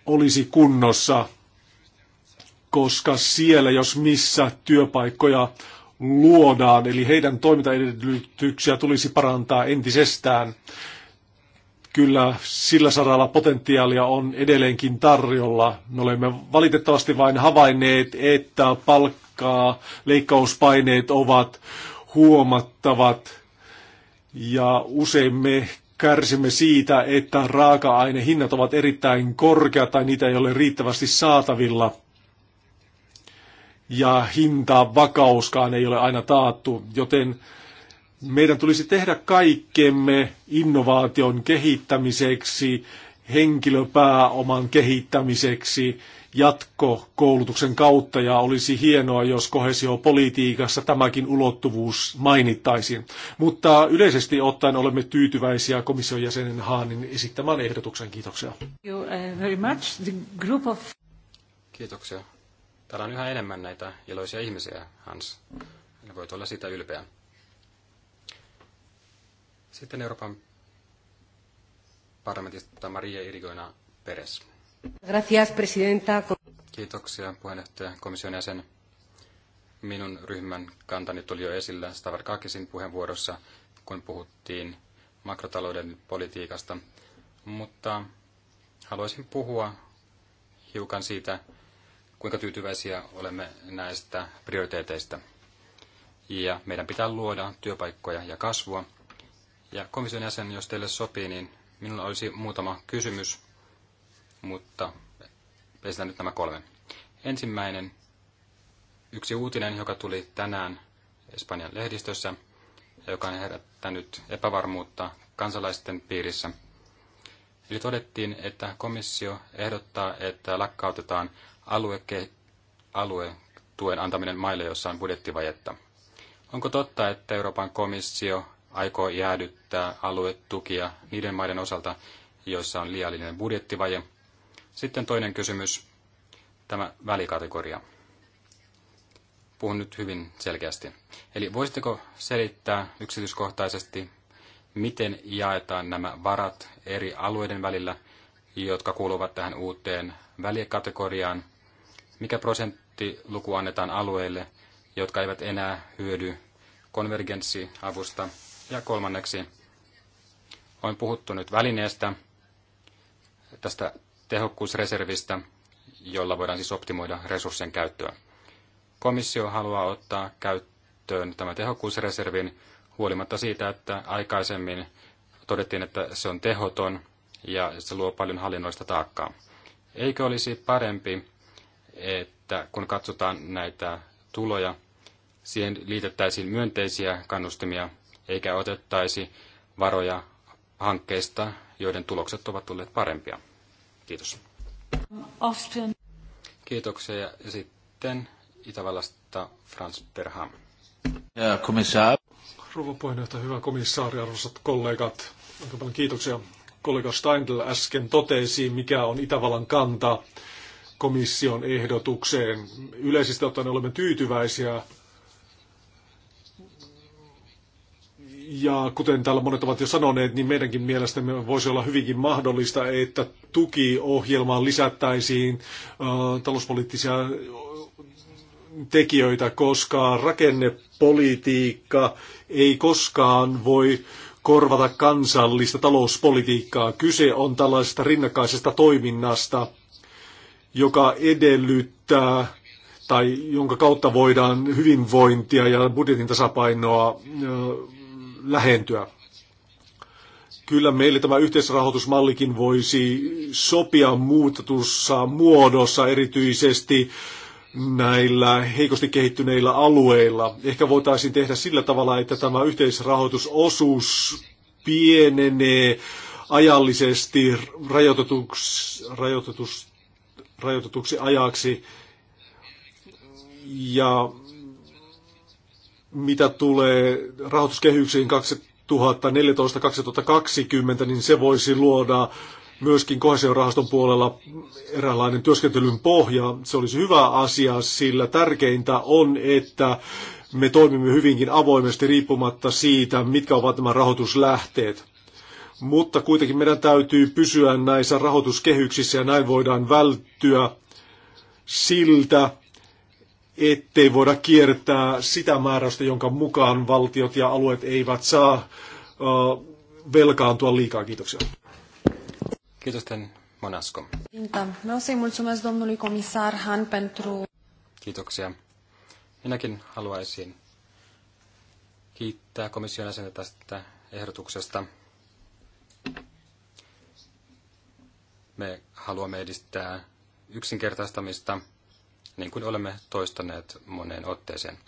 olisi kunnossa, koska siellä jos missä työpaikkoja luodaan, eli heidän toimintaedellytyksiä tulisi parantaa entisestään. Kyllä sillä saralla potentiaalia on edelleenkin tarjolla. Me olemme valitettavasti vain havainneet, että palkkaa leikkauspaineet ovat huomattavat ja usein me kärsimme siitä, että raaka-ainehinnat ovat erittäin korkeat tai niitä ei ole riittävästi saatavilla. Ja hinta vakauskaan ei ole aina taattu, joten meidän tulisi tehdä kaikkemme innovaation kehittämiseksi, henkilöpääoman kehittämiseksi jatkokoulutuksen kautta ja olisi hienoa, jos kohesiopolitiikassa tämäkin ulottuvuus mainittaisiin. Mutta yleisesti ottaen olemme tyytyväisiä komission jäsenen Haanin esittämään ehdotuksen. Kiitoksia. Uh, Kiitoksia. Täällä on yhä enemmän näitä iloisia ihmisiä, Hans. Ne voit olla sitä ylpeä. Sitten Euroopan parlamentista Maria Irigoina Peres. Gracias, presidenta. Kiitoksia puheenjohtaja komission jäsen. Minun ryhmän kantani tuli jo esillä Stavarkakisin puheenvuorossa, kun puhuttiin makrotalouden politiikasta, mutta haluaisin puhua hiukan siitä, kuinka tyytyväisiä olemme näistä prioriteeteista. Ja meidän pitää luoda työpaikkoja ja kasvua. Ja komission jäsen, jos teille sopii, niin minulla olisi muutama kysymys mutta pesitään nyt nämä kolme. Ensimmäinen, yksi uutinen, joka tuli tänään Espanjan lehdistössä, joka on herättänyt epävarmuutta kansalaisten piirissä. Eli todettiin, että komissio ehdottaa, että lakkautetaan alueke, aluetuen antaminen maille, jossa on budjettivajetta. Onko totta, että Euroopan komissio aikoo jäädyttää aluetukia niiden maiden osalta, joissa on liiallinen budjettivaje – sitten toinen kysymys, tämä välikategoria. Puhun nyt hyvin selkeästi. Eli voisitteko selittää yksityiskohtaisesti, miten jaetaan nämä varat eri alueiden välillä, jotka kuuluvat tähän uuteen välikategoriaan? Mikä prosenttiluku annetaan alueille, jotka eivät enää hyödy konvergenssiavusta? Ja kolmanneksi, olen puhuttu nyt välineestä, tästä tehokkuusreservistä, jolla voidaan siis optimoida resurssien käyttöä. Komissio haluaa ottaa käyttöön tämä tehokkuusreservin huolimatta siitä, että aikaisemmin todettiin, että se on tehoton ja se luo paljon hallinnoista taakkaa. Eikö olisi parempi, että kun katsotaan näitä tuloja, siihen liitettäisiin myönteisiä kannustimia, eikä otettaisi varoja hankkeista, joiden tulokset ovat tulleet parempia. Kiitos. Austrian. Kiitoksia ja sitten Itävallasta Frans Perham. Ja komissaari. Rouva puheenjohtaja, hyvä komissaari, arvoisat kollegat. Aika paljon kiitoksia. Kollega Steindl äsken totesi, mikä on Itävallan kanta komission ehdotukseen. Yleisesti ottaen olemme tyytyväisiä Ja kuten täällä monet ovat jo sanoneet, niin meidänkin mielestämme voisi olla hyvinkin mahdollista, että tukiohjelmaan lisättäisiin talouspoliittisia tekijöitä, koska rakennepolitiikka ei koskaan voi korvata kansallista talouspolitiikkaa. Kyse on tällaisesta rinnakkaisesta toiminnasta, joka edellyttää tai jonka kautta voidaan hyvinvointia ja budjetin tasapainoa lähentyä. Kyllä meille tämä yhteisrahoitusmallikin voisi sopia muutetussa muodossa erityisesti näillä heikosti kehittyneillä alueilla. Ehkä voitaisiin tehdä sillä tavalla, että tämä yhteisrahoitusosuus pienenee ajallisesti rajoitetuksi, rajoitetuksi, rajoitetuksi ajaksi ja mitä tulee rahoituskehyksiin 2014-2020, niin se voisi luoda myöskin rahaston puolella eräänlainen työskentelyn pohja. Se olisi hyvä asia, sillä tärkeintä on, että me toimimme hyvinkin avoimesti riippumatta siitä, mitkä ovat nämä rahoituslähteet. Mutta kuitenkin meidän täytyy pysyä näissä rahoituskehyksissä ja näin voidaan välttyä siltä, ettei voida kiertää sitä määräystä, jonka mukaan valtiot ja alueet eivät saa velkaantua liikaa. Kiitoksia. Kiitos tämän Monasko. No Kiitoksia. Minäkin haluaisin kiittää komission jäsentä tästä ehdotuksesta. Me haluamme edistää yksinkertaistamista – niin kuin olemme toistaneet moneen otteeseen.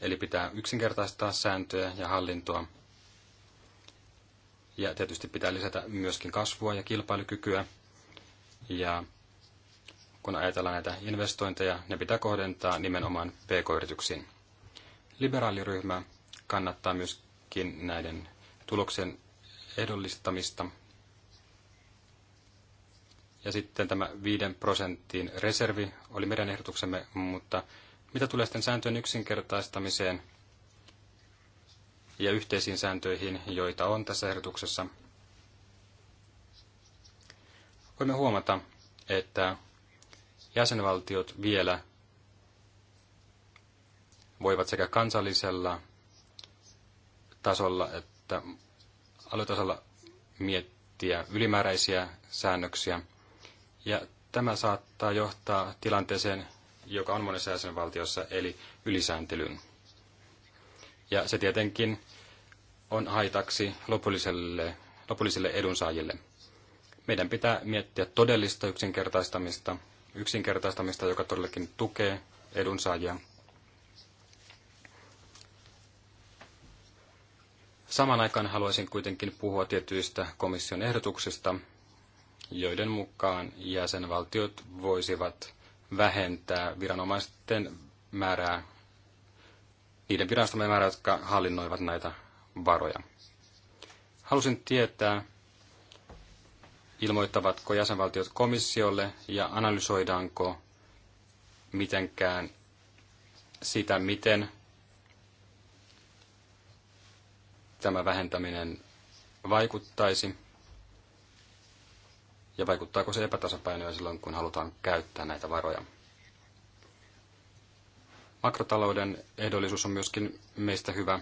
Eli pitää yksinkertaistaa sääntöjä ja hallintoa. Ja tietysti pitää lisätä myöskin kasvua ja kilpailukykyä. Ja kun ajatellaan näitä investointeja, ne pitää kohdentaa nimenomaan pk-yrityksiin. Liberaaliryhmä kannattaa myöskin näiden tuloksen ehdollistamista ja sitten tämä 5 prosenttiin reservi oli meidän ehdotuksemme, mutta mitä tulee sitten sääntöjen yksinkertaistamiseen ja yhteisiin sääntöihin, joita on tässä ehdotuksessa, voimme huomata, että jäsenvaltiot vielä voivat sekä kansallisella tasolla että aluetasolla miettiä ylimääräisiä säännöksiä. Ja tämä saattaa johtaa tilanteeseen, joka on monessa jäsenvaltiossa, eli ylisääntelyyn. Ja se tietenkin on haitaksi lopulliselle, lopulliselle edunsaajille. Meidän pitää miettiä todellista yksinkertaistamista, yksinkertaistamista, joka todellakin tukee edunsaajia. Saman aikaan haluaisin kuitenkin puhua tietyistä komission ehdotuksista, joiden mukaan jäsenvaltiot voisivat vähentää viranomaisten määrää, niiden viranomaisten määrää, jotka hallinnoivat näitä varoja. Halusin tietää, ilmoittavatko jäsenvaltiot komissiolle ja analysoidaanko mitenkään sitä, miten tämä vähentäminen vaikuttaisi ja vaikuttaako se epätasapainoja silloin, kun halutaan käyttää näitä varoja. Makrotalouden ehdollisuus on myöskin meistä hyvä.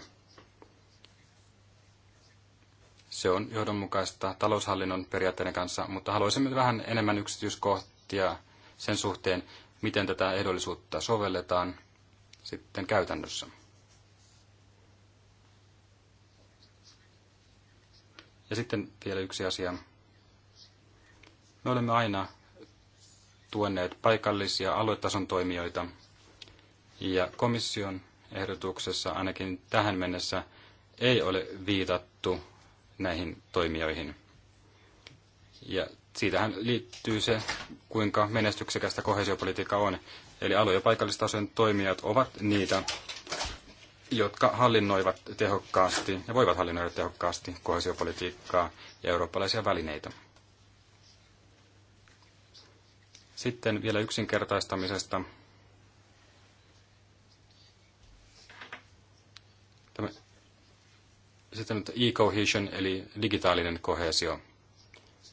Se on johdonmukaista taloushallinnon periaatteiden kanssa, mutta haluaisimme vähän enemmän yksityiskohtia sen suhteen, miten tätä ehdollisuutta sovelletaan sitten käytännössä. Ja sitten vielä yksi asia. Me olemme aina tuenneet paikallisia aluetason toimijoita ja komission ehdotuksessa ainakin tähän mennessä ei ole viitattu näihin toimijoihin. Ja siitähän liittyy se, kuinka menestyksekästä kohesiopolitiikka on. Eli alue- ja paikallistason toimijat ovat niitä, jotka hallinnoivat tehokkaasti ja voivat hallinnoida tehokkaasti kohesiopolitiikkaa ja eurooppalaisia välineitä. Sitten vielä yksinkertaistamisesta. sitten nyt e-cohesion eli digitaalinen kohesio,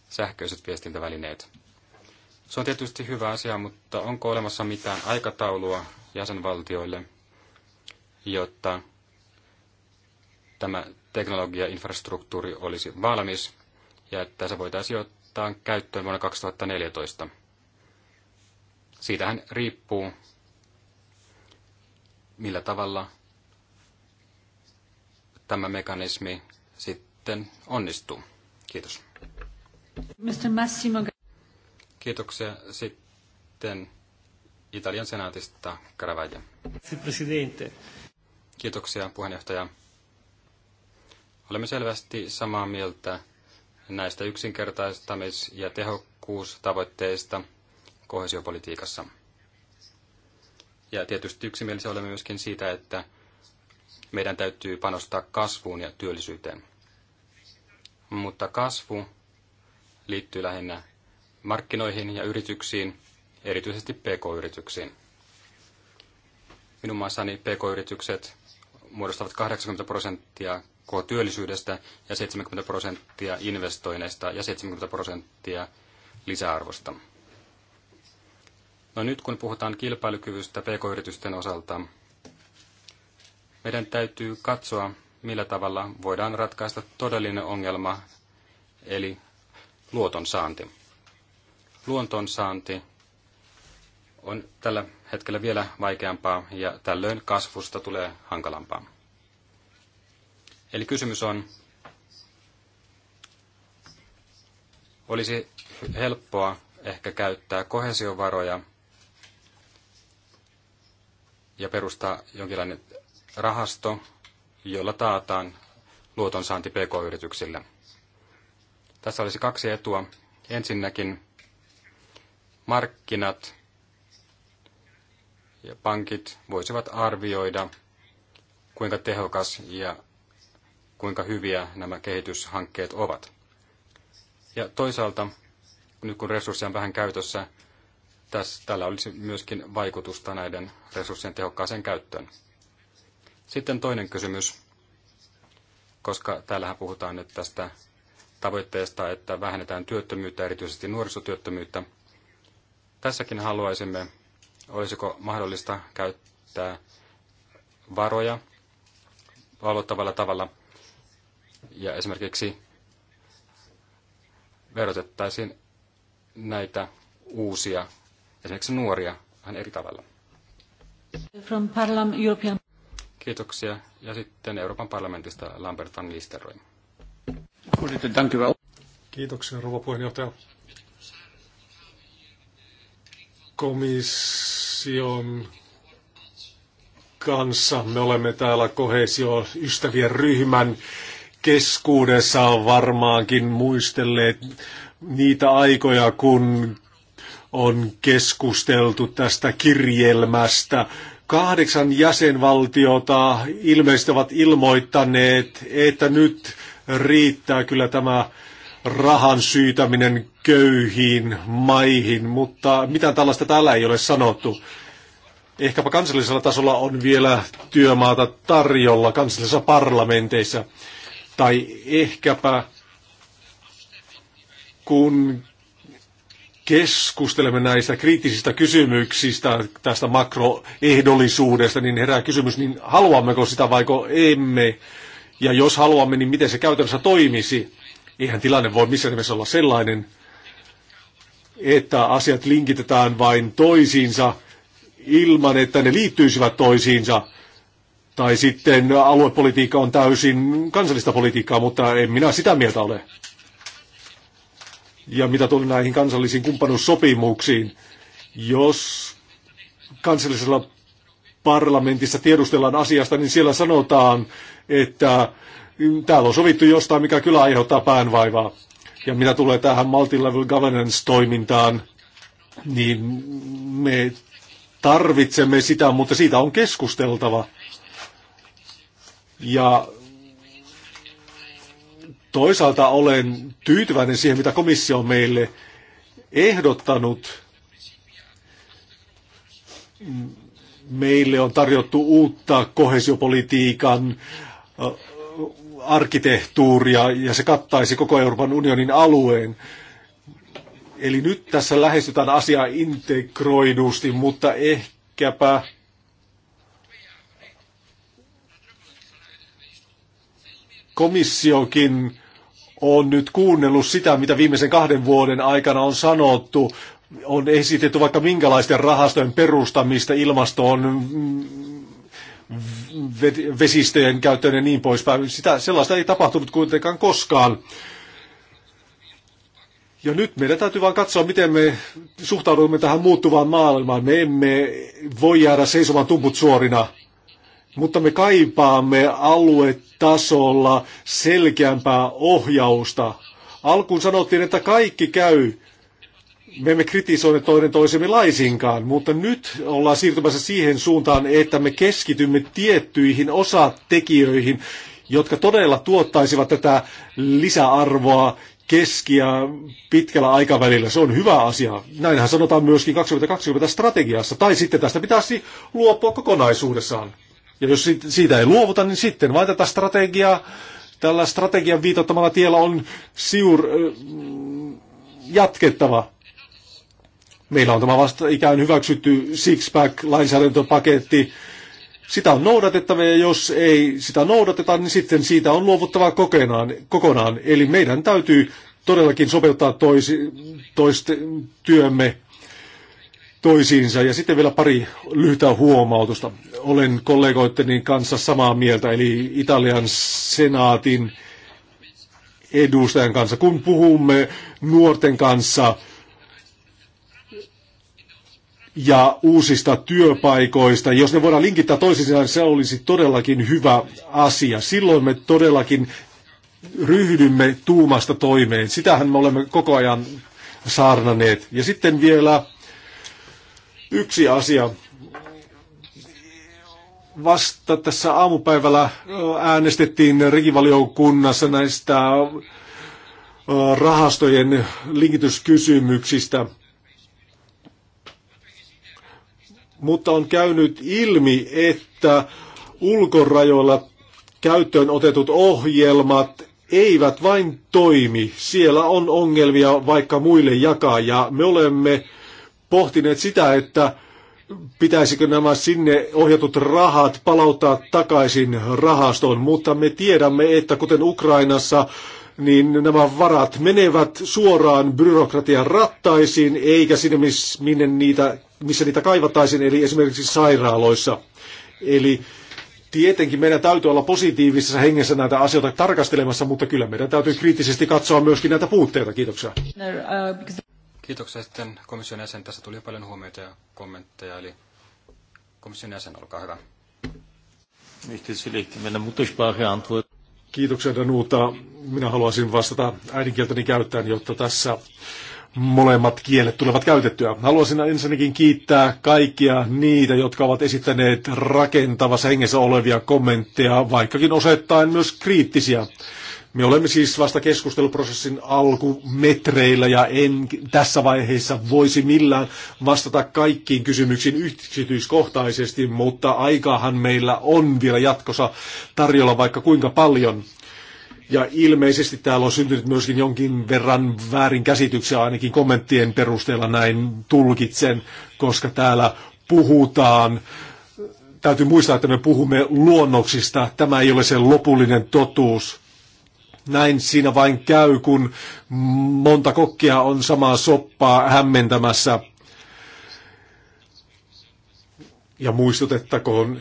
sähköiset viestintävälineet. Se on tietysti hyvä asia, mutta onko olemassa mitään aikataulua jäsenvaltioille, jotta tämä teknologiainfrastruktuuri olisi valmis ja että se voitaisiin ottaa käyttöön vuonna 2014? Siitähän riippuu, millä tavalla tämä mekanismi sitten onnistuu. Kiitos. Mr. Massimo. Kiitoksia sitten Italian senaatista Caravaglia. Presidente. Kiitoksia puheenjohtaja. Olemme selvästi samaa mieltä näistä yksinkertaistamis- ja tehokkuustavoitteista, kohesiopolitiikassa. Ja tietysti yksimielisiä olemme myöskin siitä, että meidän täytyy panostaa kasvuun ja työllisyyteen. Mutta kasvu liittyy lähinnä markkinoihin ja yrityksiin, erityisesti pk-yrityksiin. Minun maassani pk-yritykset muodostavat 80 prosenttia koko työllisyydestä ja 70 prosenttia investoinneista ja 70 prosenttia lisäarvosta. No nyt kun puhutaan kilpailukyvystä pk-yritysten osalta, meidän täytyy katsoa, millä tavalla voidaan ratkaista todellinen ongelma, eli luoton saanti. saanti on tällä hetkellä vielä vaikeampaa ja tällöin kasvusta tulee hankalampaa. Eli kysymys on, olisi helppoa ehkä käyttää kohesiovaroja – ja perustaa jonkinlainen rahasto, jolla taataan luotonsaanti pk-yrityksille. Tässä olisi kaksi etua. Ensinnäkin markkinat ja pankit voisivat arvioida, kuinka tehokas ja kuinka hyviä nämä kehityshankkeet ovat. Ja toisaalta, nyt kun resursseja on vähän käytössä, tässä, tällä olisi myöskin vaikutusta näiden resurssien tehokkaaseen käyttöön. Sitten toinen kysymys, koska täällähän puhutaan nyt tästä tavoitteesta, että vähennetään työttömyyttä, erityisesti nuorisotyöttömyyttä. Tässäkin haluaisimme, olisiko mahdollista käyttää varoja valottavalla tavalla ja esimerkiksi verotettaisiin näitä uusia esimerkiksi nuoria vähän eri tavalla. From Parlam, European... Kiitoksia. Ja sitten Euroopan parlamentista Lambert van Listeroi. Kiitoksia, rouva puheenjohtaja. Komission kanssa me olemme täällä kohesio-ystävien ryhmän keskuudessa varmaankin muistelleet niitä aikoja, kun on keskusteltu tästä kirjelmästä. Kahdeksan jäsenvaltiota ilmeisesti ovat ilmoittaneet, että nyt riittää kyllä tämä rahan syytäminen köyhiin maihin, mutta mitä tällaista täällä ei ole sanottu. Ehkäpä kansallisella tasolla on vielä työmaata tarjolla kansallisissa parlamenteissa. Tai ehkäpä kun keskustelemme näistä kriittisistä kysymyksistä, tästä makroehdollisuudesta, niin herää kysymys, niin haluammeko sitä vaiko emme? Ja jos haluamme, niin miten se käytännössä toimisi? Eihän tilanne voi missään nimessä olla sellainen, että asiat linkitetään vain toisiinsa ilman, että ne liittyisivät toisiinsa. Tai sitten aluepolitiikka on täysin kansallista politiikkaa, mutta en minä sitä mieltä ole. Ja mitä tuli näihin kansallisiin kumppanuussopimuksiin, jos kansallisella parlamentissa tiedustellaan asiasta, niin siellä sanotaan, että täällä on sovittu jostain, mikä kyllä aiheuttaa päänvaivaa. Ja mitä tulee tähän multilevel governance-toimintaan, niin me tarvitsemme sitä, mutta siitä on keskusteltava. Ja Toisaalta olen tyytyväinen siihen, mitä komissio on meille ehdottanut. Meille on tarjottu uutta kohesiopolitiikan arkkitehtuuria ja se kattaisi koko Euroopan unionin alueen. Eli nyt tässä lähestytään asiaa integroidusti, mutta ehkäpä komissiokin on nyt kuunnellut sitä, mitä viimeisen kahden vuoden aikana on sanottu. On esitetty vaikka minkälaisten rahastojen perustamista ilmastoon, mm, vesistöjen käyttöön ja niin poispäin. Sitä, sellaista ei tapahtunut kuitenkaan koskaan. Ja nyt meidän täytyy vain katsoa, miten me suhtaudumme tähän muuttuvaan maailmaan. Me emme voi jäädä seisomaan tumput suorina. Mutta me kaipaamme aluetasolla selkeämpää ohjausta. Alkuun sanottiin, että kaikki käy. Me emme kritisoine toinen toisemme laisinkaan, mutta nyt ollaan siirtymässä siihen suuntaan, että me keskitymme tiettyihin osatekijöihin, jotka todella tuottaisivat tätä lisäarvoa keski- ja pitkällä aikavälillä. Se on hyvä asia. Näinhän sanotaan myöskin 2020 strategiassa. Tai sitten tästä pitäisi luopua kokonaisuudessaan. Ja jos siitä ei luovuta, niin sitten vain tätä strategiaa, tällä strategian viitottamalla tiellä on siur jatkettava. Meillä on tämä vasta ikään hyväksytty six-pack-lainsäädäntöpaketti. Sitä on noudatettava ja jos ei sitä noudateta, niin sitten siitä on luovuttava kokonaan. kokonaan. Eli meidän täytyy todellakin sopeuttaa toisi, toiste, työmme toisiinsa. Ja sitten vielä pari lyhyttä huomautusta. Olen kollegoitteni kanssa samaa mieltä, eli Italian senaatin edustajan kanssa. Kun puhumme nuorten kanssa ja uusista työpaikoista, jos ne voidaan linkittää toisiinsa, niin se olisi todellakin hyvä asia. Silloin me todellakin ryhdymme tuumasta toimeen. Sitähän me olemme koko ajan saarnaneet. Ja sitten vielä Yksi asia. Vasta tässä aamupäivällä äänestettiin rikivaliokunnassa näistä rahastojen linkityskysymyksistä. Mutta on käynyt ilmi, että ulkorajoilla käyttöön otetut ohjelmat eivät vain toimi. Siellä on ongelmia vaikka muille jakaa ja me olemme pohtineet sitä, että pitäisikö nämä sinne ohjatut rahat palauttaa takaisin rahastoon, mutta me tiedämme, että kuten Ukrainassa, niin nämä varat menevät suoraan byrokratian rattaisiin, eikä sinne, minne niitä, missä niitä kaivataisiin, eli esimerkiksi sairaaloissa. Eli tietenkin meidän täytyy olla positiivisessa hengessä näitä asioita tarkastelemassa, mutta kyllä meidän täytyy kriittisesti katsoa myöskin näitä puutteita. Kiitoksia. No, uh, Kiitoksia sitten komission jäsen. Tässä tuli paljon huomioita ja kommentteja, eli komission jäsen, olkaa hyvä. Kiitoksia Danuta. Minä haluaisin vastata äidinkieltäni käyttäen, jotta tässä molemmat kielet tulevat käytettyä. Haluaisin ensinnäkin kiittää kaikkia niitä, jotka ovat esittäneet rakentavassa hengessä olevia kommentteja, vaikkakin osettaen myös kriittisiä me olemme siis vasta keskusteluprosessin alkumetreillä ja en tässä vaiheessa voisi millään vastata kaikkiin kysymyksiin yksityiskohtaisesti, mutta aikaahan meillä on vielä jatkossa tarjolla vaikka kuinka paljon. Ja ilmeisesti täällä on syntynyt myöskin jonkin verran väärin käsityksiä ainakin kommenttien perusteella näin tulkitsen, koska täällä puhutaan täytyy muistaa, että me puhumme luonnoksista. Tämä ei ole se lopullinen totuus näin siinä vain käy, kun monta kokkia on samaa soppaa hämmentämässä. Ja muistutettakoon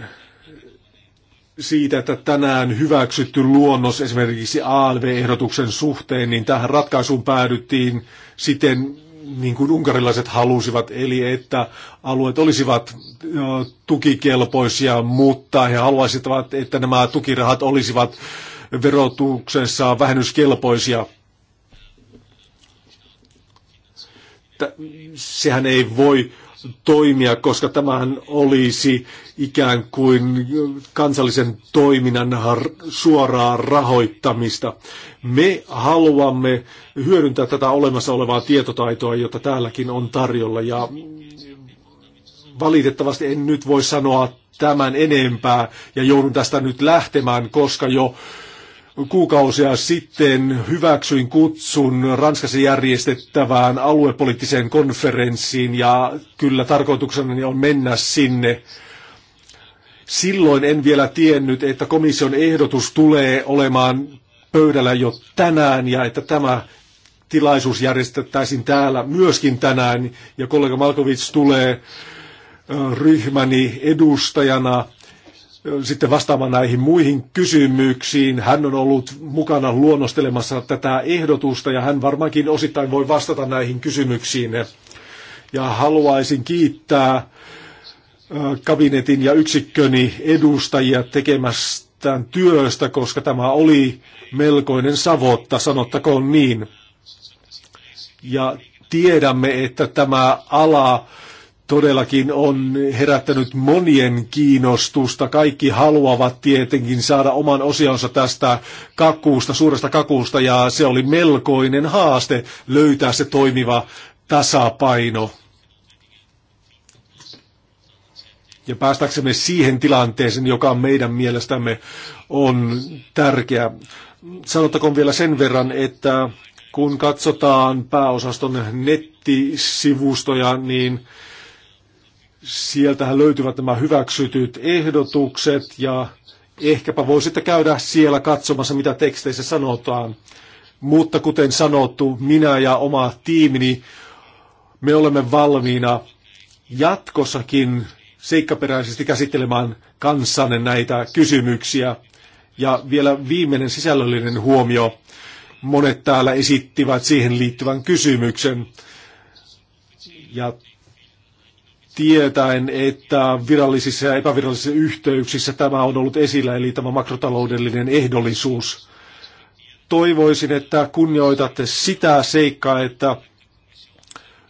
siitä, että tänään hyväksytty luonnos esimerkiksi ALV-ehdotuksen suhteen, niin tähän ratkaisuun päädyttiin siten, niin kuin unkarilaiset halusivat, eli että alueet olisivat tukikelpoisia, mutta he haluaisivat, että nämä tukirahat olisivat verotuksessa vähennyskelpoisia. Sehän ei voi toimia, koska tämähän olisi ikään kuin kansallisen toiminnan suoraa rahoittamista. Me haluamme hyödyntää tätä olemassa olevaa tietotaitoa, jota täälläkin on tarjolla ja valitettavasti en nyt voi sanoa tämän enempää ja joudun tästä nyt lähtemään, koska jo kuukausia sitten hyväksyin kutsun Ranskassa järjestettävään aluepoliittiseen konferenssiin ja kyllä tarkoituksena on mennä sinne. Silloin en vielä tiennyt, että komission ehdotus tulee olemaan pöydällä jo tänään ja että tämä tilaisuus järjestettäisiin täällä myöskin tänään ja kollega Malkovits tulee ryhmäni edustajana – sitten vastaamaan näihin muihin kysymyksiin. Hän on ollut mukana luonnostelemassa tätä ehdotusta ja hän varmaankin osittain voi vastata näihin kysymyksiin. Ja haluaisin kiittää äh, kabinetin ja yksikköni edustajia tekemästään työstä, koska tämä oli melkoinen savotta, sanottakoon niin. Ja tiedämme, että tämä ala todellakin on herättänyt monien kiinnostusta. Kaikki haluavat tietenkin saada oman osionsa tästä kakuusta, suuresta kakuusta, ja se oli melkoinen haaste löytää se toimiva tasapaino. Ja päästäksemme siihen tilanteeseen, joka meidän mielestämme on tärkeä. Sanottakoon vielä sen verran, että kun katsotaan pääosaston nettisivustoja, niin Sieltähän löytyvät nämä hyväksytyt ehdotukset ja ehkäpä voisitte käydä siellä katsomassa, mitä teksteissä sanotaan. Mutta kuten sanottu, minä ja oma tiimini, me olemme valmiina jatkossakin seikkaperäisesti käsittelemään kanssanne näitä kysymyksiä. Ja vielä viimeinen sisällöllinen huomio. Monet täällä esittivät siihen liittyvän kysymyksen. Ja tietäen, että virallisissa ja epävirallisissa yhteyksissä tämä on ollut esillä, eli tämä makrotaloudellinen ehdollisuus. Toivoisin, että kunnioitatte sitä seikkaa, että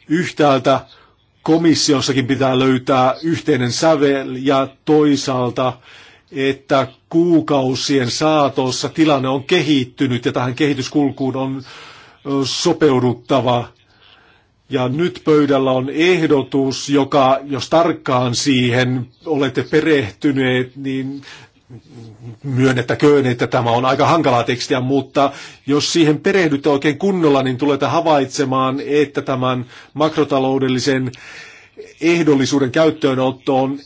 yhtäältä komissiossakin pitää löytää yhteinen sävel ja toisaalta, että kuukausien saatossa tilanne on kehittynyt ja tähän kehityskulkuun on sopeuduttava ja nyt pöydällä on ehdotus, joka, jos tarkkaan siihen olette perehtyneet, niin myönnettäköön, että tämä on aika hankalaa tekstiä, mutta jos siihen perehdytte oikein kunnolla, niin tulette havaitsemaan, että tämän makrotaloudellisen ehdollisuuden käyttöönotto on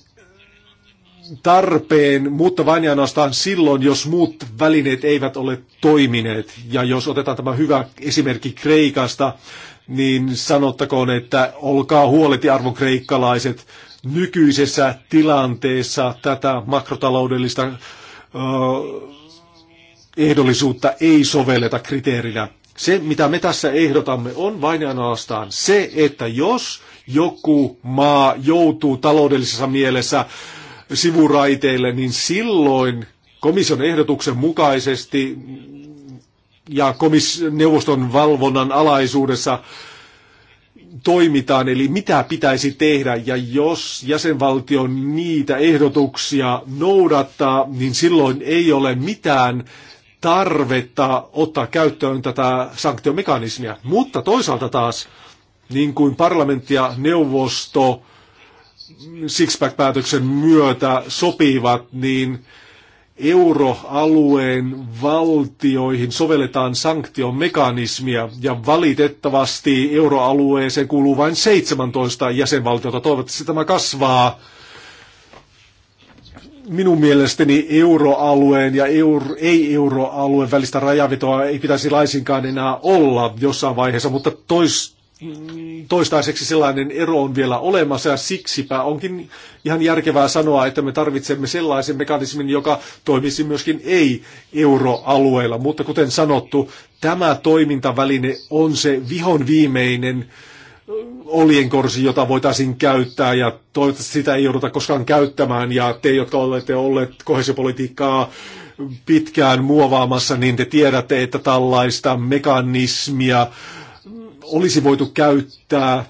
tarpeen, mutta vain ja ainoastaan silloin, jos muut välineet eivät ole toimineet. Ja jos otetaan tämä hyvä esimerkki Kreikasta, niin sanottakoon, että olkaa huoleti arvon kreikkalaiset. Nykyisessä tilanteessa tätä makrotaloudellista ö, ehdollisuutta ei sovelleta kriteerinä. Se, mitä me tässä ehdotamme, on vain ainoastaan se, että jos joku maa joutuu taloudellisessa mielessä sivuraiteille, niin silloin komission ehdotuksen mukaisesti ja komis- neuvoston valvonnan alaisuudessa toimitaan, eli mitä pitäisi tehdä, ja jos jäsenvaltio niitä ehdotuksia noudattaa, niin silloin ei ole mitään tarvetta ottaa käyttöön tätä sanktiomekanismia. Mutta toisaalta taas, niin kuin parlamentti ja neuvosto Sixpack-päätöksen myötä sopivat, niin euroalueen valtioihin sovelletaan sanktiomekanismia ja valitettavasti euroalueeseen kuuluu vain 17 jäsenvaltiota. Toivottavasti tämä kasvaa. Minun mielestäni euroalueen ja euro, ei-euroalueen välistä rajavetoa ei pitäisi laisinkaan enää olla jossain vaiheessa, mutta tois, toistaiseksi sellainen ero on vielä olemassa ja siksipä onkin ihan järkevää sanoa, että me tarvitsemme sellaisen mekanismin, joka toimisi myöskin ei-euroalueella. Mutta kuten sanottu, tämä toimintaväline on se vihon viimeinen olienkorsi, jota voitaisiin käyttää ja toivottavasti sitä ei jouduta koskaan käyttämään ja te, jotka olette olleet kohesiopolitiikkaa pitkään muovaamassa, niin te tiedätte, että tällaista mekanismia äh, olisi voitu käyttää,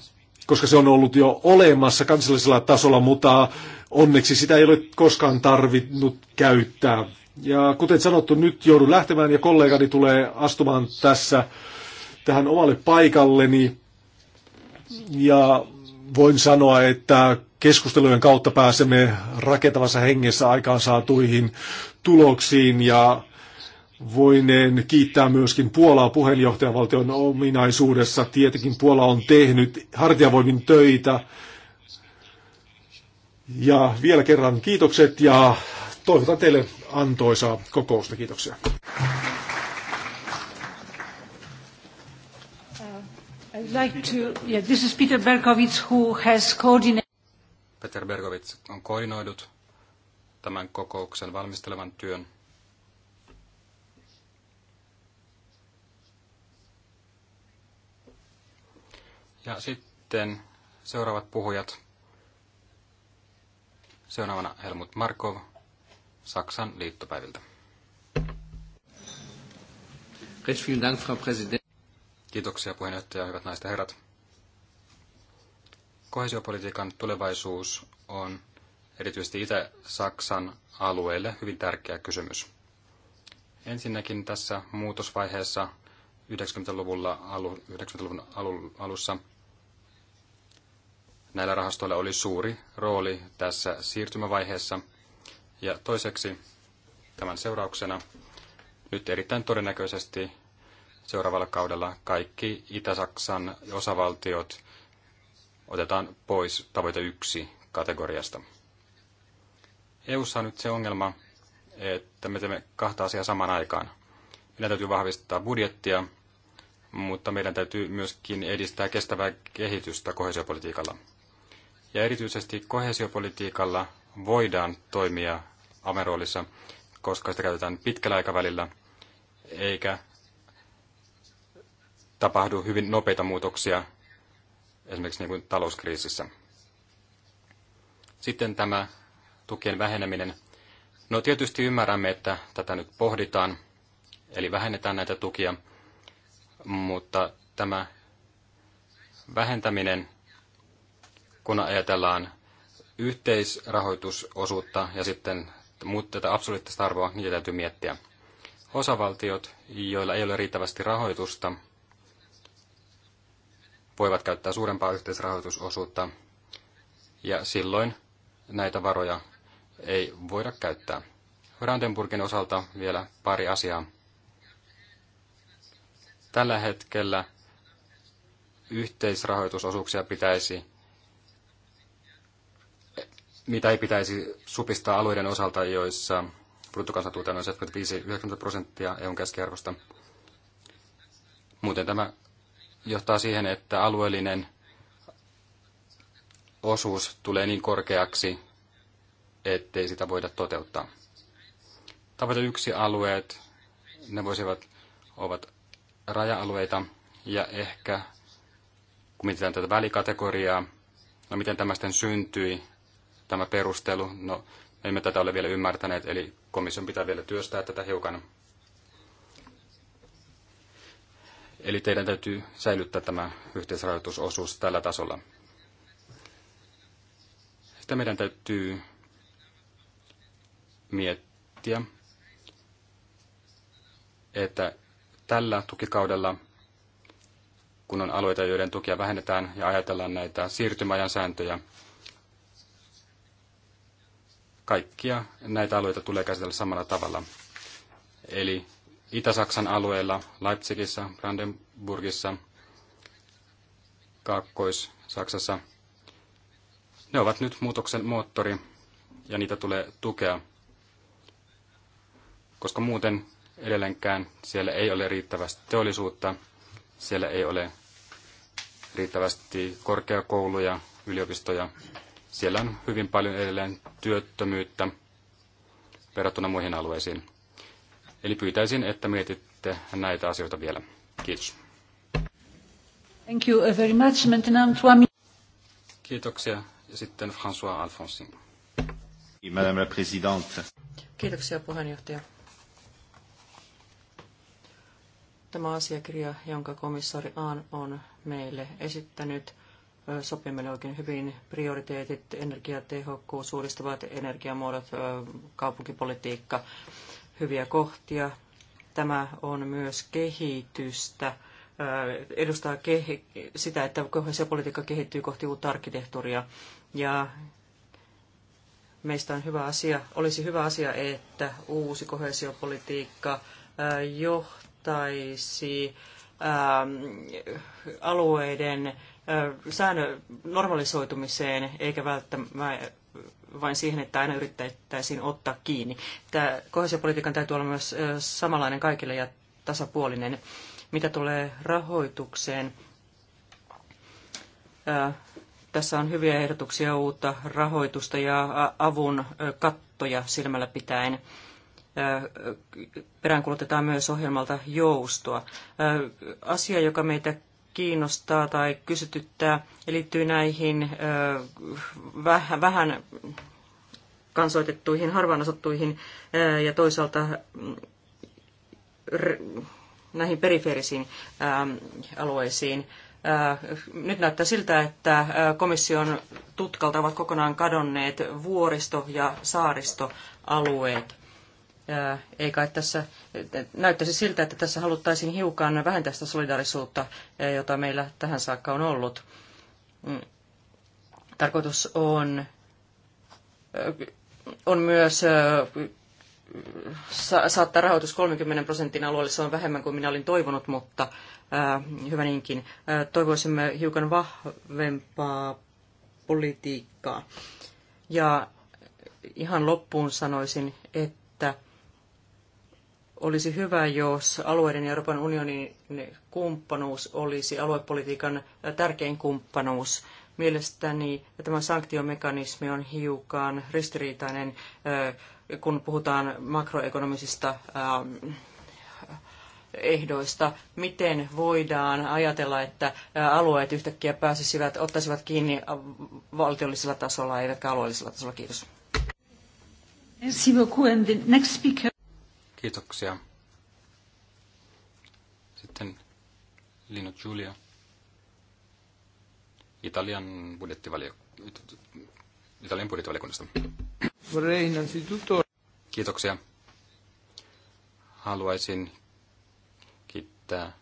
koska se on ollut jo olemassa kansallisella tasolla, mutta onneksi sitä ei ole koskaan tarvinnut käyttää. Ja kuten sanottu, nyt joudun lähtemään ja kollegani tulee astumaan tässä tähän omalle paikalleni. Ja voin sanoa, että keskustelujen kautta pääsemme rakentavassa hengessä aikaansaatuihin tuloksiin ja voineen kiittää myöskin Puolaa puheenjohtajavaltion ominaisuudessa. Tietenkin Puola on tehnyt hartiavoimin töitä. Ja vielä kerran kiitokset ja toivotan teille antoisaa kokousta. Kiitoksia. Uh, Peter Berkowitz on koordinoidut tämän kokouksen valmistelevan työn. Ja sitten seuraavat puhujat. Seuraavana Helmut Markov Saksan liittopäiviltä. Kiitoksia puheenjohtaja, hyvät naiset ja herrat. Kohesiopolitiikan tulevaisuus on erityisesti Itä-Saksan alueelle hyvin tärkeä kysymys. Ensinnäkin tässä muutosvaiheessa 90-luvulla alu, 90-luvun alussa näillä rahastoilla oli suuri rooli tässä siirtymävaiheessa. Ja toiseksi tämän seurauksena nyt erittäin todennäköisesti seuraavalla kaudella kaikki Itä-Saksan osavaltiot otetaan pois tavoite yksi kategoriasta. EU:ssa on nyt se ongelma, että me teemme kahta asiaa samaan aikaan. Meidän täytyy vahvistaa budjettia mutta meidän täytyy myöskin edistää kestävää kehitystä kohesiopolitiikalla. Ja erityisesti kohesiopolitiikalla voidaan toimia ameroolissa, koska sitä käytetään pitkällä aikavälillä, eikä tapahdu hyvin nopeita muutoksia esimerkiksi niin kuin talouskriisissä. Sitten tämä tukien väheneminen. No tietysti ymmärrämme, että tätä nyt pohditaan, eli vähennetään näitä tukia – mutta tämä vähentäminen, kun ajatellaan yhteisrahoitusosuutta ja sitten mutta tätä absoluuttista arvoa, niitä täytyy miettiä. Osavaltiot, joilla ei ole riittävästi rahoitusta, voivat käyttää suurempaa yhteisrahoitusosuutta, ja silloin näitä varoja ei voida käyttää. Brandenburgin osalta vielä pari asiaa. Tällä hetkellä yhteisrahoitusosuuksia pitäisi, mitä ei pitäisi supistaa alueiden osalta, joissa bruttokansantuote on 75-90 prosenttia EUn keskiarvosta. Muuten tämä johtaa siihen, että alueellinen osuus tulee niin korkeaksi, ettei sitä voida toteuttaa. Tavoite yksi alueet, ne voisivat, ovat raja-alueita ja ehkä, kun mietitään tätä välikategoriaa, no miten tämä sitten syntyi, tämä perustelu, no emme tätä ole vielä ymmärtäneet, eli komission pitää vielä työstää tätä hiukan. Eli teidän täytyy säilyttää tämä yhteisrajoitusosuus tällä tasolla. Sitä meidän täytyy miettiä, että tällä tukikaudella, kun on alueita, joiden tukia vähennetään ja ajatellaan näitä siirtymäajan sääntöjä, kaikkia näitä alueita tulee käsitellä samalla tavalla. Eli Itä-Saksan alueella, Leipzigissä, Brandenburgissa, Kaakkois-Saksassa, ne ovat nyt muutoksen moottori ja niitä tulee tukea, koska muuten edelleenkään. Siellä ei ole riittävästi teollisuutta, siellä ei ole riittävästi korkeakouluja, yliopistoja. Siellä on hyvin paljon edelleen työttömyyttä verrattuna muihin alueisiin. Eli pyytäisin, että mietitte näitä asioita vielä. Kiitos. Thank you very much. Kiitoksia. Ja sitten François Alfonsin. Madame la Présidente. Kiitoksia puheenjohtaja. Tämä asiakirja, jonka komissaari Aan on meille esittänyt, sopii meille oikein hyvin. Prioriteetit, energiatehokkuus, suuristavat energiamuodot, kaupunkipolitiikka, hyviä kohtia. Tämä on myös kehitystä edustaa sitä, että politiikka kehittyy kohti uutta arkkitehtuuria. Ja meistä on hyvä asia, olisi hyvä asia, että uusi kohesiopolitiikka johtaa vastaisi ähm, alueiden äh, säännö normalisoitumiseen, eikä välttämättä vain siihen, että aina yrittäisiin ottaa kiinni. Tämä kohesiopolitiikan täytyy olla myös äh, samanlainen kaikille ja tasapuolinen. Mitä tulee rahoitukseen, äh, tässä on hyviä ehdotuksia uutta rahoitusta ja avun kattoja silmällä pitäen peräänkulutetaan myös ohjelmalta joustoa. Asia, joka meitä kiinnostaa tai kysytyttää, liittyy näihin vähän kansoitettuihin, harvaan asuttuihin ja toisaalta mm, näihin perifeerisiin alueisiin. Nyt näyttää siltä, että komission tutkalta ovat kokonaan kadonneet vuoristo- ja saaristoalueet. Ei kai tässä, näyttäisi siltä, että tässä haluttaisiin hiukan vähentää sitä solidaarisuutta, jota meillä tähän saakka on ollut. Mm. Tarkoitus on, on myös saattaa rahoitus 30 prosentin alueelle, se on vähemmän kuin minä olin toivonut, mutta hyvä niinkin. toivoisimme hiukan vahvempaa politiikkaa. Ja ihan loppuun sanoisin, että olisi hyvä, jos alueiden ja Euroopan unionin kumppanuus olisi aluepolitiikan tärkein kumppanuus. Mielestäni tämä sanktiomekanismi on hiukan ristiriitainen, äh, kun puhutaan makroekonomisista ähm, ehdoista, miten voidaan ajatella, että äh, alueet yhtäkkiä pääsisivät, ottaisivat kiinni valtiollisella tasolla, eivätkä alueellisella tasolla. Kiitos. Merci beaucoup. And the next speaker Kiitoksia. Sitten Lino Giulia, Italian, budjettivalio... Italian budjettivaliokunnasta. Kiitoksia. Haluaisin kiittää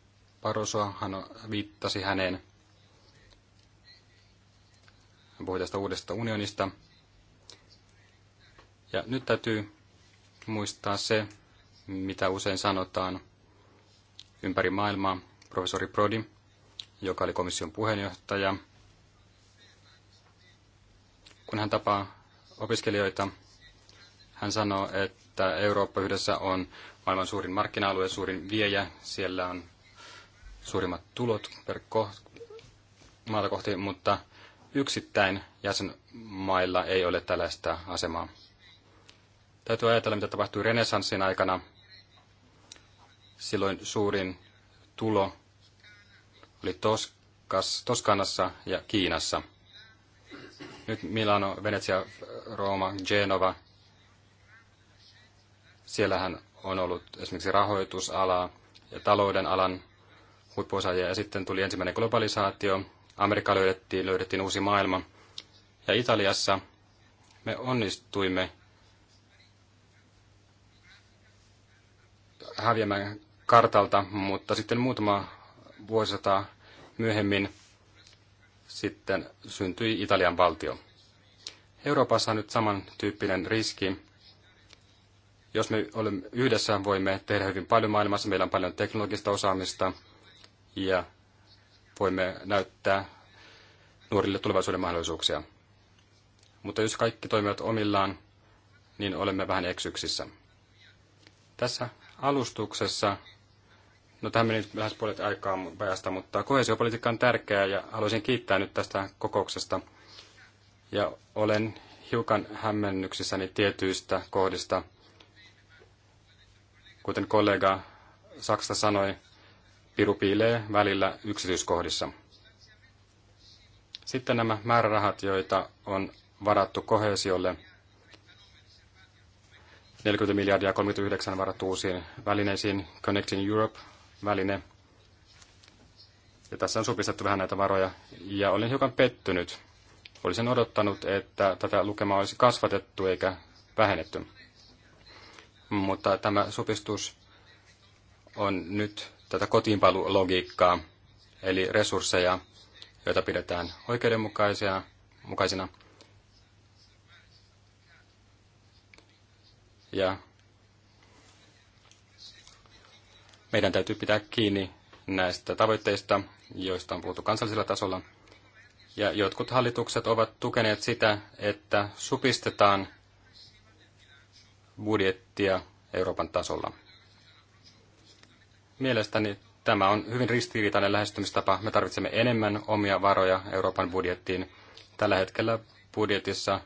Parosoa. Hän viittasi häneen. Hän puhui tästä uudesta unionista. Ja nyt täytyy muistaa se, mitä usein sanotaan ympäri maailmaa. Professori Prodi, joka oli komission puheenjohtaja, kun hän tapaa opiskelijoita, hän sanoo, että Eurooppa yhdessä on maailman suurin markkina-alue, suurin viejä. Siellä on suurimmat tulot per ko- maata kohti, mutta yksittäin jäsenmailla ei ole tällaista asemaa. Täytyy ajatella, mitä tapahtui renessanssin aikana Silloin suurin tulo oli Toskas, Toskanassa ja Kiinassa. Nyt Milano, Venetsia, Rooma, Genova. Siellähän on ollut esimerkiksi rahoitusalaa ja talouden alan huippuosaajia. Ja sitten tuli ensimmäinen globalisaatio. Amerikka löydettiin, löydettiin uusi maailma. Ja Italiassa me onnistuimme häviämään kartalta, mutta sitten muutama vuosisata myöhemmin sitten syntyi Italian valtio. Euroopassa on nyt samantyyppinen riski. Jos me olemme yhdessä, voimme tehdä hyvin paljon maailmassa. Meillä on paljon teknologista osaamista ja voimme näyttää nuorille tulevaisuuden mahdollisuuksia. Mutta jos kaikki toimivat omillaan, niin olemme vähän eksyksissä. Tässä alustuksessa No tähän meni lähes puolet aikaa päästä, mutta kohesiopolitiikka on tärkeää ja haluaisin kiittää nyt tästä kokouksesta. Ja olen hiukan hämmennyksissäni tietyistä kohdista. Kuten kollega Saksa sanoi, piru piilee välillä yksityiskohdissa. Sitten nämä määrärahat, joita on varattu kohesiolle. 40 miljardia 39 varattu uusiin välineisiin Connecting Europe väline. Ja tässä on supistettu vähän näitä varoja, ja olin hiukan pettynyt. Olisin odottanut, että tätä lukemaa olisi kasvatettu eikä vähennetty. Mutta tämä supistus on nyt tätä kotiinpalulogiikkaa, eli resursseja, joita pidetään oikeudenmukaisia, mukaisina. Ja Meidän täytyy pitää kiinni näistä tavoitteista, joista on puhuttu kansallisella tasolla. Ja jotkut hallitukset ovat tukeneet sitä, että supistetaan budjettia Euroopan tasolla. Mielestäni tämä on hyvin ristiriitainen lähestymistapa. Me tarvitsemme enemmän omia varoja Euroopan budjettiin. Tällä hetkellä budjetissa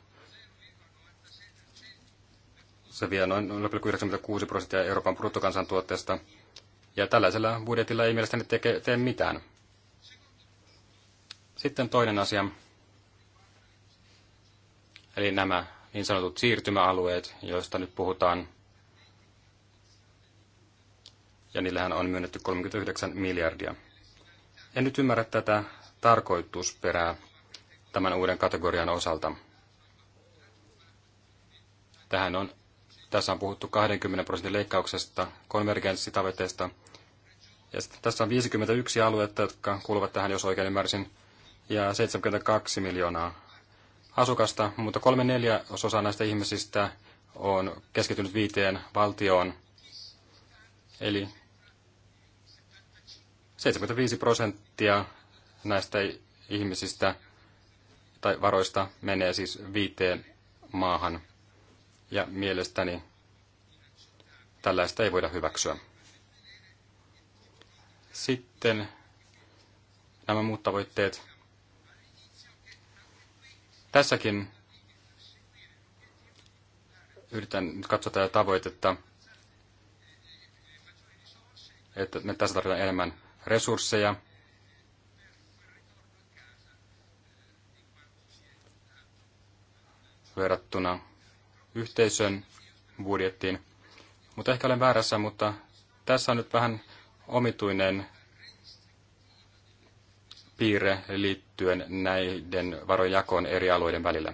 se vie noin 0,96 prosenttia Euroopan bruttokansantuotteesta – ja tällaisella budjetilla ei mielestäni teke, tee mitään. Sitten toinen asia, eli nämä niin sanotut siirtymäalueet, joista nyt puhutaan. Ja niillähän on myönnetty 39 miljardia. En nyt ymmärrä tätä tarkoitusperää tämän uuden kategorian osalta. Tähän on tässä on puhuttu 20 prosentin leikkauksesta, konvergenssitavoitteesta. Ja sitten tässä on 51 aluetta, jotka kuuluvat tähän, jos oikein ymmärsin, ja 72 miljoonaa asukasta, mutta kolme neljä osaa näistä ihmisistä on keskittynyt viiteen valtioon. Eli 75 prosenttia näistä ihmisistä tai varoista menee siis viiteen maahan. Ja mielestäni tällaista ei voida hyväksyä. Sitten nämä muut tavoitteet. Tässäkin yritän nyt katsoa tätä tavoitetta, että me tässä tarvitaan enemmän resursseja. verrattuna yhteisön budjettiin. Mutta ehkä olen väärässä, mutta tässä on nyt vähän omituinen piirre liittyen näiden varojakoon eri alueiden välillä.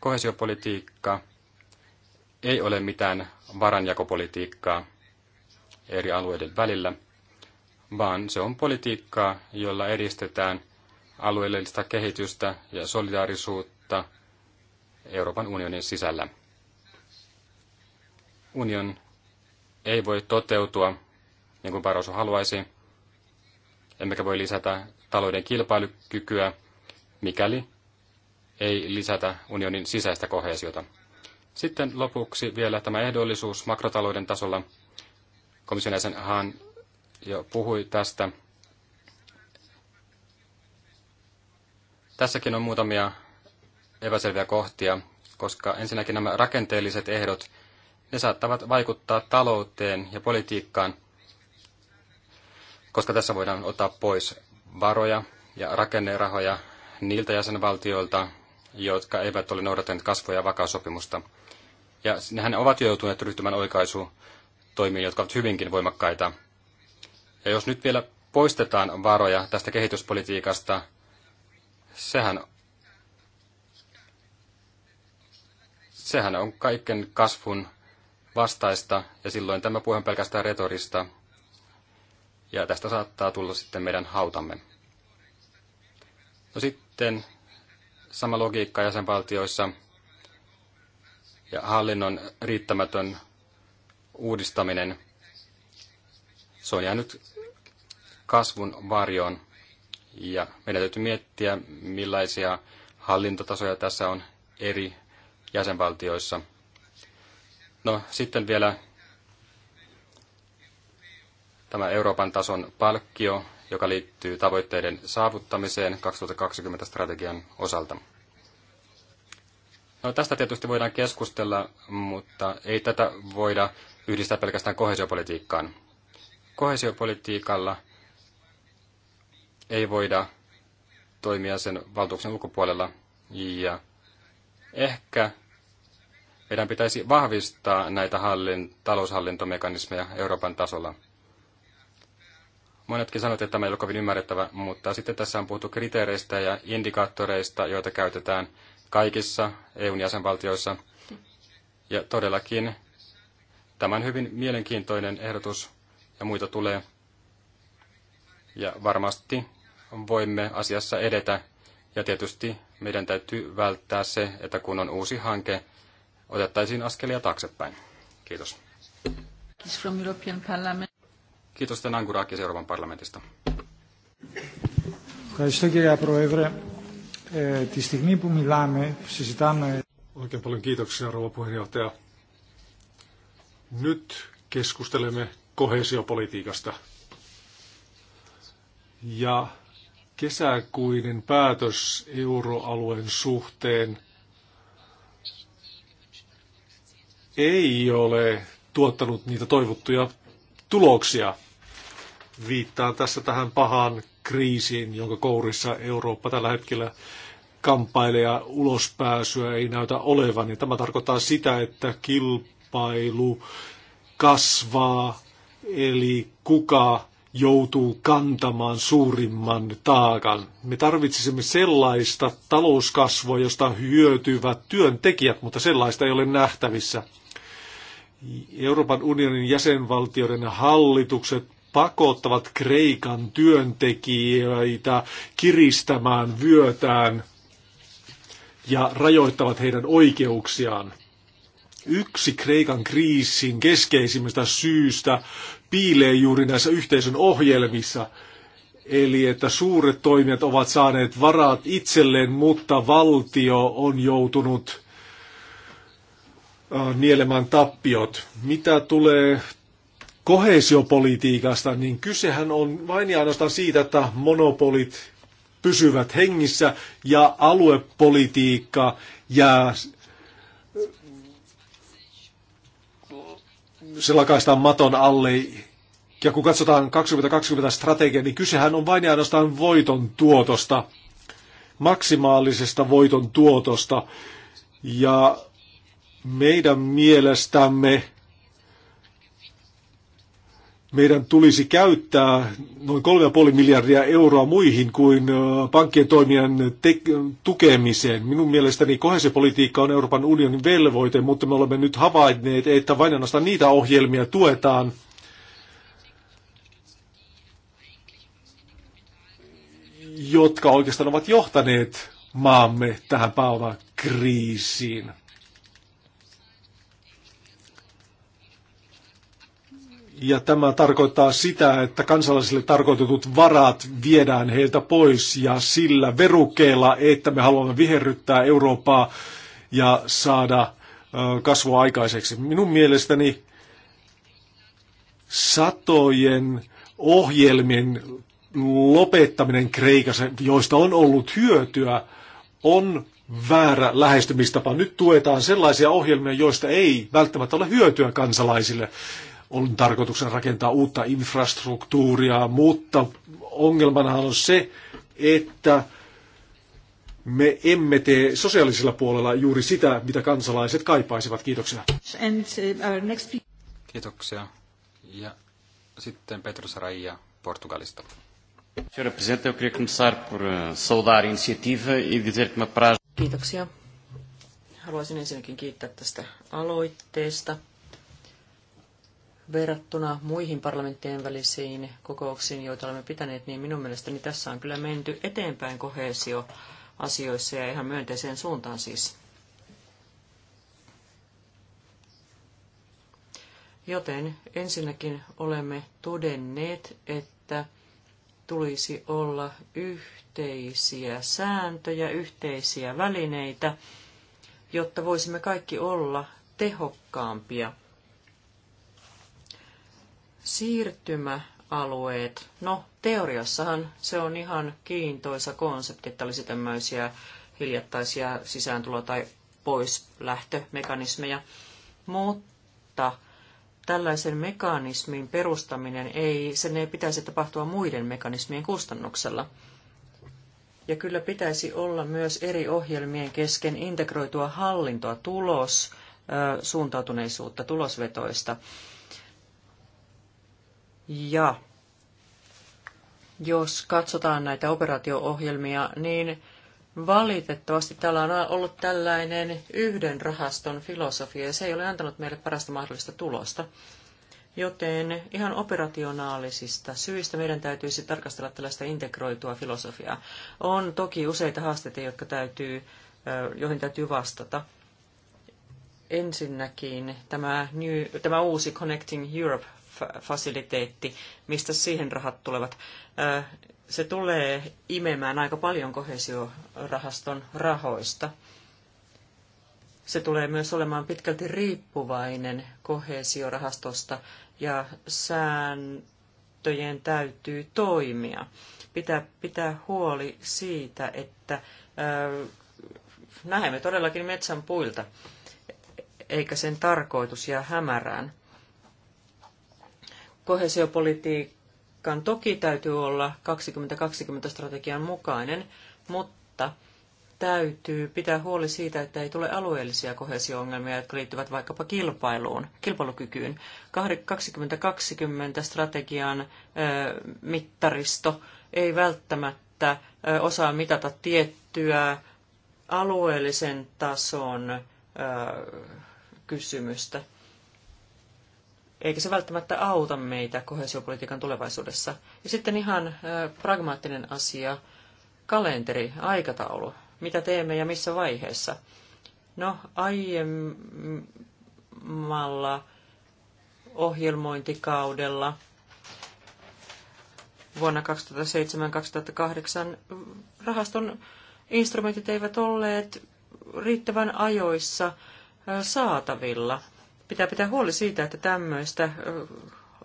Kohesiopolitiikka ei ole mitään varanjakopolitiikkaa eri alueiden välillä, vaan se on politiikkaa, jolla edistetään alueellista kehitystä ja solidaarisuutta – Euroopan unionin sisällä. Union ei voi toteutua niin kuin Barroso haluaisi, emmekä voi lisätä talouden kilpailukykyä, mikäli ei lisätä unionin sisäistä kohesiota. Sitten lopuksi vielä tämä ehdollisuus makrotalouden tasolla. Komission jäsen Hahn jo puhui tästä. Tässäkin on muutamia epäselviä kohtia, koska ensinnäkin nämä rakenteelliset ehdot, ne saattavat vaikuttaa talouteen ja politiikkaan, koska tässä voidaan ottaa pois varoja ja rakennerahoja niiltä jäsenvaltioilta, jotka eivät ole noudattaneet kasvoja ja vakaussopimusta. Ja nehän ovat joutuneet ryhtymään oikaisutoimiin, jotka ovat hyvinkin voimakkaita. Ja jos nyt vielä poistetaan varoja tästä kehityspolitiikasta, sehän sehän on kaiken kasvun vastaista, ja silloin tämä puhe on pelkästään retorista, ja tästä saattaa tulla sitten meidän hautamme. No sitten sama logiikka jäsenvaltioissa ja hallinnon riittämätön uudistaminen. Se on jäänyt kasvun varjoon ja meidän täytyy miettiä, millaisia hallintotasoja tässä on eri jäsenvaltioissa. No sitten vielä tämä Euroopan tason palkkio, joka liittyy tavoitteiden saavuttamiseen 2020 strategian osalta. No, tästä tietysti voidaan keskustella, mutta ei tätä voida yhdistää pelkästään kohesiopolitiikkaan. Kohesiopolitiikalla ei voida toimia sen valtuuksen ulkopuolella ja ehkä meidän pitäisi vahvistaa näitä hallin, taloushallintomekanismeja Euroopan tasolla. Monetkin sanovat, että tämä ei ole kovin ymmärrettävä, mutta sitten tässä on puhuttu kriteereistä ja indikaattoreista, joita käytetään kaikissa EUn jäsenvaltioissa. Ja todellakin tämän hyvin mielenkiintoinen ehdotus ja muita tulee. Ja varmasti voimme asiassa edetä. Ja tietysti meidän täytyy välttää se, että kun on uusi hanke, otettaisiin askelia taaksepäin. Kiitos. Kiitos Tenan Angurakis Euroopan parlamentista. Oikein paljon kiitoksia, rouva puheenjohtaja. Nyt keskustelemme kohesiopolitiikasta. Ja kesäkuinen päätös euroalueen suhteen ei ole tuottanut niitä toivottuja tuloksia. Viittaan tässä tähän pahaan kriisiin, jonka kourissa Eurooppa tällä hetkellä kamppailee ja ulospääsyä ei näytä olevan. Ja tämä tarkoittaa sitä, että kilpailu kasvaa, eli kuka joutuu kantamaan suurimman taakan. Me tarvitsisimme sellaista talouskasvua, josta hyötyvät työntekijät, mutta sellaista ei ole nähtävissä. Euroopan unionin jäsenvaltioiden hallitukset pakottavat Kreikan työntekijöitä kiristämään vyötään ja rajoittavat heidän oikeuksiaan. Yksi Kreikan kriisin keskeisimmistä syystä piilee juuri näissä yhteisön ohjelmissa, Eli että suuret toimijat ovat saaneet varat itselleen, mutta valtio on joutunut Ah, nielemään tappiot. Mitä tulee kohesiopolitiikasta, niin kysehän on vain ja ainoastaan siitä, että monopolit pysyvät hengissä ja aluepolitiikka jää se lakaistaan maton alle. Ja kun katsotaan 2020 strategia, niin kysehän on vain ja ainoastaan voiton tuotosta, maksimaalisesta voiton tuotosta. Ja meidän mielestämme meidän tulisi käyttää noin 3,5 miljardia euroa muihin kuin pankkien toimijan tukemiseen. Minun mielestäni kohesiopolitiikka on Euroopan unionin velvoite, mutta me olemme nyt havainneet, että vain ainoastaan niitä ohjelmia tuetaan, jotka oikeastaan ovat johtaneet maamme tähän pääomakriisiin. kriisiin. Ja tämä tarkoittaa sitä, että kansalaisille tarkoitetut varat viedään heiltä pois ja sillä verukkeella, että me haluamme viherryttää Eurooppaa ja saada kasvua aikaiseksi. Minun mielestäni satojen ohjelmien lopettaminen Kreikassa, joista on ollut hyötyä, on väärä lähestymistapa. Nyt tuetaan sellaisia ohjelmia, joista ei välttämättä ole hyötyä kansalaisille on tarkoituksena rakentaa uutta infrastruktuuria, mutta ongelmanahan on se, että me emme tee sosiaalisella puolella juuri sitä, mitä kansalaiset kaipaisivat. Kiitoksia. Uh, Kiitoksia. Ja sitten Petrus Raija Portugalista. Uh, e Kiitoksia. Haluaisin ensinnäkin kiittää tästä aloitteesta verrattuna muihin parlamenttien välisiin kokouksiin, joita olemme pitäneet, niin minun mielestäni tässä on kyllä menty eteenpäin koheesioasioissa ja ihan myönteiseen suuntaan siis. Joten ensinnäkin olemme todenneet, että tulisi olla yhteisiä sääntöjä, yhteisiä välineitä, jotta voisimme kaikki olla tehokkaampia – Siirtymäalueet. No, teoriassahan se on ihan kiintoisa konsepti, että olisi tämmöisiä hiljattaisia sisääntulo- tai poislähtömekanismeja, mutta tällaisen mekanismin perustaminen ei, sen ei pitäisi tapahtua muiden mekanismien kustannuksella. Ja kyllä pitäisi olla myös eri ohjelmien kesken integroitua hallintoa, tulos, suuntautuneisuutta, tulosvetoista. Ja jos katsotaan näitä operaatio-ohjelmia, niin valitettavasti täällä on ollut tällainen yhden rahaston filosofia, ja se ei ole antanut meille parasta mahdollista tulosta. Joten ihan operationaalisista syistä meidän täytyisi tarkastella tällaista integroitua filosofiaa. On toki useita haasteita, jotka täytyy, joihin täytyy vastata. Ensinnäkin tämä, new, tämä uusi Connecting Europe fasiliteetti, mistä siihen rahat tulevat. Se tulee imemään aika paljon kohesiorahaston rahoista. Se tulee myös olemaan pitkälti riippuvainen kohesiorahastosta ja sääntöjen täytyy toimia. Pitää pitää huoli siitä, että näemme todellakin metsän puilta, eikä sen tarkoitus jää hämärään kohesiopolitiikan toki täytyy olla 2020-strategian mukainen, mutta täytyy pitää huoli siitä, että ei tule alueellisia kohesio-ongelmia, jotka liittyvät vaikkapa kilpailuun, kilpailukykyyn. 2020-strategian mittaristo ei välttämättä osaa mitata tiettyä alueellisen tason kysymystä eikä se välttämättä auta meitä kohesiopolitiikan tulevaisuudessa. Ja sitten ihan pragmaattinen asia, kalenteri, aikataulu, mitä teemme ja missä vaiheessa. No, aiemmalla ohjelmointikaudella vuonna 2007-2008 rahaston instrumentit eivät olleet riittävän ajoissa saatavilla pitää pitää huoli siitä, että tämmöistä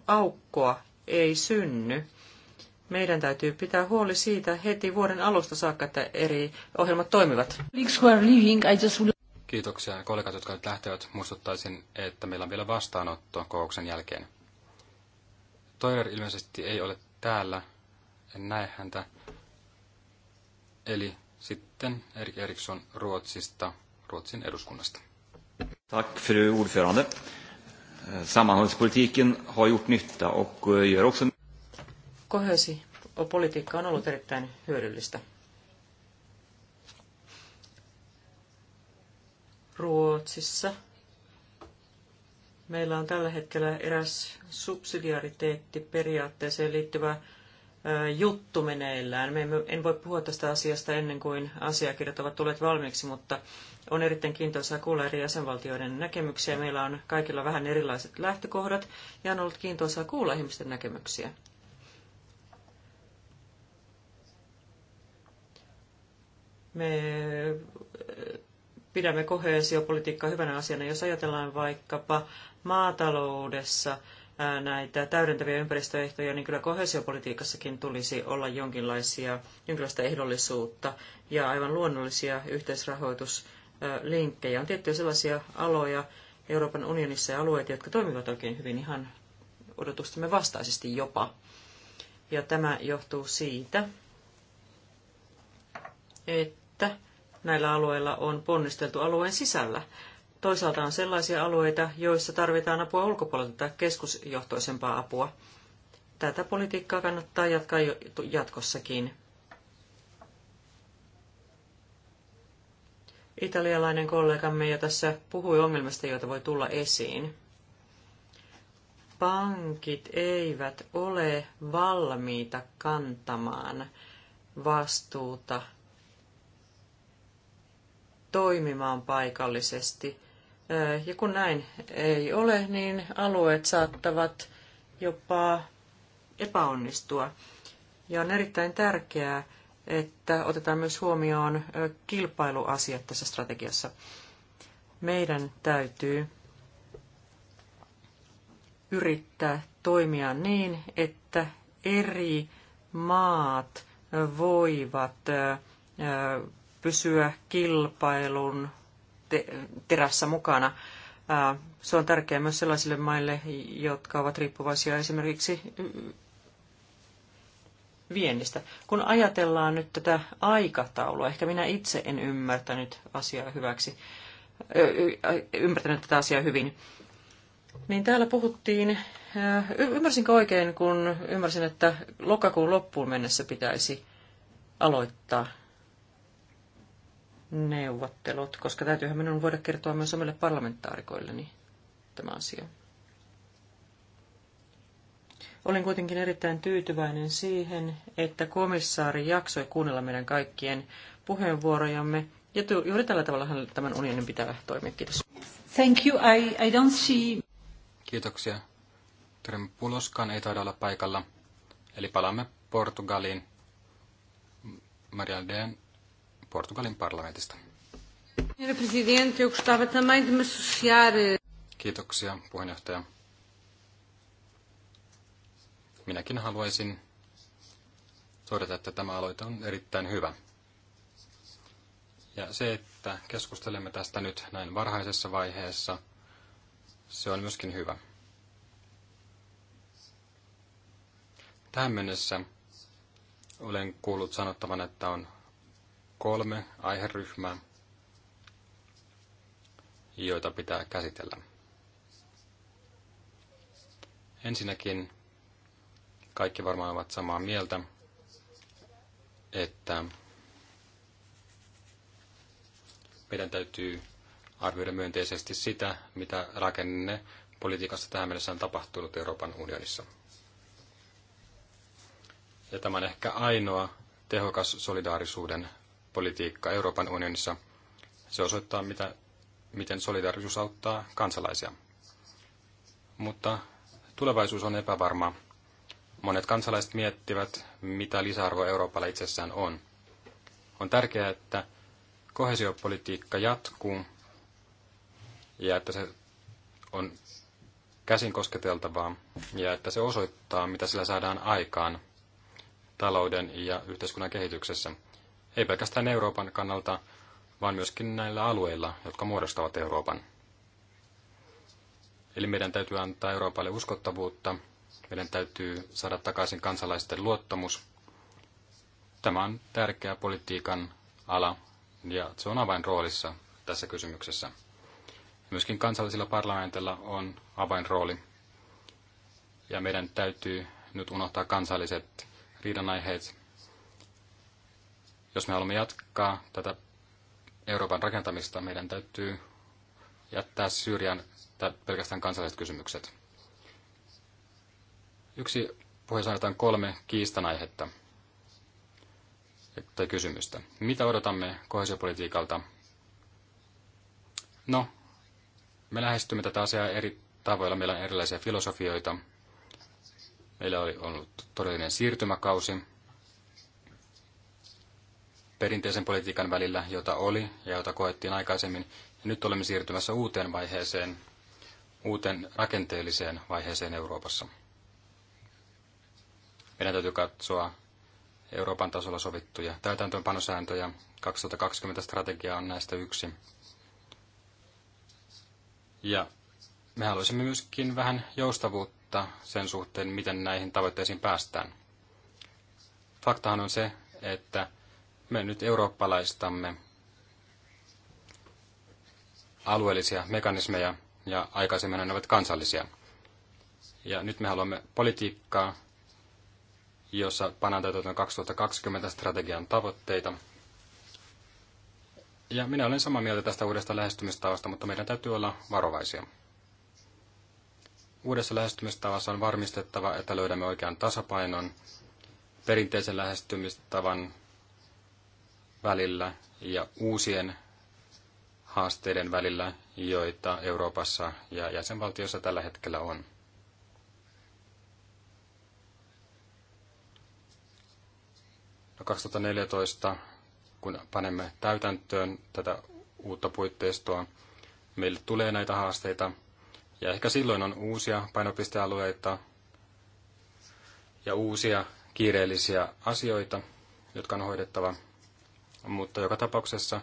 aukkoa ei synny. Meidän täytyy pitää huoli siitä heti vuoden alusta saakka, että eri ohjelmat toimivat. Kiitoksia. Kollegat, jotka nyt lähtevät, muistuttaisin, että meillä on vielä vastaanotto kouksen jälkeen. Toiler ilmeisesti ei ole täällä. En näe häntä. Eli sitten Erik Eriksson Ruotsista, Ruotsin eduskunnasta. Tack fru ordförande. Eh, sammanhållspolitiken har gjort nytta och eh, gör också... Kohesi politiikka on ollut erittäin hyödyllistä. Ruotsissa meillä on tällä hetkellä eräs subsidiariteettiperiaatteeseen liittyvä juttu meneillään. Me en voi puhua tästä asiasta ennen kuin asiakirjat ovat tulleet valmiiksi, mutta on erittäin kiintoisaa kuulla eri jäsenvaltioiden näkemyksiä. Meillä on kaikilla vähän erilaiset lähtökohdat ja on ollut kiintoisaa kuulla ihmisten näkemyksiä. Me pidämme koheesiopolitiikkaa hyvänä asiana, jos ajatellaan vaikkapa maataloudessa – näitä täydentäviä ympäristöehtoja, niin kyllä kohesiopolitiikassakin tulisi olla jonkinlaisia, jonkinlaista ehdollisuutta ja aivan luonnollisia yhteisrahoituslinkkejä. On tiettyjä sellaisia aloja Euroopan unionissa ja alueita, jotka toimivat oikein hyvin ihan odotustemme vastaisesti jopa. Ja tämä johtuu siitä, että näillä alueilla on ponnisteltu alueen sisällä. Toisaalta on sellaisia alueita, joissa tarvitaan apua ulkopuolelta tai keskusjohtoisempaa apua. Tätä politiikkaa kannattaa jatkaa jatkossakin. Italialainen kollegamme jo tässä puhui ongelmista, joita voi tulla esiin. Pankit eivät ole valmiita kantamaan vastuuta toimimaan paikallisesti – ja kun näin ei ole, niin alueet saattavat jopa epäonnistua. Ja on erittäin tärkeää, että otetaan myös huomioon kilpailuasiat tässä strategiassa. Meidän täytyy yrittää toimia niin, että eri maat voivat pysyä kilpailun terässä mukana. Se on tärkeää myös sellaisille maille, jotka ovat riippuvaisia esimerkiksi viennistä. Kun ajatellaan nyt tätä aikataulua, ehkä minä itse en ymmärtänyt asiaa hyväksi, ymmärtänyt tätä asiaa hyvin, niin täällä puhuttiin, ymmärsinkö oikein, kun ymmärsin, että lokakuun loppuun mennessä pitäisi aloittaa neuvottelut, koska täytyyhän minun voida kertoa myös omille parlamentaarikoilleni tämä asia. Olin kuitenkin erittäin tyytyväinen siihen, että komissaari jaksoi kuunnella meidän kaikkien puheenvuorojamme. Ja juuri tällä tavalla tämän unionin pitää toimia. Kiitos. Thank you. I, I don't see... Kiitoksia. Trem Puloskan ei taida olla paikalla. Eli palaamme Portugaliin. Maria Deen Portugalin parlamentista. Eh, Kiitoksia, puheenjohtaja. Minäkin haluaisin todeta, että tämä aloite on erittäin hyvä. Ja se, että keskustelemme tästä nyt näin varhaisessa vaiheessa, se on myöskin hyvä. Tähän mennessä olen kuullut sanottavan, että on kolme aiheryhmää, joita pitää käsitellä. Ensinnäkin kaikki varmaan ovat samaa mieltä, että meidän täytyy arvioida myönteisesti sitä, mitä rakenne politiikassa tähän mennessä on tapahtunut Euroopan unionissa. Ja tämä on ehkä ainoa tehokas solidaarisuuden politiikka Euroopan unionissa. Se osoittaa, mitä, miten solidaarisuus auttaa kansalaisia. Mutta tulevaisuus on epävarma. Monet kansalaiset miettivät, mitä lisäarvo Euroopalla itsessään on. On tärkeää, että kohesiopolitiikka jatkuu ja että se on käsin kosketeltavaa ja että se osoittaa, mitä sillä saadaan aikaan talouden ja yhteiskunnan kehityksessä ei pelkästään Euroopan kannalta, vaan myöskin näillä alueilla, jotka muodostavat Euroopan. Eli meidän täytyy antaa Euroopalle uskottavuutta, meidän täytyy saada takaisin kansalaisten luottamus. Tämä on tärkeä politiikan ala ja se on avainroolissa tässä kysymyksessä. Myöskin kansallisilla parlamentilla on avainrooli ja meidän täytyy nyt unohtaa kansalliset riidanaiheet jos me haluamme jatkaa tätä Euroopan rakentamista, meidän täytyy jättää Syyrian pelkästään kansalliset kysymykset. Yksi puhe sanotaan kolme kiistanaihetta tai kysymystä. Mitä odotamme kohesiopolitiikalta? No, me lähestymme tätä asiaa eri tavoilla. Meillä on erilaisia filosofioita. Meillä oli ollut todellinen siirtymäkausi, perinteisen politiikan välillä, jota oli ja jota koettiin aikaisemmin. Ja nyt olemme siirtymässä uuteen vaiheeseen, uuteen rakenteelliseen vaiheeseen Euroopassa. Meidän täytyy katsoa Euroopan tasolla sovittuja täytäntöönpanosääntöjä. 2020 strategia on näistä yksi. Ja me haluaisimme myöskin vähän joustavuutta sen suhteen, miten näihin tavoitteisiin päästään. Faktahan on se, että me nyt eurooppalaistamme alueellisia mekanismeja ja aikaisemmin ne ovat kansallisia. Ja nyt me haluamme politiikkaa, jossa pannaan täytäntöön 2020 strategian tavoitteita. Ja minä olen samaa mieltä tästä uudesta lähestymistavasta, mutta meidän täytyy olla varovaisia. Uudessa lähestymistavassa on varmistettava, että löydämme oikean tasapainon perinteisen lähestymistavan välillä ja uusien haasteiden välillä, joita Euroopassa ja jäsenvaltioissa tällä hetkellä on. No 2014, kun panemme täytäntöön tätä uutta puitteistoa, meille tulee näitä haasteita. Ja ehkä silloin on uusia painopistealueita ja uusia kiireellisiä asioita, jotka on hoidettava – mutta joka tapauksessa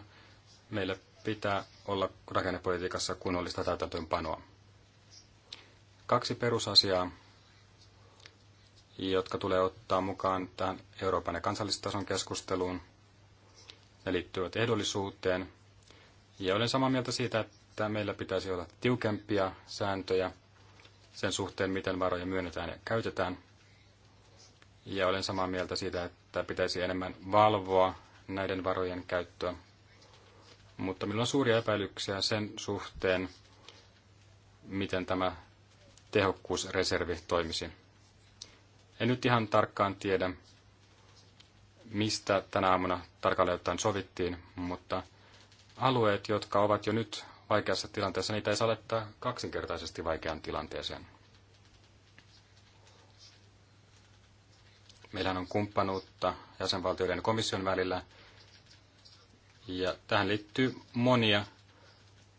meillä pitää olla rakennepolitiikassa kunnollista täytäntöönpanoa. Kaksi perusasiaa, jotka tulee ottaa mukaan tähän Euroopan ja kansallistason keskusteluun. Ne liittyvät ehdollisuuteen. Ja olen samaa mieltä siitä, että meillä pitäisi olla tiukempia sääntöjä sen suhteen, miten varoja myönnetään ja käytetään. Ja olen samaa mieltä siitä, että pitäisi enemmän valvoa näiden varojen käyttöä. Mutta meillä on suuria epäilyksiä sen suhteen, miten tämä tehokkuusreservi toimisi. En nyt ihan tarkkaan tiedä, mistä tänä aamuna tarkalleen ottaen sovittiin, mutta alueet, jotka ovat jo nyt vaikeassa tilanteessa, niitä ei saa laittaa kaksinkertaisesti vaikeaan tilanteeseen. Meillähän on kumppanuutta jäsenvaltioiden ja komission välillä ja tähän liittyy monia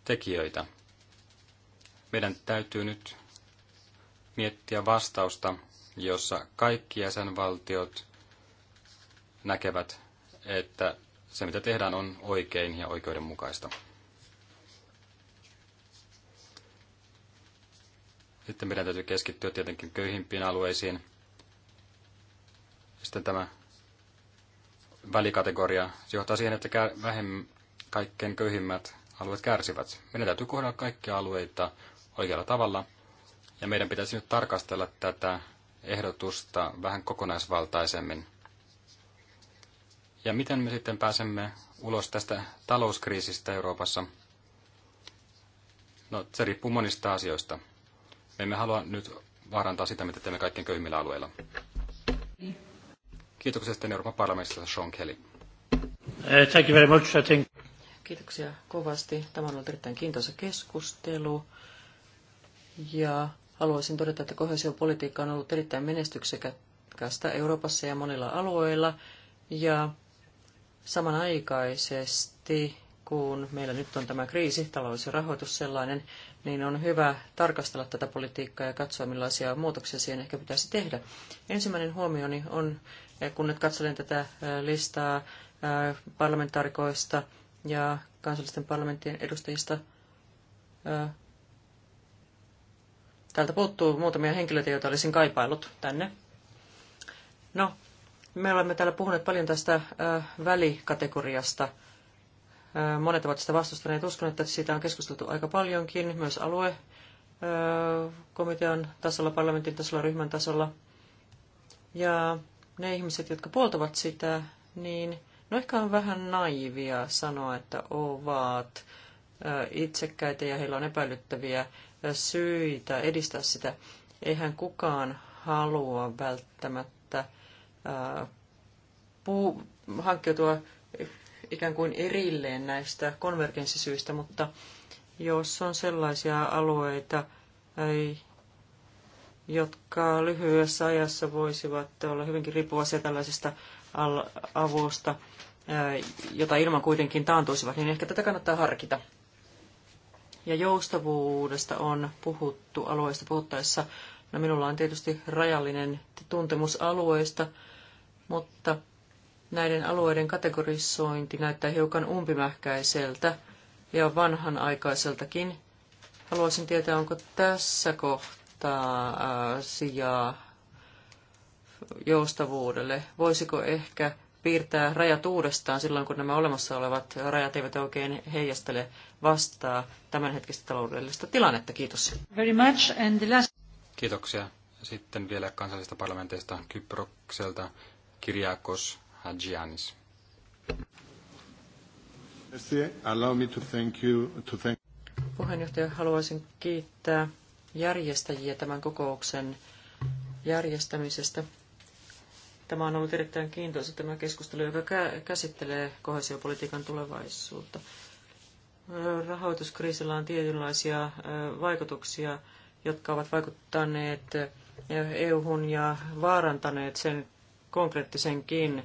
tekijöitä. Meidän täytyy nyt miettiä vastausta, jossa kaikki jäsenvaltiot näkevät, että se mitä tehdään on oikein ja oikeudenmukaista. Sitten meidän täytyy keskittyä tietenkin köyhimpiin alueisiin. Sitten tämä välikategoria. Se johtaa siihen, että vähemmän, kaikkein köyhimmät alueet kärsivät. Meidän täytyy kohdella kaikkia alueita oikealla tavalla, ja meidän pitäisi nyt tarkastella tätä ehdotusta vähän kokonaisvaltaisemmin. Ja miten me sitten pääsemme ulos tästä talouskriisistä Euroopassa? No, se riippuu monista asioista. Me emme halua nyt vaarantaa sitä, mitä teemme kaikkien köyhimmillä alueilla. Kiitoksia sitten Euroopan parlamentissa Sean Kelly. Eh, thank you very much, I think. Kiitoksia kovasti. Tämä on ollut erittäin kiintoisa keskustelu. Ja haluaisin todeta, että kohesiopolitiikka on ollut erittäin menestyksekästä Euroopassa ja monilla alueilla. Ja samanaikaisesti, kun meillä nyt on tämä kriisi, talous ja rahoitus sellainen, niin on hyvä tarkastella tätä politiikkaa ja katsoa, millaisia muutoksia siihen ehkä pitäisi tehdä. Ensimmäinen huomioni on kun nyt katselen tätä äh, listaa äh, parlamentaarikoista ja kansallisten parlamenttien edustajista, äh, täältä puuttuu muutamia henkilöitä, joita olisin kaipaillut tänne. No, me olemme täällä puhuneet paljon tästä välikategoriasta. Monet ovat sitä vastustaneet. Uskon, että siitä on keskusteltu aika paljonkin, myös alue komitean tasolla, parlamentin tasolla, ryhmän tasolla. Ja ne ihmiset, jotka puoltavat sitä, niin no ehkä on vähän naivia sanoa, että ovat itsekkäitä ja heillä on epäilyttäviä syitä edistää sitä. Eihän kukaan halua välttämättä puu, hankkeutua ikään kuin erilleen näistä konvergenssisyistä, mutta jos on sellaisia alueita, jotka lyhyessä ajassa voisivat olla hyvinkin riippuvaisia tällaisesta avusta, jota ilman kuitenkin taantuisivat, niin ehkä tätä kannattaa harkita. Ja joustavuudesta on puhuttu alueista puhuttaessa. No minulla on tietysti rajallinen tuntemus alueista, mutta näiden alueiden kategorisointi näyttää hiukan umpimähkäiseltä ja vanhanaikaiseltakin. Haluaisin tietää, onko tässä kohtaa antaa sijaa joustavuudelle? Voisiko ehkä piirtää rajat uudestaan silloin, kun nämä olemassa olevat rajat eivät oikein heijastele vastaa tämänhetkistä taloudellista tilannetta? Kiitos. Very much. And the last... Kiitoksia. Sitten vielä kansallisesta parlamenteista Kyprokselta Kirjakos Hadjianis. Puheenjohtaja, haluaisin kiittää järjestäjiä tämän kokouksen järjestämisestä. Tämä on ollut erittäin kiintoisa tämä keskustelu, joka käsittelee kohesiopolitiikan tulevaisuutta. Rahoituskriisillä on tietynlaisia vaikutuksia, jotka ovat vaikuttaneet EU-hun ja vaarantaneet sen konkreettisenkin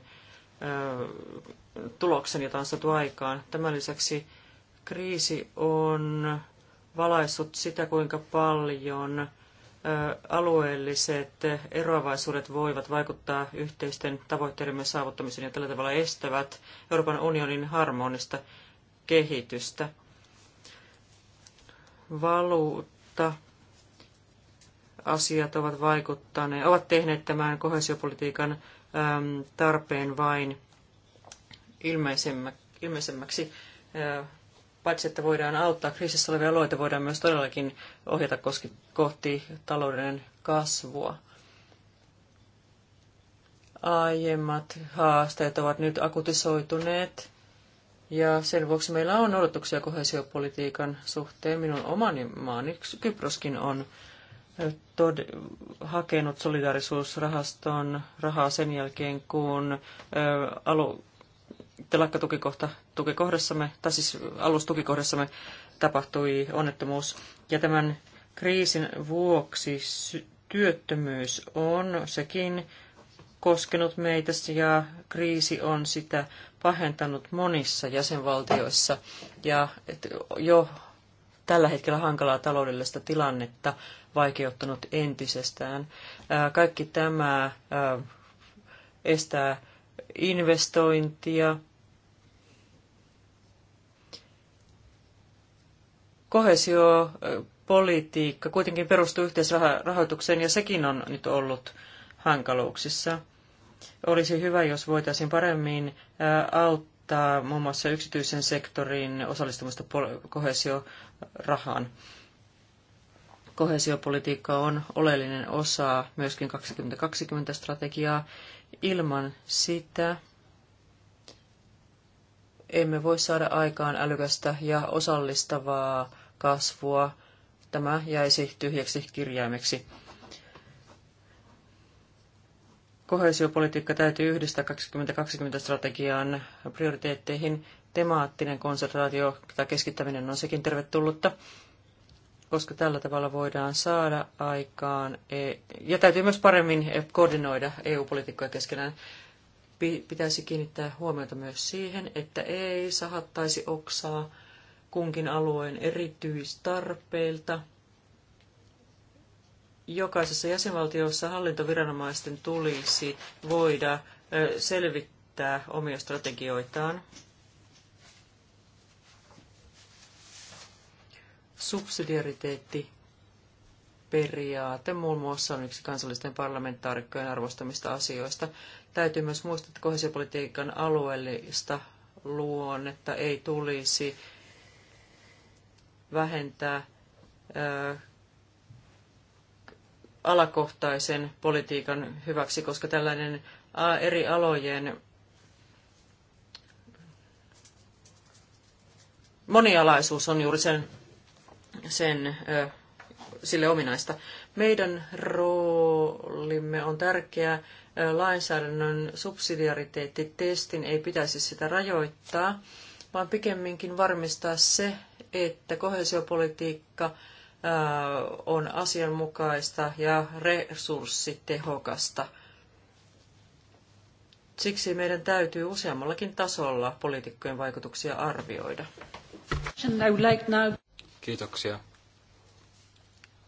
tuloksen, jota on saatu aikaan. Tämän lisäksi kriisi on valaissut sitä, kuinka paljon alueelliset eroavaisuudet voivat vaikuttaa yhteisten tavoitteidemme saavuttamiseen ja tällä tavalla estävät Euroopan unionin harmonista kehitystä. Valuutta asiat ovat vaikuttaneet, ovat tehneet tämän kohesiopolitiikan tarpeen vain ilmeisemmäksi paitsi että voidaan auttaa kriisissä olevia alueita, voidaan myös todellakin ohjata koski, kohti talouden kasvua. Aiemmat haasteet ovat nyt akutisoituneet ja sen vuoksi meillä on odotuksia kohesiopolitiikan suhteen. Minun omani maani Kyproskin on tod- hakenut solidaarisuusrahaston rahaa sen jälkeen, kun alu- telakkatukikohdassamme, tai siis alustukikohdassamme tapahtui onnettomuus. Ja tämän kriisin vuoksi työttömyys on sekin koskenut meitä ja kriisi on sitä pahentanut monissa jäsenvaltioissa ja jo tällä hetkellä hankalaa taloudellista tilannetta vaikeuttanut entisestään. Kaikki tämä estää investointia kohesiopolitiikka kuitenkin perustuu yhteisrahoitukseen ja sekin on nyt ollut hankaluuksissa. Olisi hyvä, jos voitaisiin paremmin auttaa muun muassa yksityisen sektorin osallistumista kohesiorahaan. Kohesiopolitiikka on oleellinen osa myöskin 2020-strategiaa Ilman sitä emme voi saada aikaan älykästä ja osallistavaa kasvua. Tämä jäisi tyhjäksi kirjaimeksi. Kohesiopolitiikka täytyy yhdistää 2020-strategian prioriteetteihin. Temaattinen konsentraatio tai keskittäminen on sekin tervetullutta koska tällä tavalla voidaan saada aikaan, e- ja täytyy myös paremmin koordinoida EU-politiikkoja keskenään. Pitäisi kiinnittää huomiota myös siihen, että ei sahattaisi oksaa kunkin alueen erityistarpeilta. Jokaisessa jäsenvaltiossa hallintoviranomaisten tulisi voida selvittää omia strategioitaan Subsidiariteetti periaate muun muassa on yksi kansallisten parlamentaarikkojen arvostamista asioista. Täytyy myös muistaa, että kohesiopolitiikan alueellista luonnetta ei tulisi vähentää ää, alakohtaisen politiikan hyväksi, koska tällainen eri alojen monialaisuus on juuri sen sen, sille ominaista. Meidän roolimme on tärkeä. Lainsäädännön subsidiariteettitestin ei pitäisi sitä rajoittaa, vaan pikemminkin varmistaa se, että kohesiopolitiikka on asianmukaista ja resurssitehokasta. Siksi meidän täytyy useammallakin tasolla poliitikkojen vaikutuksia arvioida. Kiitoksia.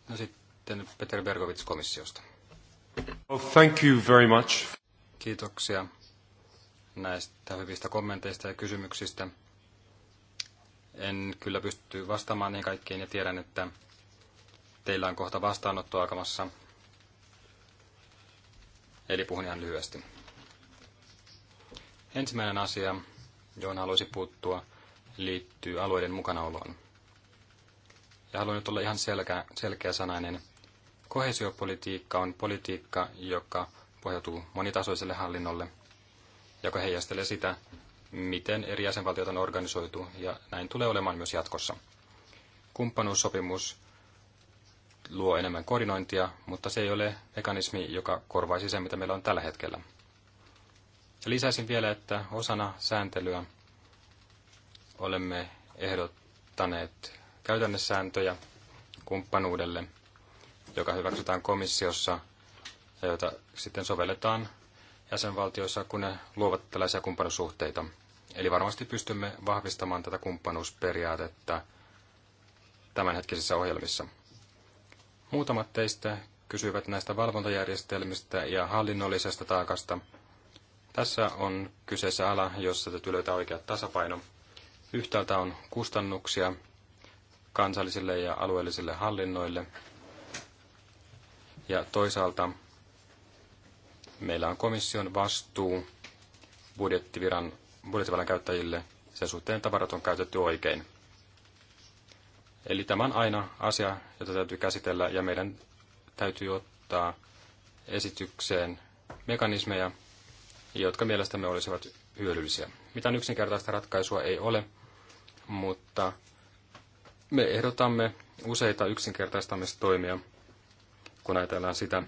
No sitten Peter Bergovits komissiosta. thank you very much. Kiitoksia näistä hyvistä kommenteista ja kysymyksistä. En kyllä pysty vastaamaan niihin kaikkiin ja tiedän, että teillä on kohta vastaanotto alkamassa. Eli puhun ihan lyhyesti. Ensimmäinen asia, johon haluaisin puuttua, liittyy alueiden mukanaoloon ja haluan nyt olla ihan selkeä, selkeä sanainen. Kohesiopolitiikka on politiikka, joka pohjautuu monitasoiselle hallinnolle, joka heijastelee sitä, miten eri jäsenvaltiot on organisoitu, ja näin tulee olemaan myös jatkossa. Kumppanuussopimus luo enemmän koordinointia, mutta se ei ole mekanismi, joka korvaisi sen, mitä meillä on tällä hetkellä. Ja lisäisin vielä, että osana sääntelyä olemme ehdottaneet käytännössääntöjä kumppanuudelle, joka hyväksytään komissiossa ja jota sitten sovelletaan jäsenvaltioissa, kun ne luovat tällaisia kumppanuussuhteita. Eli varmasti pystymme vahvistamaan tätä kumppanuusperiaatetta tämänhetkisissä ohjelmissa. Muutamat teistä kysyivät näistä valvontajärjestelmistä ja hallinnollisesta taakasta. Tässä on kyseessä ala, jossa täytyy löytää oikea tasapaino. Yhtäältä on kustannuksia, kansallisille ja alueellisille hallinnoille. Ja toisaalta meillä on komission vastuu budjettiviran, budjettivallan käyttäjille sen suhteen tavarat on käytetty oikein. Eli tämä on aina asia, jota täytyy käsitellä ja meidän täytyy ottaa esitykseen mekanismeja, jotka mielestämme olisivat hyödyllisiä. Mitään yksinkertaista ratkaisua ei ole, mutta me ehdotamme useita yksinkertaistamistoimia, kun ajatellaan sitä,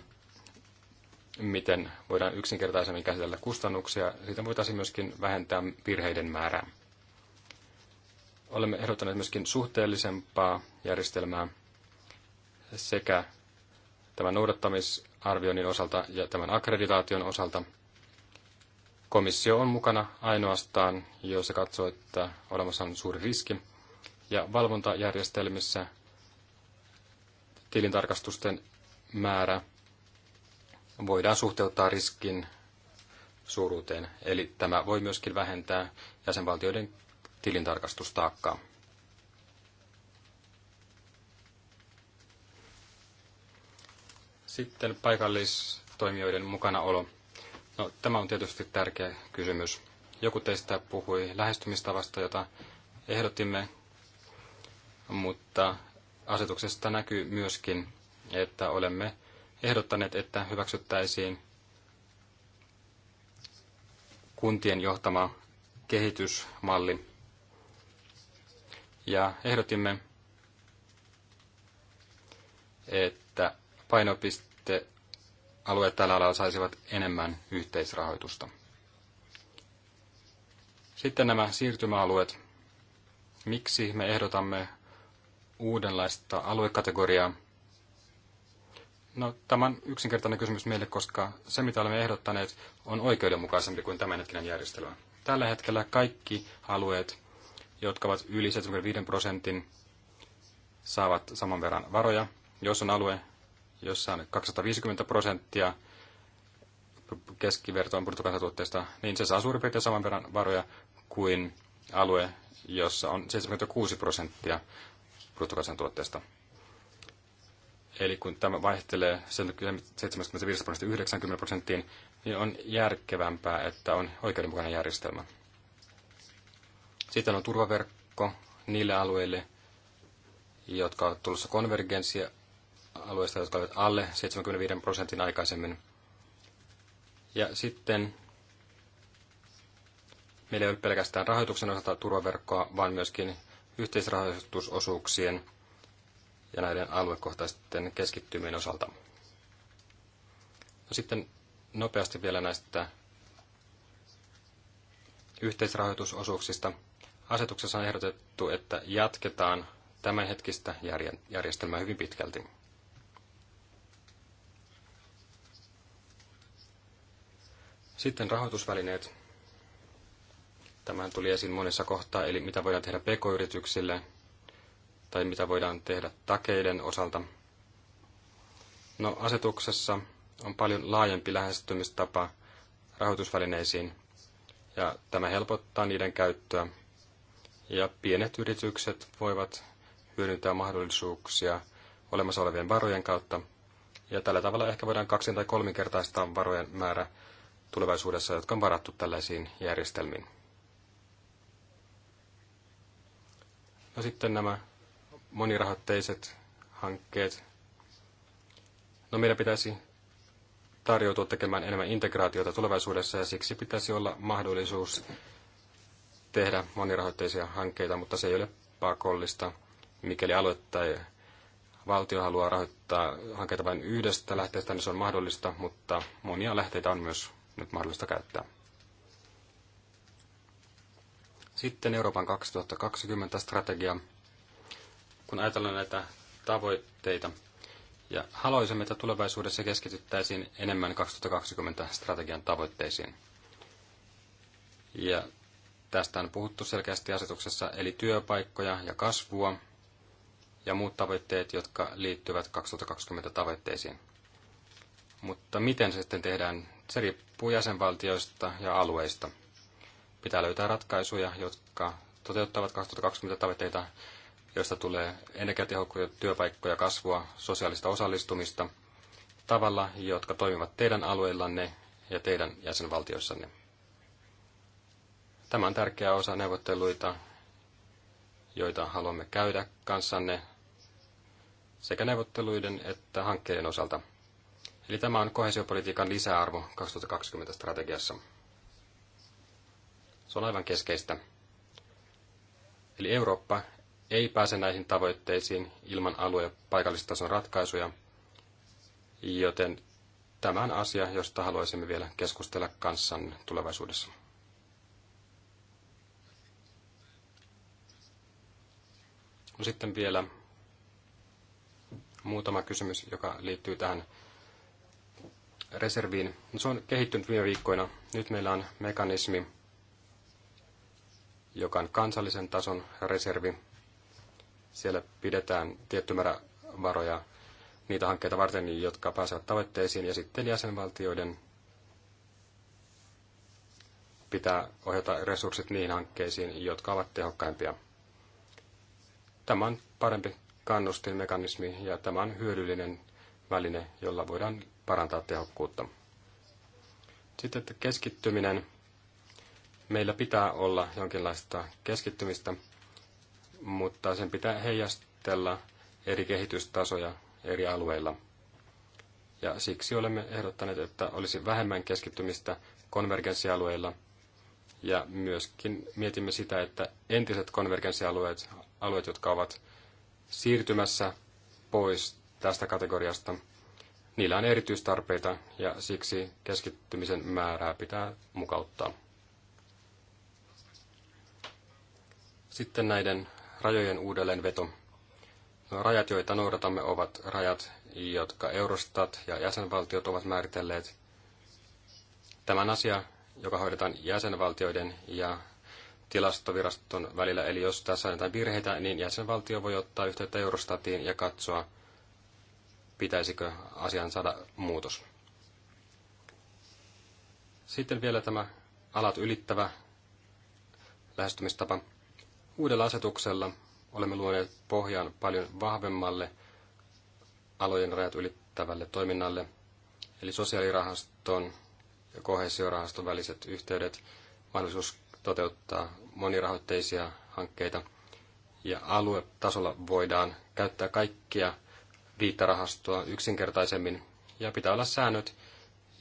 miten voidaan yksinkertaisemmin käsitellä kustannuksia. Siitä voitaisiin myöskin vähentää virheiden määrää. Olemme ehdottaneet myöskin suhteellisempaa järjestelmää sekä tämän noudattamisarvioinnin osalta ja tämän akkreditaation osalta. Komissio on mukana ainoastaan, jos se katsoo, että olemassa on suuri riski, ja valvontajärjestelmissä tilintarkastusten määrä voidaan suhteuttaa riskin suuruuteen. Eli tämä voi myöskin vähentää jäsenvaltioiden tilintarkastustaakkaa. Sitten paikallistoimijoiden mukanaolo. No, tämä on tietysti tärkeä kysymys. Joku teistä puhui lähestymistavasta, jota ehdotimme mutta asetuksesta näkyy myöskin, että olemme ehdottaneet, että hyväksyttäisiin kuntien johtama kehitysmalli. Ja ehdotimme, että painopistealueet tällä alalla saisivat enemmän yhteisrahoitusta. Sitten nämä siirtymäalueet. Miksi me ehdotamme uudenlaista aluekategoriaa? No, tämä on yksinkertainen kysymys meille, koska se, mitä olemme ehdottaneet, on oikeudenmukaisempi kuin tämänhetkinen järjestelmä. Tällä hetkellä kaikki alueet, jotka ovat yli 75 prosentin, saavat saman verran varoja. Jos on alue, jossa on 250 prosenttia keskivertoon bruttokansantuotteesta, niin se saa suurin piirtein saman verran varoja kuin alue, jossa on 76 prosenttia bruttokansantuotteesta. Eli kun tämä vaihtelee 75 prosenttia 90 prosenttiin, niin on järkevämpää, että on oikeudenmukainen järjestelmä. Sitten on turvaverkko niille alueille, jotka ovat tulossa konvergenssia alueista, jotka olivat alle 75 prosentin aikaisemmin. Ja sitten meillä ei ole pelkästään rahoituksen osalta turvaverkkoa, vaan myöskin yhteisrahoitusosuuksien ja näiden aluekohtaisten keskittymien osalta. No sitten nopeasti vielä näistä yhteisrahoitusosuuksista. Asetuksessa on ehdotettu, että jatketaan tämänhetkistä järjestelmää hyvin pitkälti. Sitten rahoitusvälineet. Tämä tuli esiin monessa kohtaa, eli mitä voidaan tehdä pk-yrityksille tai mitä voidaan tehdä takeiden osalta. No, asetuksessa on paljon laajempi lähestymistapa rahoitusvälineisiin, ja tämä helpottaa niiden käyttöä. Ja pienet yritykset voivat hyödyntää mahdollisuuksia olemassa olevien varojen kautta, ja tällä tavalla ehkä voidaan kaksin tai kolminkertaistaa varojen määrä tulevaisuudessa, jotka on varattu tällaisiin järjestelmiin. No sitten nämä monirahoitteiset hankkeet. No meidän pitäisi tarjoutua tekemään enemmän integraatiota tulevaisuudessa ja siksi pitäisi olla mahdollisuus tehdä monirahoitteisia hankkeita, mutta se ei ole pakollista, mikäli aloittaa tai valtio haluaa rahoittaa hankkeita vain yhdestä lähteestä, niin se on mahdollista, mutta monia lähteitä on myös nyt mahdollista käyttää. Sitten Euroopan 2020-strategia, kun ajatellaan näitä tavoitteita. Ja haluaisimme, että tulevaisuudessa keskityttäisiin enemmän 2020-strategian tavoitteisiin. Ja tästä on puhuttu selkeästi asetuksessa, eli työpaikkoja ja kasvua ja muut tavoitteet, jotka liittyvät 2020 tavoitteisiin. Mutta miten se sitten tehdään, se riippuu jäsenvaltioista ja alueista – Pitää löytää ratkaisuja, jotka toteuttavat 2020 tavoitteita, joista tulee energiatehokkuja, työpaikkoja, kasvua, sosiaalista osallistumista tavalla, jotka toimivat teidän alueillanne ja teidän jäsenvaltioissanne. Tämä on tärkeä osa neuvotteluita, joita haluamme käydä kanssanne sekä neuvotteluiden että hankkeiden osalta. Eli tämä on kohesiopolitiikan lisäarvo 2020 strategiassa. Se on aivan keskeistä. Eli Eurooppa ei pääse näihin tavoitteisiin ilman alue- ja paikallistason ratkaisuja, joten tämä on asia, josta haluaisimme vielä keskustella kanssan tulevaisuudessa. No sitten vielä muutama kysymys, joka liittyy tähän reserviin. Se on kehittynyt viime viikkoina. Nyt meillä on mekanismi, joka on kansallisen tason reservi. Siellä pidetään tietty määrä varoja niitä hankkeita varten, jotka pääsevät tavoitteisiin, ja sitten jäsenvaltioiden pitää ohjata resurssit niihin hankkeisiin, jotka ovat tehokkaimpia. Tämä on parempi kannustinmekanismi ja tämä on hyödyllinen väline, jolla voidaan parantaa tehokkuutta. Sitten että keskittyminen Meillä pitää olla jonkinlaista keskittymistä, mutta sen pitää heijastella eri kehitystasoja eri alueilla. Ja siksi olemme ehdottaneet, että olisi vähemmän keskittymistä konvergenssialueilla ja myöskin mietimme sitä, että entiset konvergenssialueet, alueet, jotka ovat siirtymässä pois tästä kategoriasta, niillä on erityistarpeita ja siksi keskittymisen määrää pitää mukauttaa. Sitten näiden rajojen uudelleenveto. No, rajat, joita noudatamme, ovat rajat, jotka Eurostat ja jäsenvaltiot ovat määritelleet. Tämän asia, joka hoidetaan jäsenvaltioiden ja tilastoviraston välillä, eli jos tässä on jotain virheitä, niin jäsenvaltio voi ottaa yhteyttä Eurostatiin ja katsoa, pitäisikö asian saada muutos. Sitten vielä tämä alat ylittävä lähestymistapa. Uudella asetuksella olemme luoneet pohjan paljon vahvemmalle alojen rajat ylittävälle toiminnalle, eli sosiaalirahaston ja kohesiorahaston väliset yhteydet, mahdollisuus toteuttaa monirahoitteisia hankkeita ja aluetasolla voidaan käyttää kaikkia rahastoa yksinkertaisemmin ja pitää olla säännöt,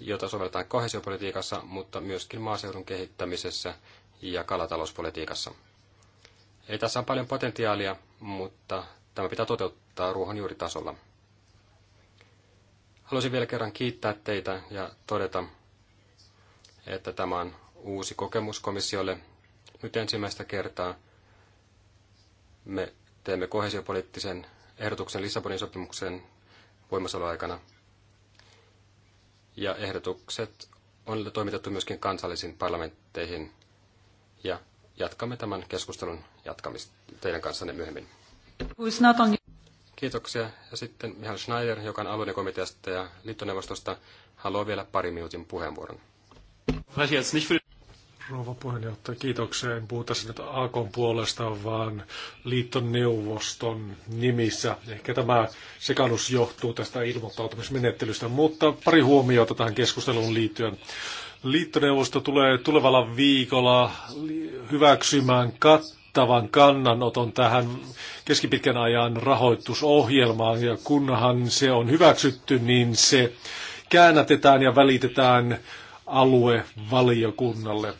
joita sovelletaan kohesiopolitiikassa, mutta myöskin maaseudun kehittämisessä ja kalatalouspolitiikassa. Eli tässä on paljon potentiaalia, mutta tämä pitää toteuttaa ruohonjuuritasolla. Haluaisin vielä kerran kiittää teitä ja todeta, että tämä on uusi kokemus komissiolle. Nyt ensimmäistä kertaa me teemme kohesiopoliittisen ehdotuksen Lissabonin sopimuksen voimassaoloaikana. Ja ehdotukset on toimitettu myöskin kansallisiin parlamentteihin. Ja jatkamme tämän keskustelun jatkamista teidän kanssanne myöhemmin. Kiitoksia. Ja sitten Mihail Schneider, joka on alueiden komiteasta ja liittoneuvostosta, haluaa vielä pari minuutin puheenvuoron. Rouva puheenjohtaja, kiitoksia. En puhuta tässä siis nyt AKn puolesta, vaan liittoneuvoston nimissä. Ehkä tämä sekannus johtuu tästä ilmoittautumismenettelystä, mutta pari huomiota tähän keskusteluun liittyen. Liittoneuvosto tulee tulevalla viikolla hyväksymään kat kattavan kannanoton tähän keskipitkän ajan rahoitusohjelmaan ja kunhan se on hyväksytty, niin se käännätetään ja välitetään aluevaliokunnalle.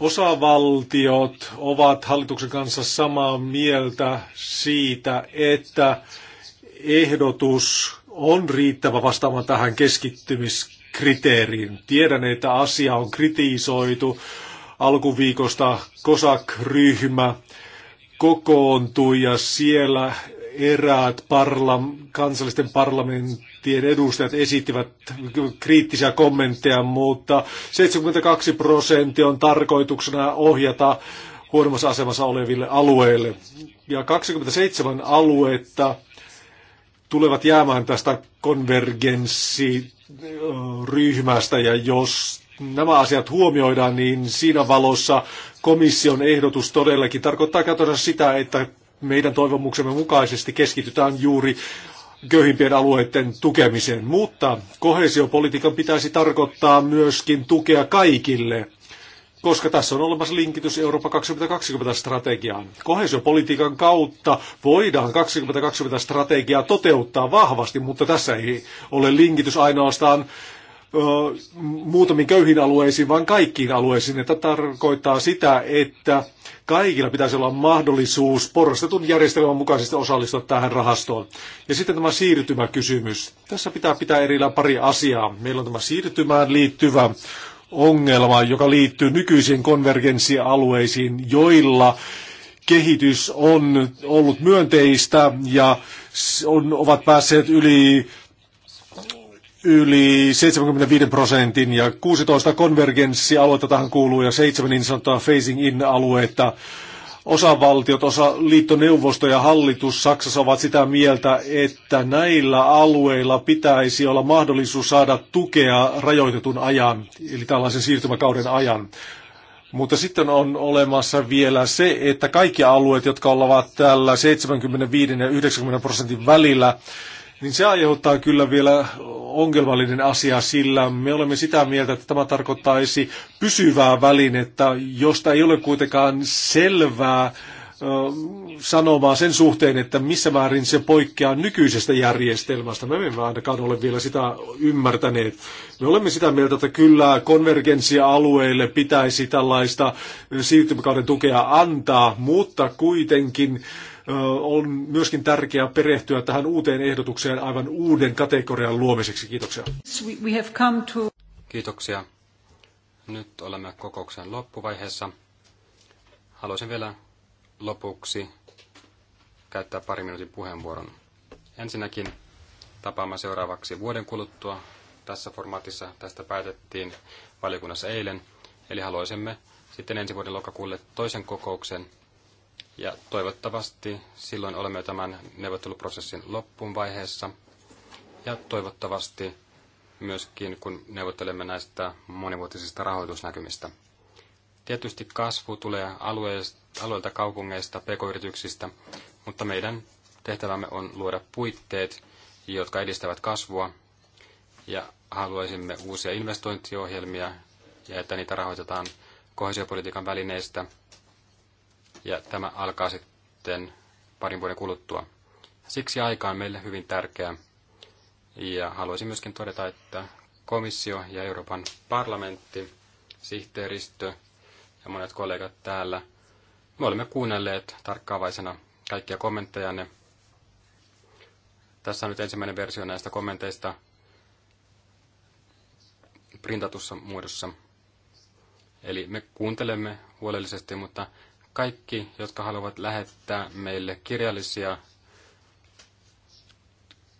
Osavaltiot ovat hallituksen kanssa samaa mieltä siitä, että ehdotus on riittävä vastaamaan tähän keskittymiskriteeriin. Tiedän, että asia on kritisoitu alkuviikosta kosak ryhmä kokoontui ja siellä eräät parlam, kansallisten parlamenttien edustajat esittivät kriittisiä kommentteja, mutta 72 prosenttia on tarkoituksena ohjata huonommassa asemassa oleville alueille. Ja 27 aluetta tulevat jäämään tästä konvergenssiryhmästä, ja jos nämä asiat huomioidaan, niin siinä valossa komission ehdotus todellakin tarkoittaa käytännössä sitä, että meidän toivomuksemme mukaisesti keskitytään juuri köyhimpien alueiden tukemiseen. Mutta kohesiopolitiikan pitäisi tarkoittaa myöskin tukea kaikille, koska tässä on olemassa linkitys Eurooppa 2020-strategiaan. Kohesiopolitiikan kautta voidaan 2020-strategiaa toteuttaa vahvasti, mutta tässä ei ole linkitys ainoastaan muutamiin köyhiin alueisiin, vaan kaikkiin alueisiin. Ja tarkoittaa sitä, että kaikilla pitäisi olla mahdollisuus porrastetun järjestelmän mukaisesti osallistua tähän rahastoon. Ja sitten tämä siirtymäkysymys. Tässä pitää pitää erillään pari asiaa. Meillä on tämä siirtymään liittyvä ongelma, joka liittyy nykyisiin konvergenssialueisiin, joilla kehitys on ollut myönteistä ja on, ovat päässeet yli yli 75 prosentin ja 16 konvergenssialuetta tähän kuuluu ja seitsemän niin sanottua phasing in alueita. Osavaltiot, osa liittoneuvosto ja hallitus Saksassa ovat sitä mieltä, että näillä alueilla pitäisi olla mahdollisuus saada tukea rajoitetun ajan, eli tällaisen siirtymäkauden ajan. Mutta sitten on olemassa vielä se, että kaikki alueet, jotka ovat täällä 75 ja 90 prosentin välillä, niin se aiheuttaa kyllä vielä ongelmallinen asia, sillä me olemme sitä mieltä, että tämä tarkoittaisi pysyvää välinettä, josta ei ole kuitenkaan selvää sanomaan sen suhteen, että missä määrin se poikkeaa nykyisestä järjestelmästä. Me emme ainakaan ole vielä sitä ymmärtäneet. Me olemme sitä mieltä, että kyllä konvergenssialueille pitäisi tällaista siirtymäkauden tukea antaa, mutta kuitenkin äh, on myöskin tärkeää perehtyä tähän uuteen ehdotukseen aivan uuden kategorian luomiseksi. Kiitoksia. Kiitoksia. Nyt olemme kokouksen loppuvaiheessa. Haluaisin vielä lopuksi käyttää pari minuutin puheenvuoron. Ensinnäkin tapaamme seuraavaksi vuoden kuluttua. Tässä formaatissa tästä päätettiin valiokunnassa eilen. Eli haluaisimme sitten ensi vuoden lokakuulle toisen kokouksen ja toivottavasti silloin olemme tämän neuvotteluprosessin loppuun vaiheessa. Ja toivottavasti myöskin, kun neuvottelemme näistä monivuotisista rahoitusnäkymistä. Tietysti kasvu tulee alueilta, kaupungeista, pk-yrityksistä, mutta meidän tehtävämme on luoda puitteet, jotka edistävät kasvua ja haluaisimme uusia investointiohjelmia ja että niitä rahoitetaan kohesiopolitiikan välineistä – ja tämä alkaa sitten parin vuoden kuluttua. Siksi aika on meille hyvin tärkeää. Ja haluaisin myöskin todeta, että komissio ja Euroopan parlamentti, sihteeristö ja monet kollegat täällä, me olemme kuunnelleet tarkkaavaisena kaikkia kommenttejanne. Tässä on nyt ensimmäinen versio näistä kommenteista printatussa muodossa. Eli me kuuntelemme huolellisesti, mutta kaikki, jotka haluavat lähettää meille kirjallisia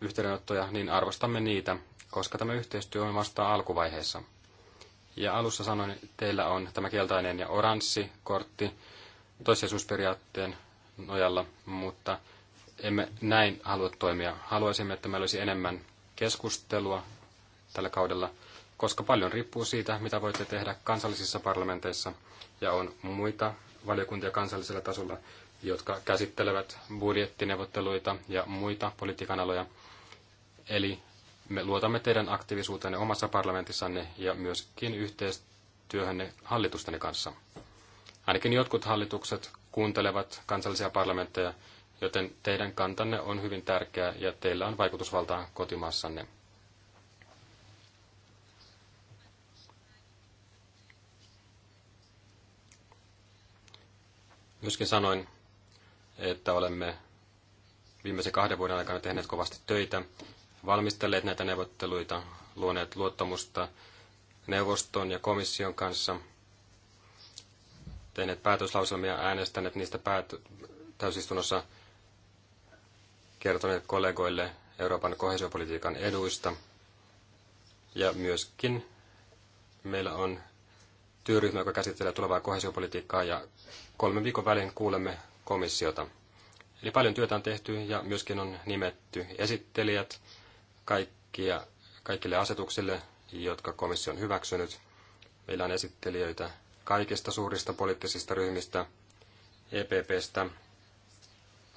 yhteydenottoja, niin arvostamme niitä, koska tämä yhteistyö on vasta alkuvaiheessa. Ja alussa sanoin, että teillä on tämä keltainen ja oranssi kortti toissijaisuusperiaatteen nojalla, mutta emme näin halua toimia. Haluaisimme, että meillä olisi enemmän keskustelua tällä kaudella, koska paljon riippuu siitä, mitä voitte tehdä kansallisissa parlamenteissa ja on muita valiokuntia kansallisella tasolla, jotka käsittelevät budjettineuvotteluita ja muita politiikan aloja. Eli me luotamme teidän aktiivisuuteenne omassa parlamentissanne ja myöskin yhteistyöhönne hallitustenne kanssa. Ainakin jotkut hallitukset kuuntelevat kansallisia parlamentteja, joten teidän kantanne on hyvin tärkeä ja teillä on vaikutusvaltaa kotimaassanne. Myöskin sanoin, että olemme viimeisen kahden vuoden aikana tehneet kovasti töitä, valmistelleet näitä neuvotteluita, luoneet luottamusta neuvoston ja komission kanssa, tehneet päätöslauselmia, äänestäneet niistä päät- täysistunnossa, kertoneet kollegoille Euroopan kohesiopolitiikan eduista. Ja myöskin meillä on työryhmä, joka käsittelee tulevaa kohesiopolitiikkaa ja kolmen viikon välein kuulemme komissiota. Eli paljon työtä on tehty ja myöskin on nimetty esittelijät kaikkia, kaikille asetuksille, jotka komissio on hyväksynyt. Meillä on esittelijöitä kaikista suurista poliittisista ryhmistä, EPPstä,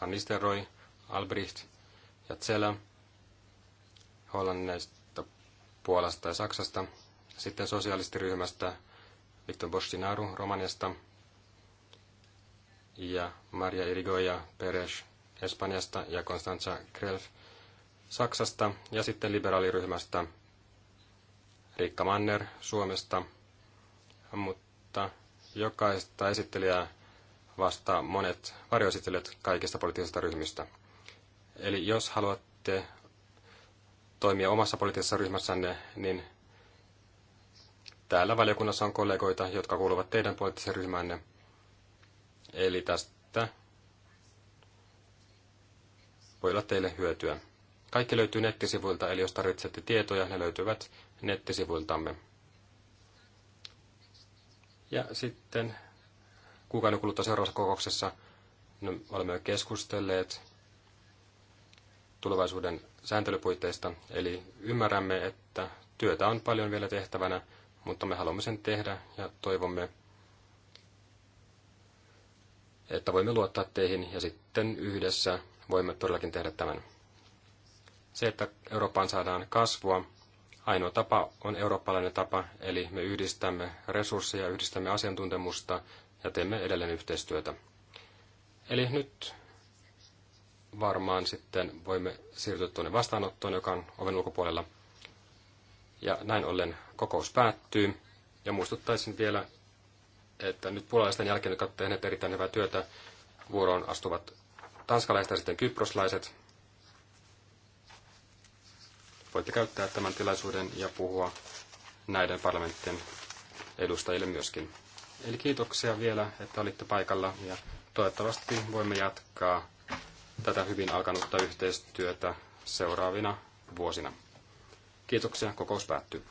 Van Nistelrooy, Albrecht ja Zella, Hollannista, Puolasta ja Saksasta, sitten sosialistiryhmästä Viktor Bostinaru Romaniasta, ja Maria Irigoya Peres Espanjasta ja Konstanza Krelf Saksasta ja sitten liberaaliryhmästä Riikka Manner Suomesta, mutta jokaista esittelijää vastaa monet varjoesittelijät kaikista poliittisista ryhmistä. Eli jos haluatte toimia omassa poliittisessa ryhmässänne, niin täällä valiokunnassa on kollegoita, jotka kuuluvat teidän poliittiseen ryhmänne – Eli tästä voi olla teille hyötyä. Kaikki löytyy nettisivuilta, eli jos tarvitsette tietoja, ne löytyvät nettisivuiltamme. Ja sitten kuukauden kuluttua seuraavassa kokouksessa no, olemme jo keskustelleet tulevaisuuden sääntelypuitteista. Eli ymmärrämme, että työtä on paljon vielä tehtävänä, mutta me haluamme sen tehdä ja toivomme, että voimme luottaa teihin ja sitten yhdessä voimme todellakin tehdä tämän. Se, että Eurooppaan saadaan kasvua, ainoa tapa on eurooppalainen tapa, eli me yhdistämme resursseja, yhdistämme asiantuntemusta ja teemme edelleen yhteistyötä. Eli nyt varmaan sitten voimme siirtyä tuonne vastaanottoon, joka on oven ulkopuolella. Ja näin ollen kokous päättyy. Ja muistuttaisin vielä että nyt puolalaisten jälkeen, jotka ovat tehneet erittäin hyvää työtä, vuoroon astuvat tanskalaiset ja sitten kyproslaiset. Voitte käyttää tämän tilaisuuden ja puhua näiden parlamenttien edustajille myöskin. Eli kiitoksia vielä, että olitte paikalla ja toivottavasti voimme jatkaa tätä hyvin alkanutta yhteistyötä seuraavina vuosina. Kiitoksia, kokous päättyy.